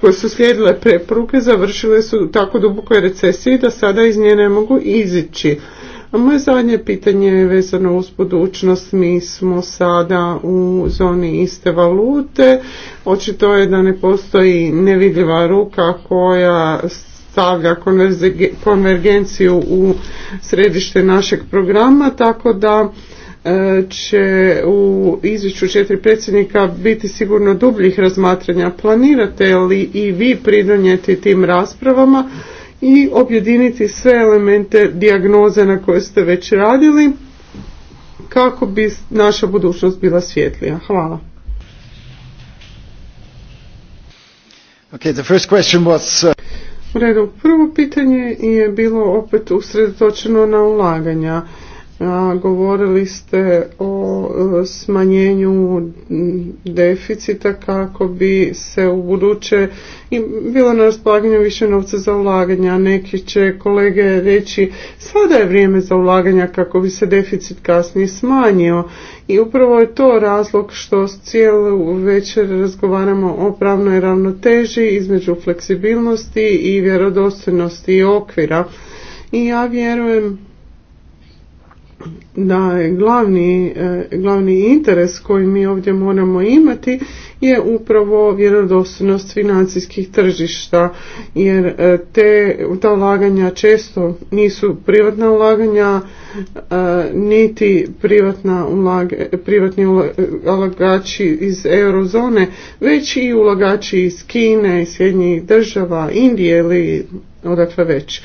koje su slijedile preporuke završile su tako dubokoj recesiji da sada iz nje ne mogu izići. Moje zadnje pitanje je vezano uz budućnost. Mi smo sada u zoni iste valute. Očito je da ne postoji nevidljiva ruka koja stavlja konvergenciju u središte našeg programa, tako da e, će u izvješću četiri predsjednika biti sigurno dubljih razmatranja. Planirate li i vi pridonijeti tim raspravama? i objediniti sve elemente dijagnoze na koje ste već radili kako bi naša budućnost bila svjetlija. Hvala. Okay, the first question was, uh, U prvo pitanje je bilo opet usredotočeno na ulaganja. Govorili ste o e, smanjenju deficita kako bi se u buduće bilo na raspolaganju više novca za ulaganja. Neki će kolege reći sada je vrijeme za ulaganja kako bi se deficit kasnije smanjio. I upravo je to razlog što cijelu večer razgovaramo o pravnoj ravnoteži između fleksibilnosti i vjerodostojnosti i okvira. I ja vjerujem da je glavni, e, glavni interes koji mi ovdje moramo imati je upravo vjerodostojnost financijskih tržišta jer e, te, ta ulaganja često nisu privatna ulaganja e, niti privatna privatni ulagači iz eurozone već i ulagači iz Kine, i Sjednjih država, Indije ili odakle već.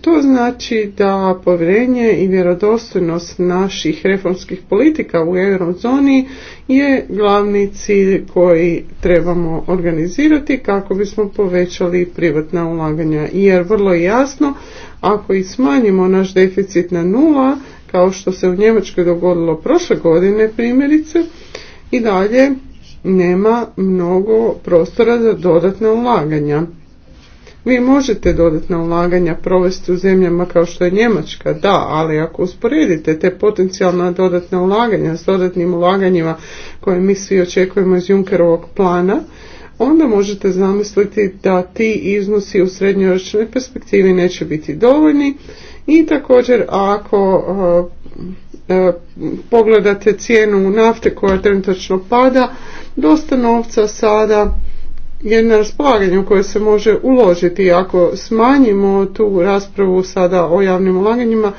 To znači da povjerenje i vjerodostojnost naših reformskih politika u eurozoni je glavni cilj koji trebamo organizirati kako bismo povećali privatna ulaganja. Jer vrlo jasno, ako i smanjimo naš deficit na nula, kao što se u Njemačkoj dogodilo prošle godine primjerice, i dalje nema mnogo prostora za dodatna ulaganja. Vi možete dodatna ulaganja provesti u zemljama kao što je Njemačka, da, ali ako usporedite te potencijalna dodatna ulaganja s dodatnim ulaganjima koje mi svi očekujemo iz Junkerovog plana, onda možete zamisliti da ti iznosi u srednjoročnoj perspektivi neće biti dovoljni i također ako eh, eh, pogledate cijenu nafte koja trenutačno pada, dosta novca sada je na raspolaganju koje se može uložiti. Ako smanjimo tu raspravu sada o javnim ulaganjima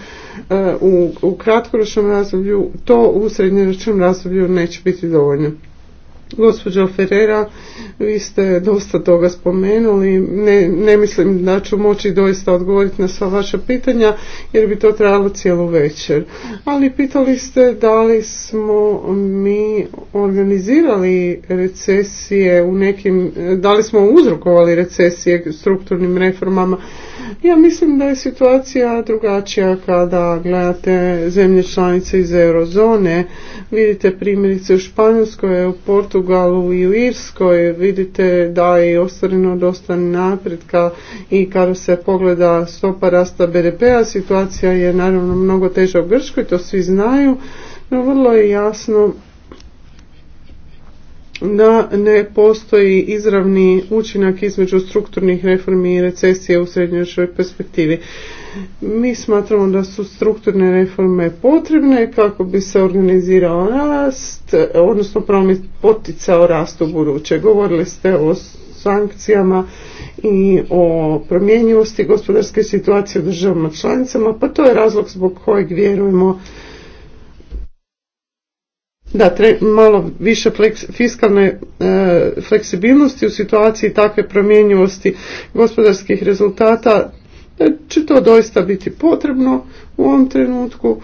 e, u, kratkoročnom razdoblju, to u srednjoročnom razdoblju neće biti dovoljno. Gospođo Ferreira, vi ste dosta toga spomenuli. Ne, ne mislim da ću moći doista odgovoriti na sva vaša pitanja jer bi to trajalo cijelu večer. Ali pitali ste da li smo mi organizirali recesije u nekim, da li smo uzrokovali recesije strukturnim reformama. Ja mislim da je situacija drugačija kada gledate zemlje članice iz eurozone. Vidite primjerice u Španjolskoj, u Portu Portugalu i u Irskoj vidite da je ostvareno dosta napretka i kada se pogleda stopa rasta BDP-a situacija je naravno mnogo teža u Grčkoj, to svi znaju, no vrlo je jasno da ne postoji izravni učinak između strukturnih reformi i recesije u srednjoj perspektivi. Mi smatramo da su strukturne reforme potrebne kako bi se organizirao rast, odnosno promet poticao rast u buduće. Govorili ste o sankcijama i o promjenjivosti gospodarske situacije u državama članicama, pa to je razlog zbog kojeg vjerujemo da malo više fiskalne e, fleksibilnosti u situaciji takve promjenjivosti gospodarskih rezultata E, će to doista biti potrebno u ovom trenutku.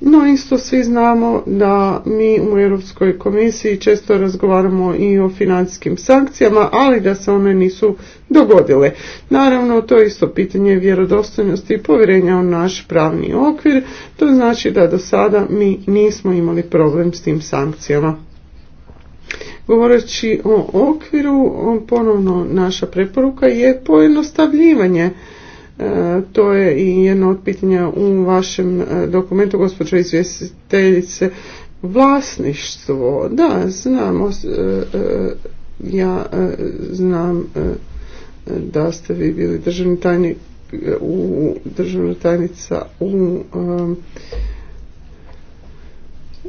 No isto svi znamo da mi u Europskoj komisiji često razgovaramo i o financijskim sankcijama, ali da se one nisu dogodile. Naravno, to je isto pitanje vjerodostojnosti i povjerenja u naš pravni okvir, to znači da do sada mi nismo imali problem s tim sankcijama. Govoreći o okviru, ponovno naša preporuka je pojednostavljivanje E, to je i jedno od pitanja u vašem e, dokumentu, gospođo izvjestiteljice. Vlasništvo, da, znam, e, ja znam da ste vi bili državni tajnik u državna tajnica u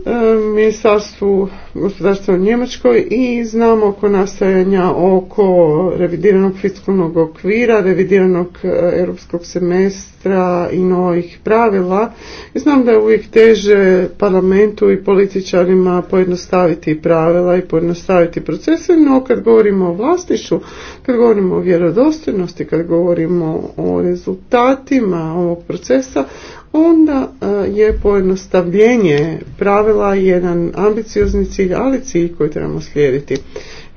E, ministarstvu gospodarstva u Njemačkoj i znamo oko nastajanja oko revidiranog fiskalnog okvira, revidiranog e, europskog semestra i novih pravila. Znam da je uvijek teže parlamentu i političarima pojednostaviti pravila i pojednostaviti procese, no kad govorimo o vlastišu, kad govorimo o vjerodostojnosti, kad govorimo o rezultatima ovog procesa, onda e, je pojednostavljenje pravila jedan ambiciozni cilj, ali cilj koji trebamo slijediti.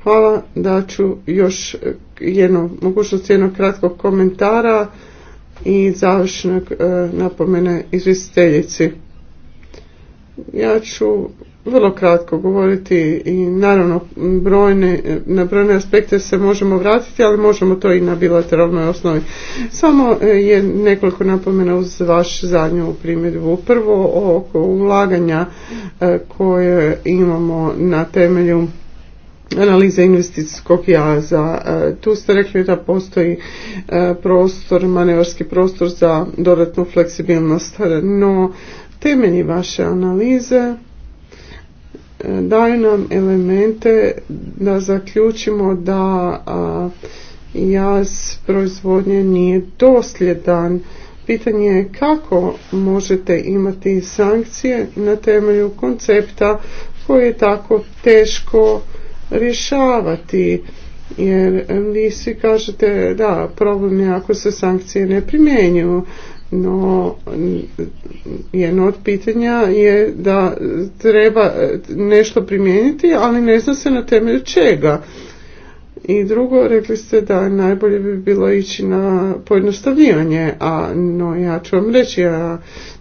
Hvala da ću još jednu mogućnost jednog kratkog komentara i završnog e, napomene izvjestiteljici. Ja ću vrlo kratko govoriti i naravno brojne, na brojne aspekte se možemo vratiti, ali možemo to i na bilateralnoj osnovi. Samo e, je nekoliko napomena uz vaš zadnju primjedbu. Prvo oko ulaganja e, koje imamo na temelju analize investicijskog jaza. E, tu ste rekli da postoji prostor, manevarski prostor za dodatnu fleksibilnost, no temelji vaše analize daju nam elemente da zaključimo da jaz proizvodnje nije dosljedan. Pitanje je kako možete imati sankcije na temelju koncepta koji je tako teško rješavati. Jer vi svi kažete da problem je ako se sankcije ne primjenjuju. No, jedno od pitanja je da treba e, nešto primijeniti, ali ne zna se na temelju čega. I drugo, rekli ste da najbolje bi bilo ići na pojednostavljivanje, a no ja ću vam reći, ja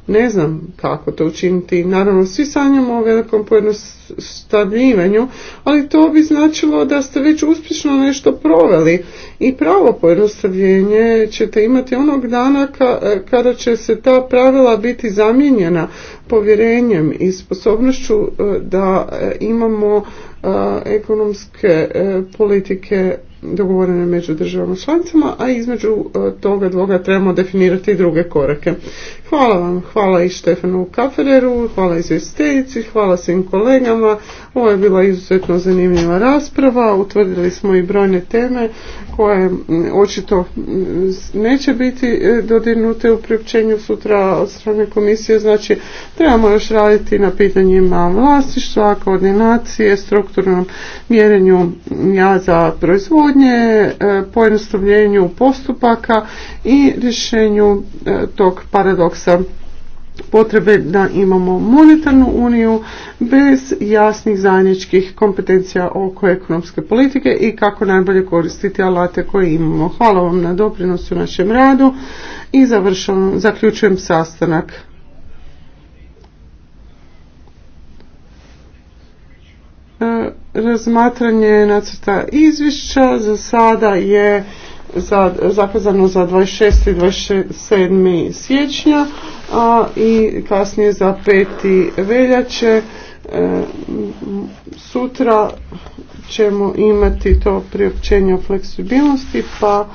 ne znam kako to učiniti. Naravno, svi sanjamo o velikom pojednostavljivanju, ali to bi značilo da ste već uspješno nešto proveli. I pravo pojednostavljenje ćete imati onog dana kada će se ta pravila biti zamijenjena povjerenjem i sposobnošću e, da e, imamo e, ekonomske politike dogovorene među državama članicama, a između e, toga dvoga trebamo definirati i druge korake. Hvala vam, hvala i Štefanu Kafereru, hvala izvjestiteljici, hvala svim kolegama. Ovo je bila izuzetno zanimljiva rasprava, utvrdili smo i brojne teme koje očito neće biti e, dodirnute u priopćenju sutra od strane komisije, znači trebamo još raditi na pitanjima vlasništva, koordinacije, strukturnom mjerenju za proizvodnje, proizvodnje, e, pojednostavljenju postupaka i rješenju e, tog paradoksa potrebe da imamo monetarnu uniju bez jasnih zajedničkih kompetencija oko ekonomske politike i kako najbolje koristiti alate koje imamo. Hvala vam na doprinosu našem radu i zaključujem sastanak. E, razmatranje nacrta izvješća za sada je zakazano za 26. i 27. siječnja a i kasnije za 5. veljače e, sutra ćemo imati to priopćenje o fleksibilnosti pa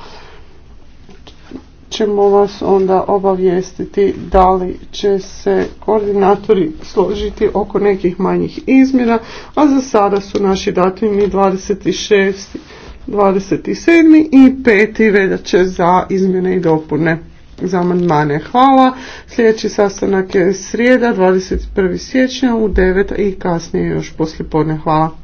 ćemo vas onda obavijestiti da li će se koordinatori složiti oko nekih manjih izmjena, a za sada su naši datumi 26. 27. i 5. veljače za izmjene i dopune za amandmane. Hvala. Sljedeći sastanak je srijeda 21. siječnja u 9 i kasnije još poslije Hvala.